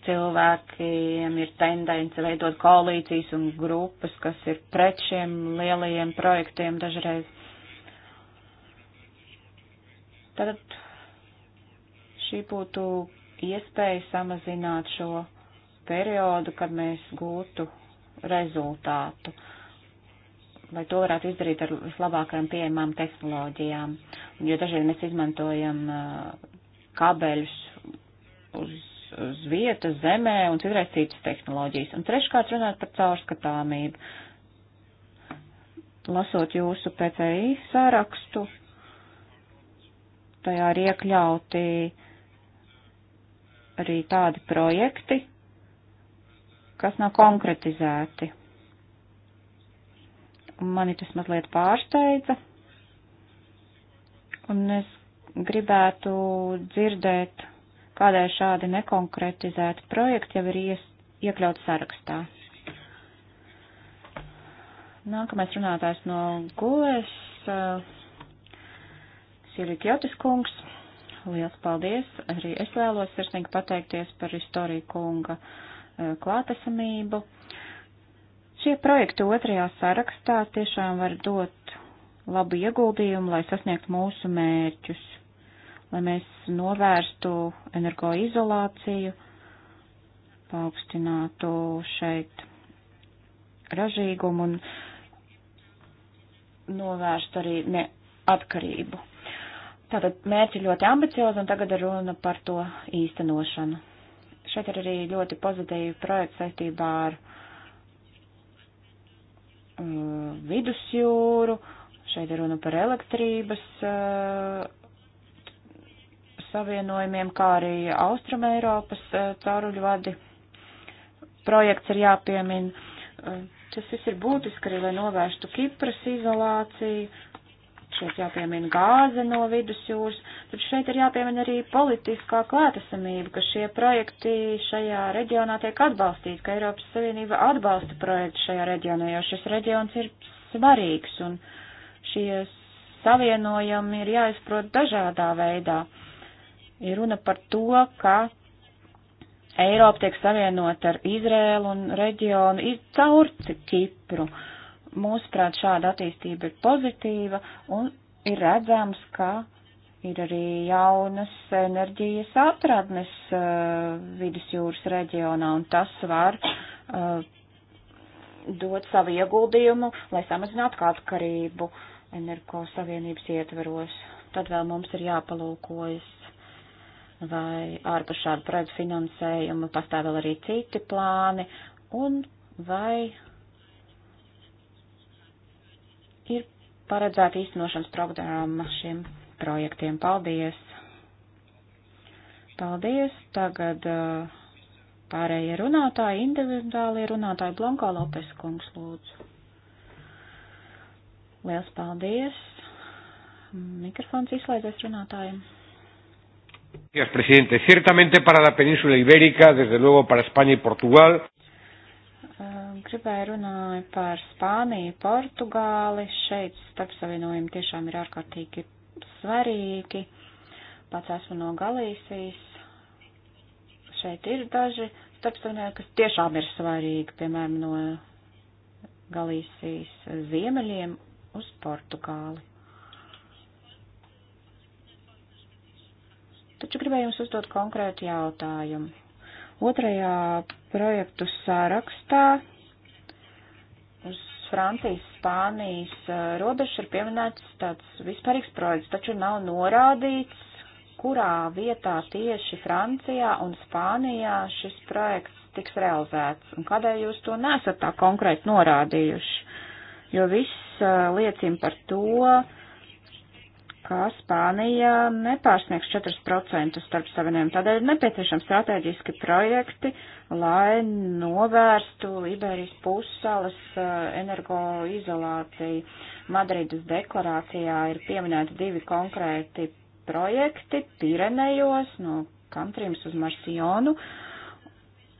cilvēkiem ir tendence veidot koalīcijas un grupas, kas ir pret šiem lielajiem projektiem dažreiz. Tad šī būtu iespēja samazināt šo periodu, kad mēs gūtu rezultātu, lai to varētu izdarīt ar vislabākajām pieejamām tehnoloģijām, jo dažreiz mēs izmantojam uh, kabeļus uz uz vietas, zemē un citreiz citas tehnoloģijas. Un treškārt runāt par caurskatāmību. Lasot jūsu PCI sārakstu, tajā ir iekļauti arī tādi projekti, kas nav konkretizēti. Un mani tas mazliet pārsteidza. Un es gribētu dzirdēt kādēļ šādi nekonkretizēti projekti jau ir ies, iekļauts sarakstā. Nākamais runātājs no Gules, uh, Sirik Jotis kungs. Liels paldies! Arī es vēlos sirsnīgi pateikties par istoriju kunga uh, klātesamību. Šie projekti otrajā sarakstā tiešām var dot labu ieguldījumu, lai sasniegtu mūsu mērķus lai mēs novērstu energoizolāciju, paaugstinātu šeit ražīgumu un novērstu arī neatkarību. Tātad mērķi ļoti ambiciozi un tagad ir runa par to īstenošanu. Šeit ir arī ļoti pozitīvi projekti saistībā ar uh, vidusjūru, šeit ir runa par elektrības uh, savienojumiem, kā arī Austrum Eiropas e, cauruļu vadi projekts ir jāpiemina. E, tas viss ir būtiski arī, lai novērstu Kipras izolāciju. Šeit jāpiemina gāze no vidusjūras, tad šeit ir jāpiemina arī politiskā klātesamība, ka šie projekti šajā reģionā tiek atbalstīti, ka Eiropas Savienība atbalsta projektu šajā reģionā, jo šis reģions ir svarīgs un šie savienojumi ir jāizprot dažādā veidā ir runa par to, ka Eiropa tiek savienota ar Izrēlu un reģionu ir caur Kipru. Mūsuprāt, šāda attīstība ir pozitīva un ir redzams, ka ir arī jaunas enerģijas atradnes uh, vidusjūras reģionā un tas var uh, dot savu ieguldījumu, lai samazinātu atkarību energo savienības ietveros. Tad vēl mums ir jāpalūkojas vai ārpus šādu projektu finansējumu pastāv vēl arī citi plāni, un vai ir paredzēta īstenošanas programma šiem projektiem. Paldies! Paldies! Tagad uh, pārējie runātāji, individuālie runātāji, Blanko Lopes kungs lūdzu. Liels paldies! Mikrofons izslēdzies runātājiem. Gracias, presidente. Ciertamente para la península ibérica, desde luego para España y Portugal. Eh, gribēju runāt par Spāniju, Portugāli. Šeit starpsavienojumi tiešām ir ārkārtīgi svarīgi. Pats esmu no Galīsijas. Šeit ir daži starpsavienojumi, kas tiešām ir svarīgi, piemēram, no Galīsijas ziemeļiem uz Portugāli. taču gribēju jums uzdot konkrētu jautājumu. Otrajā projektu sārakstā uz Francijas, Spānijas eh, robežas ir pieminēts tāds vispārīgs projekts, taču nav norādīts, kurā vietā tieši Francijā un Spānijā šis projekts tiks realizēts. Un kādēļ jūs to nesat tā konkrēti norādījuši? Jo viss eh, liecina par to, ka Spānija nepārsniegs 4% starp savieniem. Tādēļ ir nepieciešami strateģiski projekti, lai novērstu Liberijas pussalas eh, energoizolāciju. Madridas deklarācijā ir pieminēti divi konkrēti projekti Pirenejos no Kantrims uz Marsionu.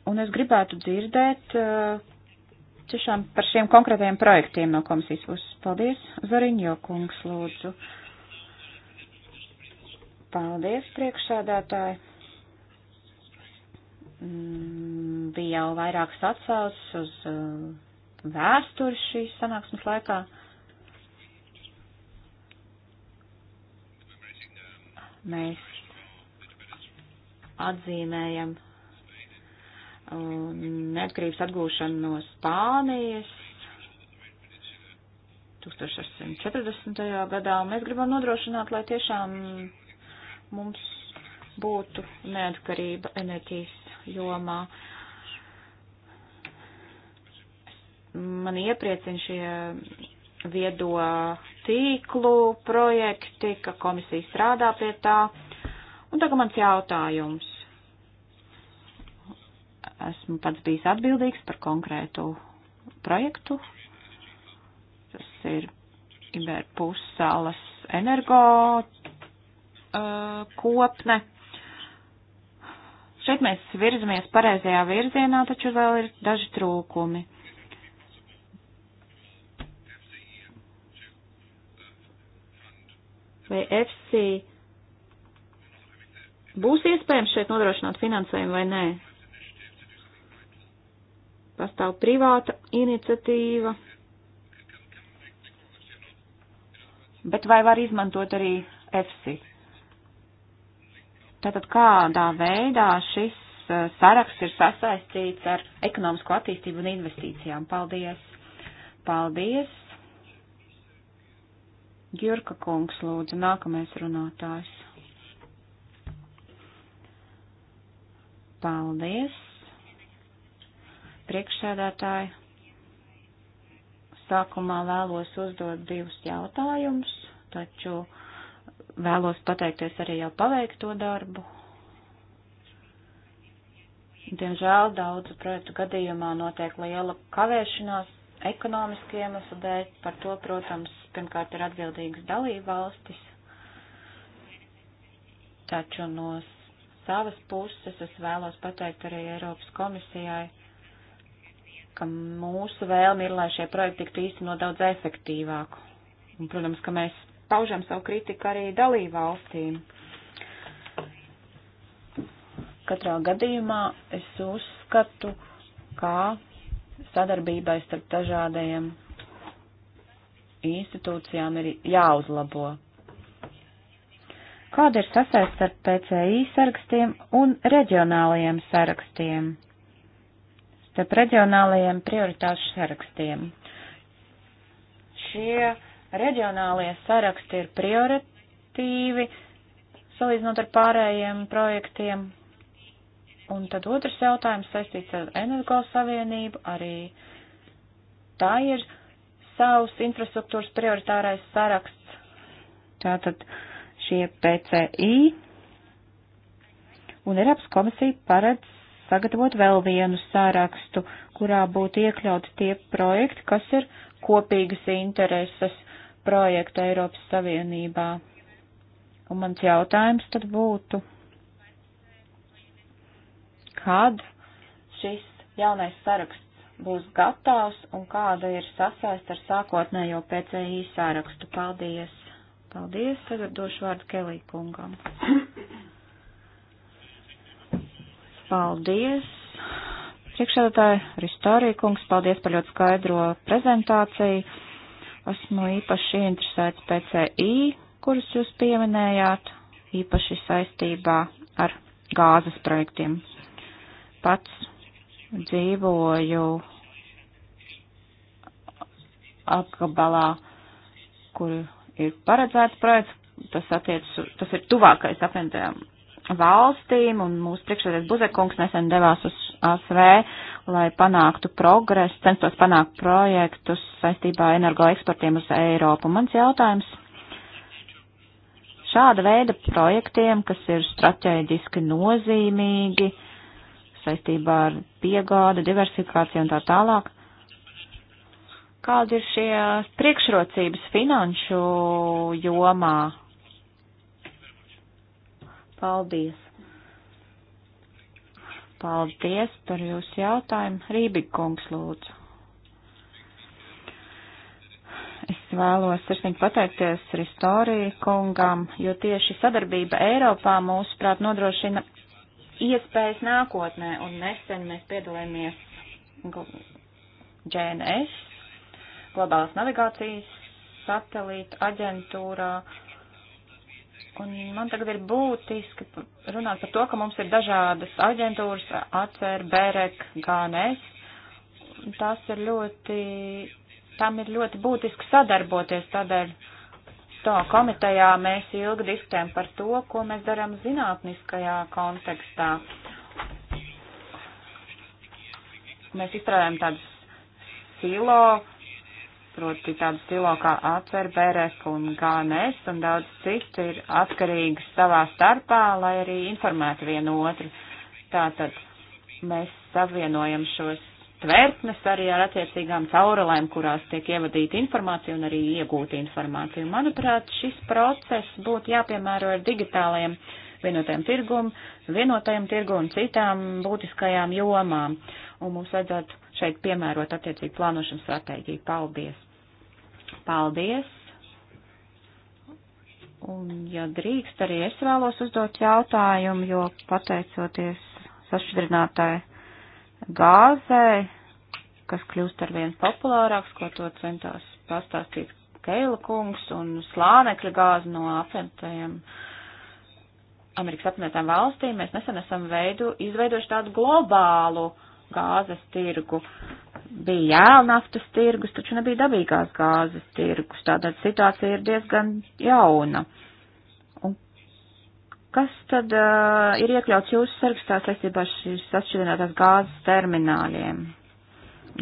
Un es gribētu dzirdēt eh, tiešām par šiem konkrētajiem projektiem no komisijas puses. Paldies, Zariņo kungs, lūdzu. Uh, Paldies, priekšsēdētāji. Mm, bija jau vairākas atsauces uz uh, vēsturi šīs sanāksmes laikā. Mēs atzīmējam uh, neatkarības atgūšanu no Spānijas 1640. gadā, un mēs gribam nodrošināt, lai tiešām mums būtu neatkarība enerģijas jomā. Man iepriecina šie viedo tīklu projekti, ka komisija strādā pie tā. Un tagad mans jautājums. Esmu pats bijis atbildīgs par konkrētu projektu. Tas ir Iber pussalas energo uh, kopne. Šeit mēs virzamies pareizajā virzienā, taču vēl ir daži trūkumi. Vai FC būs iespējams šeit nodrošināt finansējumu vai nē? Pastāv privāta iniciatīva. bet vai var izmantot arī EFSI? Tātad kādā veidā šis uh, saraksts ir sasaistīts ar ekonomisko attīstību un investīcijām? Paldies! Paldies! Gjurka kungs lūdzu, nākamais runātājs. Paldies! Priekšsēdētāji, sākumā vēlos uzdot divus jautājumus, taču uh, Vēlos pateikties arī jau paveikto darbu. Diemžēl daudzu projektu gadījumā notiek liela kavēšanās ekonomiski iemeslu dēļ. Par to, protams, pirmkārt ir atbildīgas dalība valstis. Taču no savas puses es vēlos pateikt arī Eiropas komisijai, ka mūsu vēlme ir, lai šie projekti tiktu īstenot daudz efektīvāk. Un, protams, ka mēs paužam savu kritiku arī dalībvalstīm. Katrā gadījumā es uzskatu, kā sadarbībai starp dažādajiem institūcijām ir jāuzlabo. Kāda ir sasaist ar PCI sarakstiem un reģionālajiem sarakstiem? Starp reģionālajiem prioritāšu sarakstiem. Šie Reģionālie saraksti ir prioritīvi salīdzinot ar pārējiem projektiem. Un tad otrs jautājums saistīts ar energosavienību. Arī tā ir savs infrastruktūras prioritārais saraksts. Tātad šie PCI un Eiropas komisija paredz sagatavot vēl vienu sārakstu, kurā būtu iekļauti tie projekti, kas ir kopīgas intereses projektu Eiropas Savienībā. Un mans jautājums tad būtu, kad šis jaunais saraksts būs gatavs un kāda ir sasaist ar sākotnējo PCI sarakstu? Paldies! Paldies! Tagad došu vārdu Kelī kungam. Paldies! Priekšsēdētāji Ristorija kungs, paldies par ļoti skaidro prezentāciju. Esmu īpaši interesēts PCI, kurus jūs pieminējāt, īpaši saistībā ar gāzes projektiem. Pats dzīvoju apgabalā, kur ir paredzēts projekts, tas attiec, tas ir tuvākais apvienotajām valstīm, un mūsu priekšsēdētājs Buzekungs nesen devās uz ASV, lai panāktu progresu, censtos panākt projektus saistībā energoeksportiem uz Eiropu. Mans jautājums šāda veida projektiem, kas ir strateģiski nozīmīgi saistībā ar piegādu, diversifikāciju un tā tālāk. Kāda ir šie priekšrocības finanšu jomā? Paldies! Paldies par jūsu jautājumu. Rībikungs lūdzu. Es vēlos sirsnīgi pateikties Ristorī kungam, jo tieši sadarbība Eiropā mūsuprāt nodrošina iespējas nākotnē, un nesen mēs piedalījāmies GNS, Globālās navigācijas satelīta aģentūrā, uh, Un man tagad ir būtiski runāt par to, ka mums ir dažādas aģentūras, ACER, BEREK, GANS. Tas ir ļoti, tam ir ļoti būtiski sadarboties, tādēļ to komitejā mēs ilgi diskutējam par to, ko mēs darām zinātniskajā kontekstā. Mēs izstrādājam tādus silo proti tādu stilo kā ACR, BRF un GNS un daudz citu ir atkarīgas savā starpā, lai arī informētu vienu otru. Tātad mēs savienojam šos tvertnes arī ar attiecīgām caurulēm, kurās tiek ievadīta informācija un arī iegūta informācija. Manuprāt, šis process būtu jāpiemēro ar digitālajiem vienotajam tirgum, vienotajam tirgu un citām būtiskajām jomām. Un mums vajadzētu šeit piemērot attiecīgi plānošanas stratēģiju. Paldies! Paldies! Un, ja drīkst, arī es vēlos uzdot jautājumu, jo pateicoties sašķidrinātāji gāzē, kas kļūst ar vien populārāks, ko to centās pastāstīt Keila kungs un slānekļa gāzi no apvienotajiem Amerikas apvienotām valstīm, mēs nesen esam veidu, izveidojuši tādu globālu gāzes tirgu. Uh, bija jēlnaftas tirgus, taču nebija dabīgās gāzes tirgus, tādēļ situācija ir diezgan jauna. Un kas tad uh, ir iekļauts jūsu sarakstā saistībā ar šīs atšķirinātās gāzes termināļiem?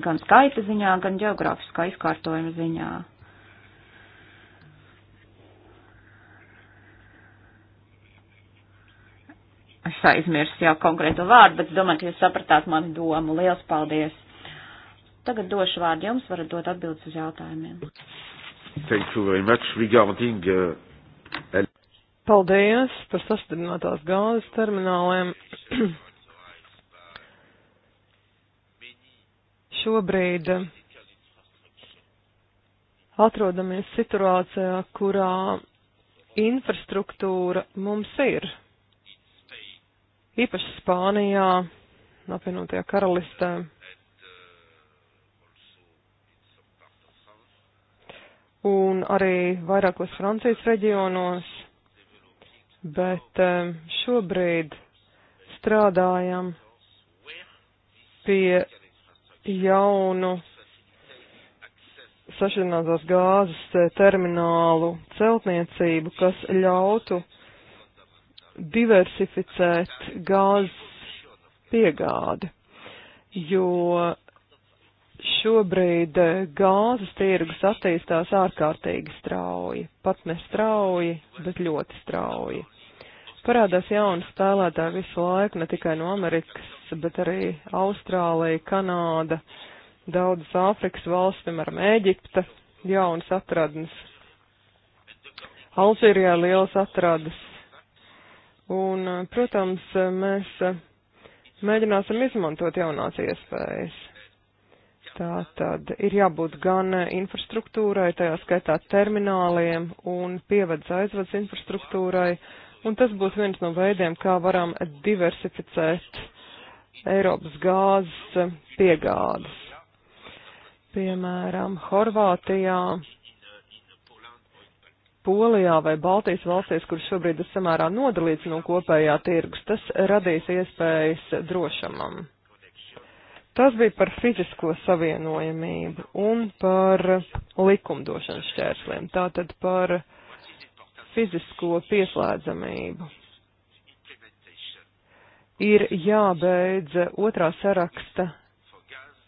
Gan skaita ziņā, gan geogrāfiskā izkārtojuma ziņā. Es aizmirsu jau konkrēto vārdu, bet domāju, ka jūs sapratāt manu domu. Liels paldies! Tagad došu vārdu jums, varat dot atbildes uz jautājumiem. Thank you very much regarding. Uh, Paldies par sastādinātās gāzes termināliem. [clears throat] Šobrīd uh, atrodamies situācijā, kurā infrastruktūra mums ir. Īpaši Spānijā, apvienotajā karalistē. un arī vairākos Francijas reģionos, bet šobrīd strādājam pie jaunu sašķelinātās gāzes eh, terminālu celtniecību, kas ļautu diversificēt gāzes piegādi, jo Šobrīd eh, gāzes tirgus attīstās ārkārtīgi strauji, pat ne strauji, bet ļoti strauji. Parādās jauni spēlētāji visu laiku, ne tikai no Amerikas, bet arī Austrālija, Kanāda, daudzas Āfrikas valsts, piemēram, Ēģipte, jaunas atradnes. Alžīrijā lielas atradas. Un, eh, protams, eh, mēs mēģināsim izmantot jaunās iespējas. Tā tad ir jābūt gan infrastruktūrai, tajā skaitā termināliem un pievedas aizvadas infrastruktūrai, un tas būs viens no veidiem, kā varam diversificēt Eiropas gāzes piegādes. Piemēram, Horvātijā, Polijā vai Baltijas valstīs, kur šobrīd ir samērā nodalīts no kopējā tirgus, tas radīs iespējas drošamam. Tas bija par fizisko savienojamību un par likumdošanas šķērsliem, tātad par fizisko pieslēdzamību. Ir jābeidz otrā saraksta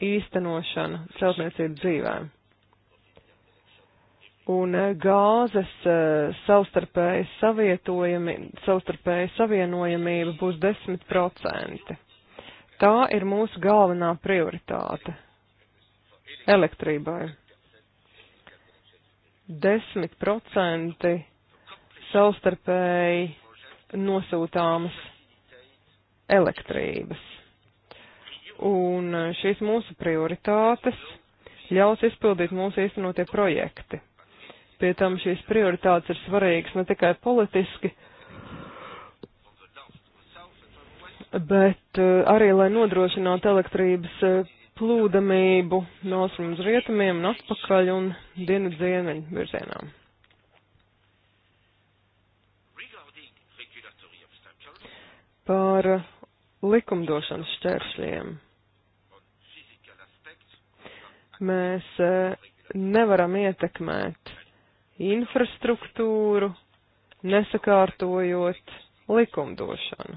īstenošana celtniecību dzīvēm. Un gāzes eh, savstarpēji savietojami, savstarpēji savienojamība būs 10%. Tā ir mūsu galvenā prioritāte elektrībai. 10% savstarpēji nosūtāmas elektrības. Un šīs mūsu prioritātes ļaus izpildīt mūsu īstenotie projekti. Pie tam šīs prioritātes ir svarīgas ne tikai politiski, bet eh, arī, lai nodrošinātu elektrības eh, plūdamību no austrums rietumiem un atpakaļ un dienu dziemeņu virzienām. Par eh, likumdošanas šķēršļiem. Mēs nevaram ietekmēt infrastruktūru, nesakārtojot likumdošanu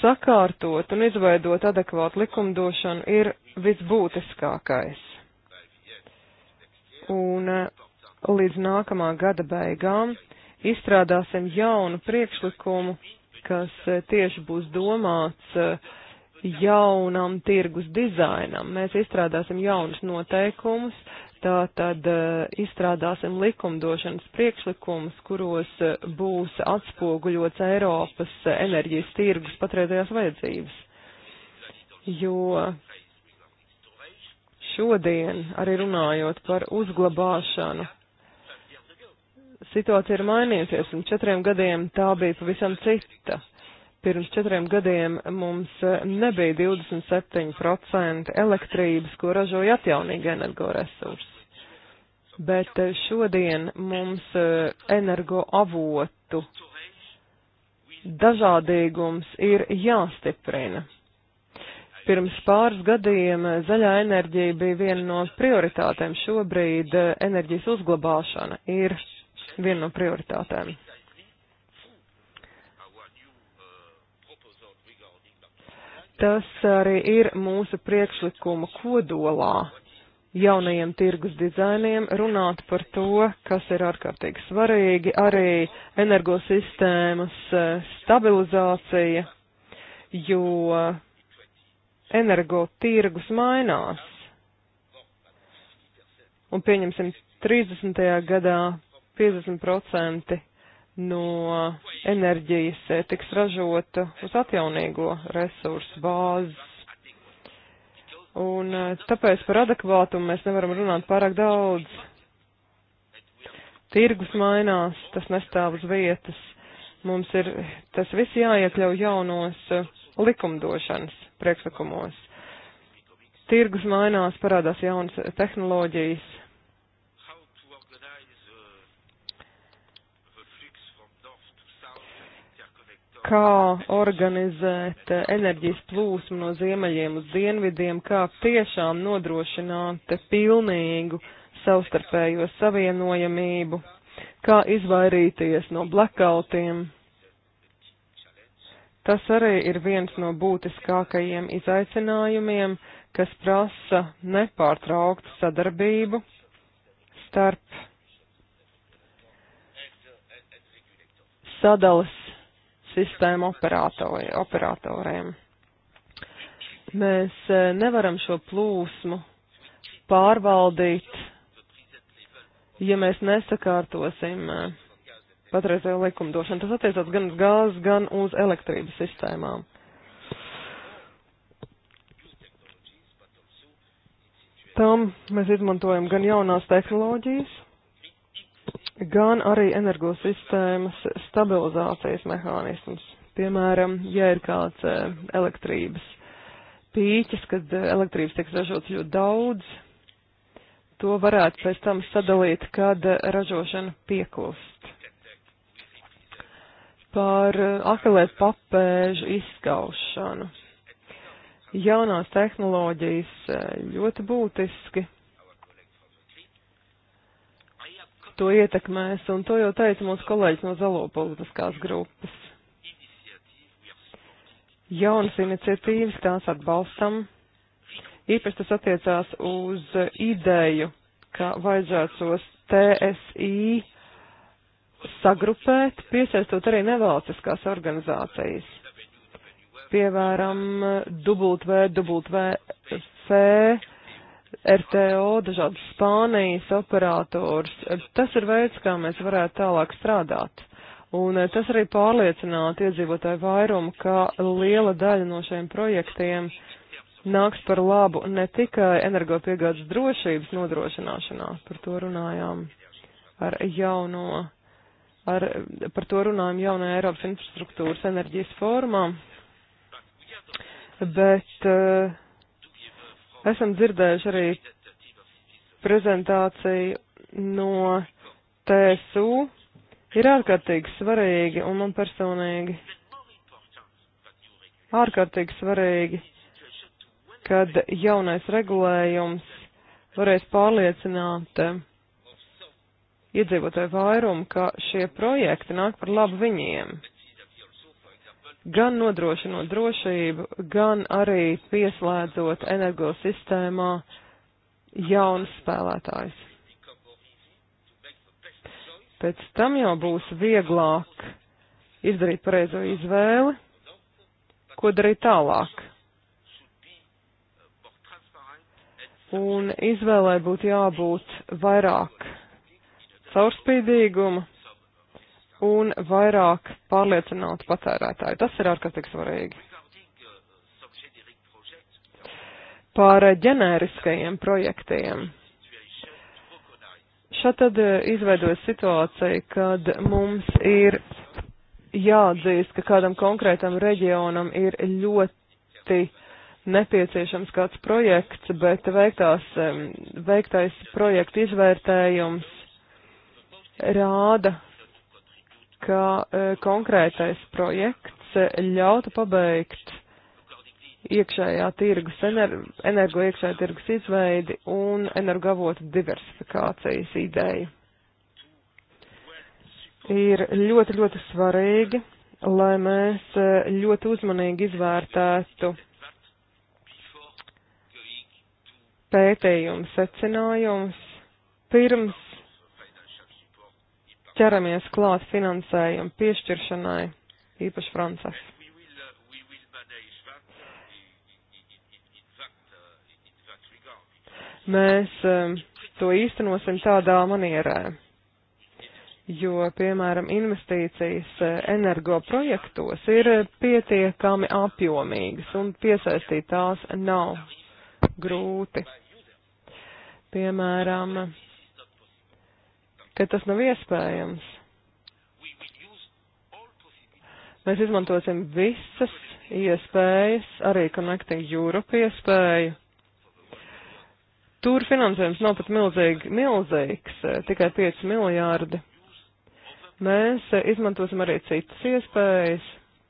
sakārtot un izveidot adekvātu likumdošanu ir visbūtiskākais. Un eh, līdz nākamā gada beigām izstrādāsim jaunu priekšlikumu, kas eh, tieši būs domāts eh, jaunam tirgus dizainam. Mēs izstrādāsim jaunus noteikumus, Tā tad eh, izstrādāsim likumdošanas priekšlikumus, kuros eh, būs atspoguļots Eiropas eh, enerģijas tirgus patreizējās vajadzības. Jo šodien, arī runājot par uzglabāšanu, situācija ir mainījusies, un četriem gadiem tā bija pavisam cita. Pirms četriem gadiem mums eh, nebija 27% elektrības, ko ražoja atjaunīgi energoresursi. Bet eh, šodien mums eh, energoavotu dažādīgums ir jāstiprina. Pirms pāris gadiem zaļā enerģija bija viena no prioritātēm. Šobrīd enerģijas uzglabāšana ir viena no prioritātēm. Tas arī ir mūsu priekšlikuma kodolā jaunajiem tirgus dizainiem runāt par to, kas ir ārkārtīgi svarīgi, arī energosistēmas e, stabilizācija, jo energotirgus mainās. Un pieņemsim 30. gadā 50% no enerģijas eh, tiks ražota uz atjaunīgo resursu bāzes. Un eh, tāpēc par adekvātumu mēs nevaram runāt pārāk daudz. Tirgus mainās, tas nestāv uz vietas. Mums ir tas viss jāiekļauj jaunos eh, likumdošanas priekšlikumos. Tirgus mainās, parādās jaunas tehnoloģijas, kā organizēt enerģijas plūsmu no ziemeļiem uz dienvidiem, kā tiešām nodrošināt pilnīgu savstarpējo savienojamību, kā izvairīties no blackoutiem. Tas arī ir viens no būtiskākajiem izaicinājumiem, kas prasa nepārtrauktu sadarbību starp sadalas sistēmu operatoriem. Mēs eh, nevaram šo plūsmu pārvaldīt, ja mēs nesakārtosim eh, patreizēju likumdošanu. Tas attiecās gan uz gāzes, gan uz elektrības sistēmām. Tam mēs izmantojam gan jaunās tehnoloģijas, gan arī energosistēmas stabilizācijas mehānisms. Piemēram, ja ir kāds eh, elektrības pīķis, kad eh, elektrības tiek ražots ļoti daudz, to varētu pēc tam sadalīt, kad eh, ražošana pieklust. Par akalēt papēžu izskaušanu. Jaunās tehnoloģijas ļoti būtiski to ietekmēs, un to jau teica mūsu kolēģis no Zalo politiskās grupas. Jaunas iniciatīvas tās atbalstam. Īpaši tas attiecās uz ideju, ka vajadzētu šos TSI sagrupēt, piesaistot arī nevalstiskās organizācijas. Piemēram, WWF RTO, dažādas Spānijas operators. Tas ir veids, kā mēs varētu tālāk strādāt. Un eh, tas arī pārliecinātu iedzīvotāju vairumu, ka liela daļa no šiem projektiem nāks par labu ne tikai energopiegādes drošības nodrošināšanā, par to runājām ar jauno, ar, par to runājām jaunā Eiropas infrastruktūras enerģijas formā, bet uh, Esam dzirdējuši arī prezentāciju no TSU. Ir ārkārtīgi svarīgi, un man personīgi ārkārtīgi svarīgi, kad jaunais regulējums varēs pārliecināt iedzīvotāju vairumu, ka šie projekti nāk par labu viņiem gan nodrošinot drošību, gan arī pieslēdzot energosistēmā jaunas spēlētājas. Pēc tam jau būs vieglāk izdarīt pareizo izvēli, ko darīt tālāk. Un izvēlē būtu jābūt vairāk caurspīdīguma, un vairāk pārliecinātu patērētāju. Tas ir ārkārtīgi svarīgi. Par ģenēriskajiem projektiem. Šā tad e, izveidojas situācija, kad mums ir jāatzīst, ka kādam konkrētam reģionam ir ļoti nepieciešams kāds projekts, bet veiktās, e, veiktais projekta izvērtējums rāda, ka e, konkrētais projekts ļautu pabeigt iekšējā tirgus, ener, energo iekšējā tirgus izveidi un energoavotu diversifikācijas ideju. Ir ļoti, ļoti svarīgi, lai mēs e, ļoti uzmanīgi izvērtētu pētījumu secinājumus pirms ķeramies klāt finansējumu piešķiršanai, īpaši Francijas. Mēs um, to īstenosim tādā manierē, jo, piemēram, investīcijas uh, energoprojektos ir pietiekami apjomīgas un piesaistīt tās nav grūti. Piemēram, ka tas nav iespējams. Mēs izmantosim visas iespējas, arī Connecting Europe iespēju. Tur finansējums nav pat milzīgi, milzīgs, tikai 5 miljārdi. Mēs izmantosim arī citas iespējas,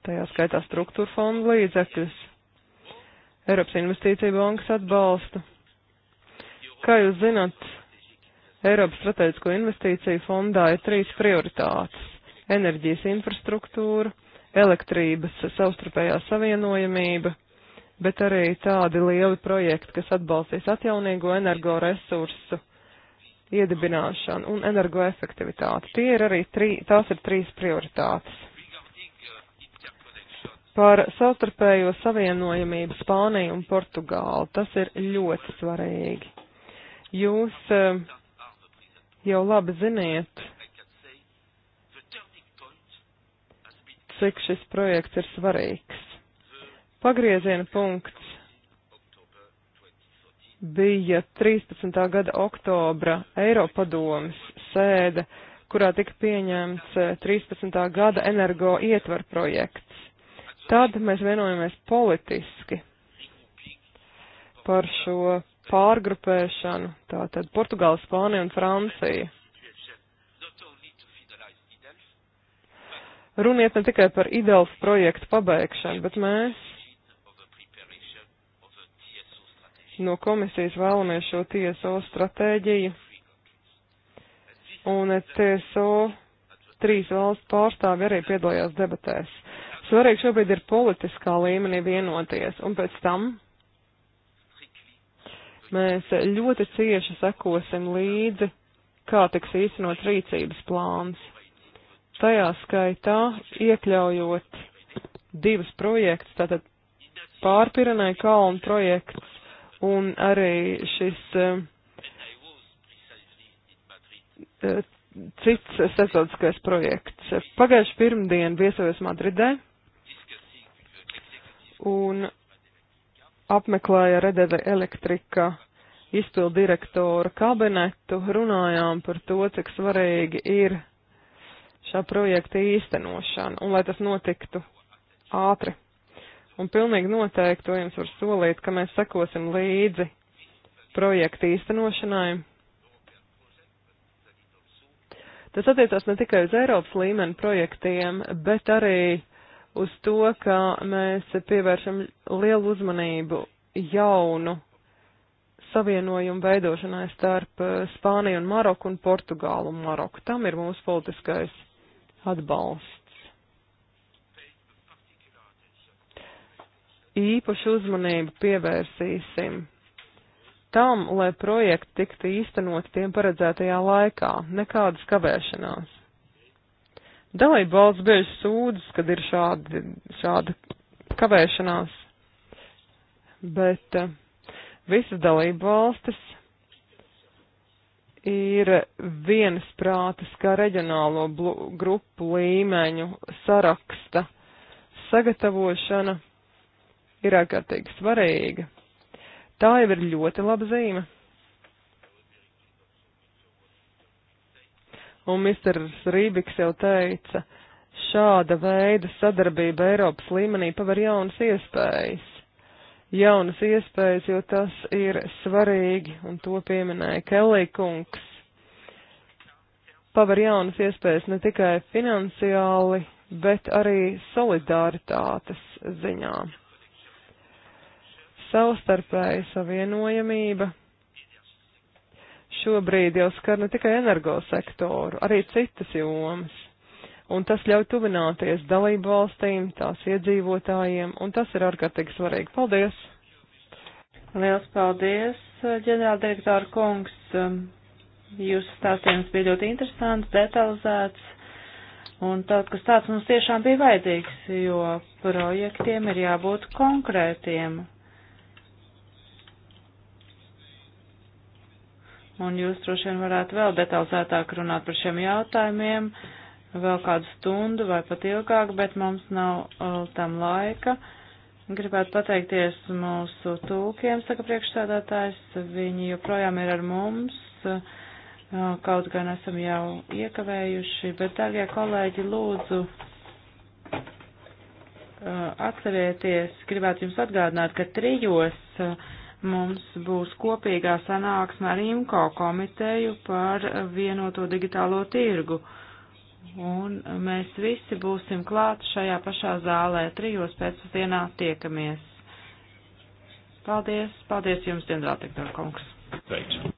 tajā skaitā struktūra fonda līdzekļus, Eiropas investīcija bankas atbalstu. Kā jūs zināt, Eiropas strateģisko investīciju fondā ir trīs prioritātes - enerģijas infrastruktūra, elektrības savstarpējā savienojamība, bet arī tādi lieli projekti, kas atbalstīs atjaunīgo energoresursu iedibināšanu un energoefektivitāti. Tie ir arī trī, tās ir trīs prioritātes. Par savstarpējo savienojamību Spāniju un Portugālu tas ir ļoti svarīgi. Jūs uh, jau labi ziniet, cik šis projekts ir svarīgs. Pagrieziena punkts bija 13. gada oktobra Eiropadomas sēde, kurā tika pieņemts 13. Eh, gada energo ietvar projekts. Tad mēs vienojamies politiski par šo pārgrupēšanu, tātad Portugāla, Spānija un Francija. Runiet ne tikai par IDELF projektu pabeigšanu, bet mēs no komisijas vēlamies šo TSO stratēģiju. Un TSO trīs valsts pārstāvi arī piedalījās debatēs. Svarīgi šobrīd ir politiskā līmenī vienoties, un pēc tam Mēs ļoti cieši sekosim līdzi, kā tiks īstenot rīcības plāns. Tajā skaitā iekļaujot divus projektus, tātad pārpirenai kalnu projekts un arī šis uh, cits starptautiskais projekts. Pagājuši pirmdien viesojos Madridē un apmeklēja Redeve elektrika izpildu direktora kabinetu, runājām par to, cik svarīgi ir šā projekta īstenošana un lai tas notiktu ātri. Un pilnīgi noteikti to jums var solīt, ka mēs sekosim līdzi projekta īstenošanai. Tas attiecās ne tikai uz Eiropas līmeni projektiem, bet arī uz to, ka mēs pievēršam lielu uzmanību jaunu savienojumu veidošanai starp eh, Spāniju un Maroku un Portugālu un Maroku. Tam ir mūsu politiskais atbalsts. Īpašu uzmanību pievērsīsim tam, lai projekti tiktu īstenot tiem paredzētajā laikā, nekādas kavēšanās. Dalība valsts bieži sūdzas, kad ir šādi, šāda kavēšanās, bet eh, visas dalība valstis ir vienas prātas kā reģionālo grupu līmeņu saraksta sagatavošana ir ārkārtīgi svarīga. Tā jau ir ļoti laba zīme. un Mr. Rībiks jau teica, šāda veida sadarbība Eiropas līmenī paver jaunas iespējas. Jaunas iespējas, jo tas ir svarīgi, un to pieminēja Kelly kungs. Paver jaunas iespējas ne tikai finansiāli, bet arī solidaritātes ziņā. Savstarpēja savienojamība šobrīd jau skar ne tikai energosektoru, arī citas jomas. Un tas ļauj tuvināties dalību valstīm, tās iedzīvotājiem, un tas ir ārkārtīgi svarīgi. Paldies! Liels paldies, ģenerāldirektora kungs! Um, jūsu stāstījums bija ļoti interesants, detalizēts, un tāds, kas tāds mums tiešām bija vajadzīgs, jo projektiem ir jābūt konkrētiem, un jūs droši vien varētu vēl detalizētāk runāt par šiem jautājumiem, vēl kādu stundu vai pat ilgāk, bet mums nav uh, tam laika. Gribētu pateikties mūsu tūkiem, saka priekšsēdētājs, viņi joprojām ir ar mums. Uh, kaut gan esam jau iekavējuši, bet, darbie kolēģi, lūdzu, uh, atcerieties, gribētu jums atgādināt, ka trijos uh, mums būs kopīgā sanāksme ar IMCO komiteju par vienoto digitālo tirgu. Un mēs visi būsim klāt šajā pašā zālē, trijos pēcpusdienā tiekamies. Paldies, paldies jums, ģenerāldirektor kungs. Thanks.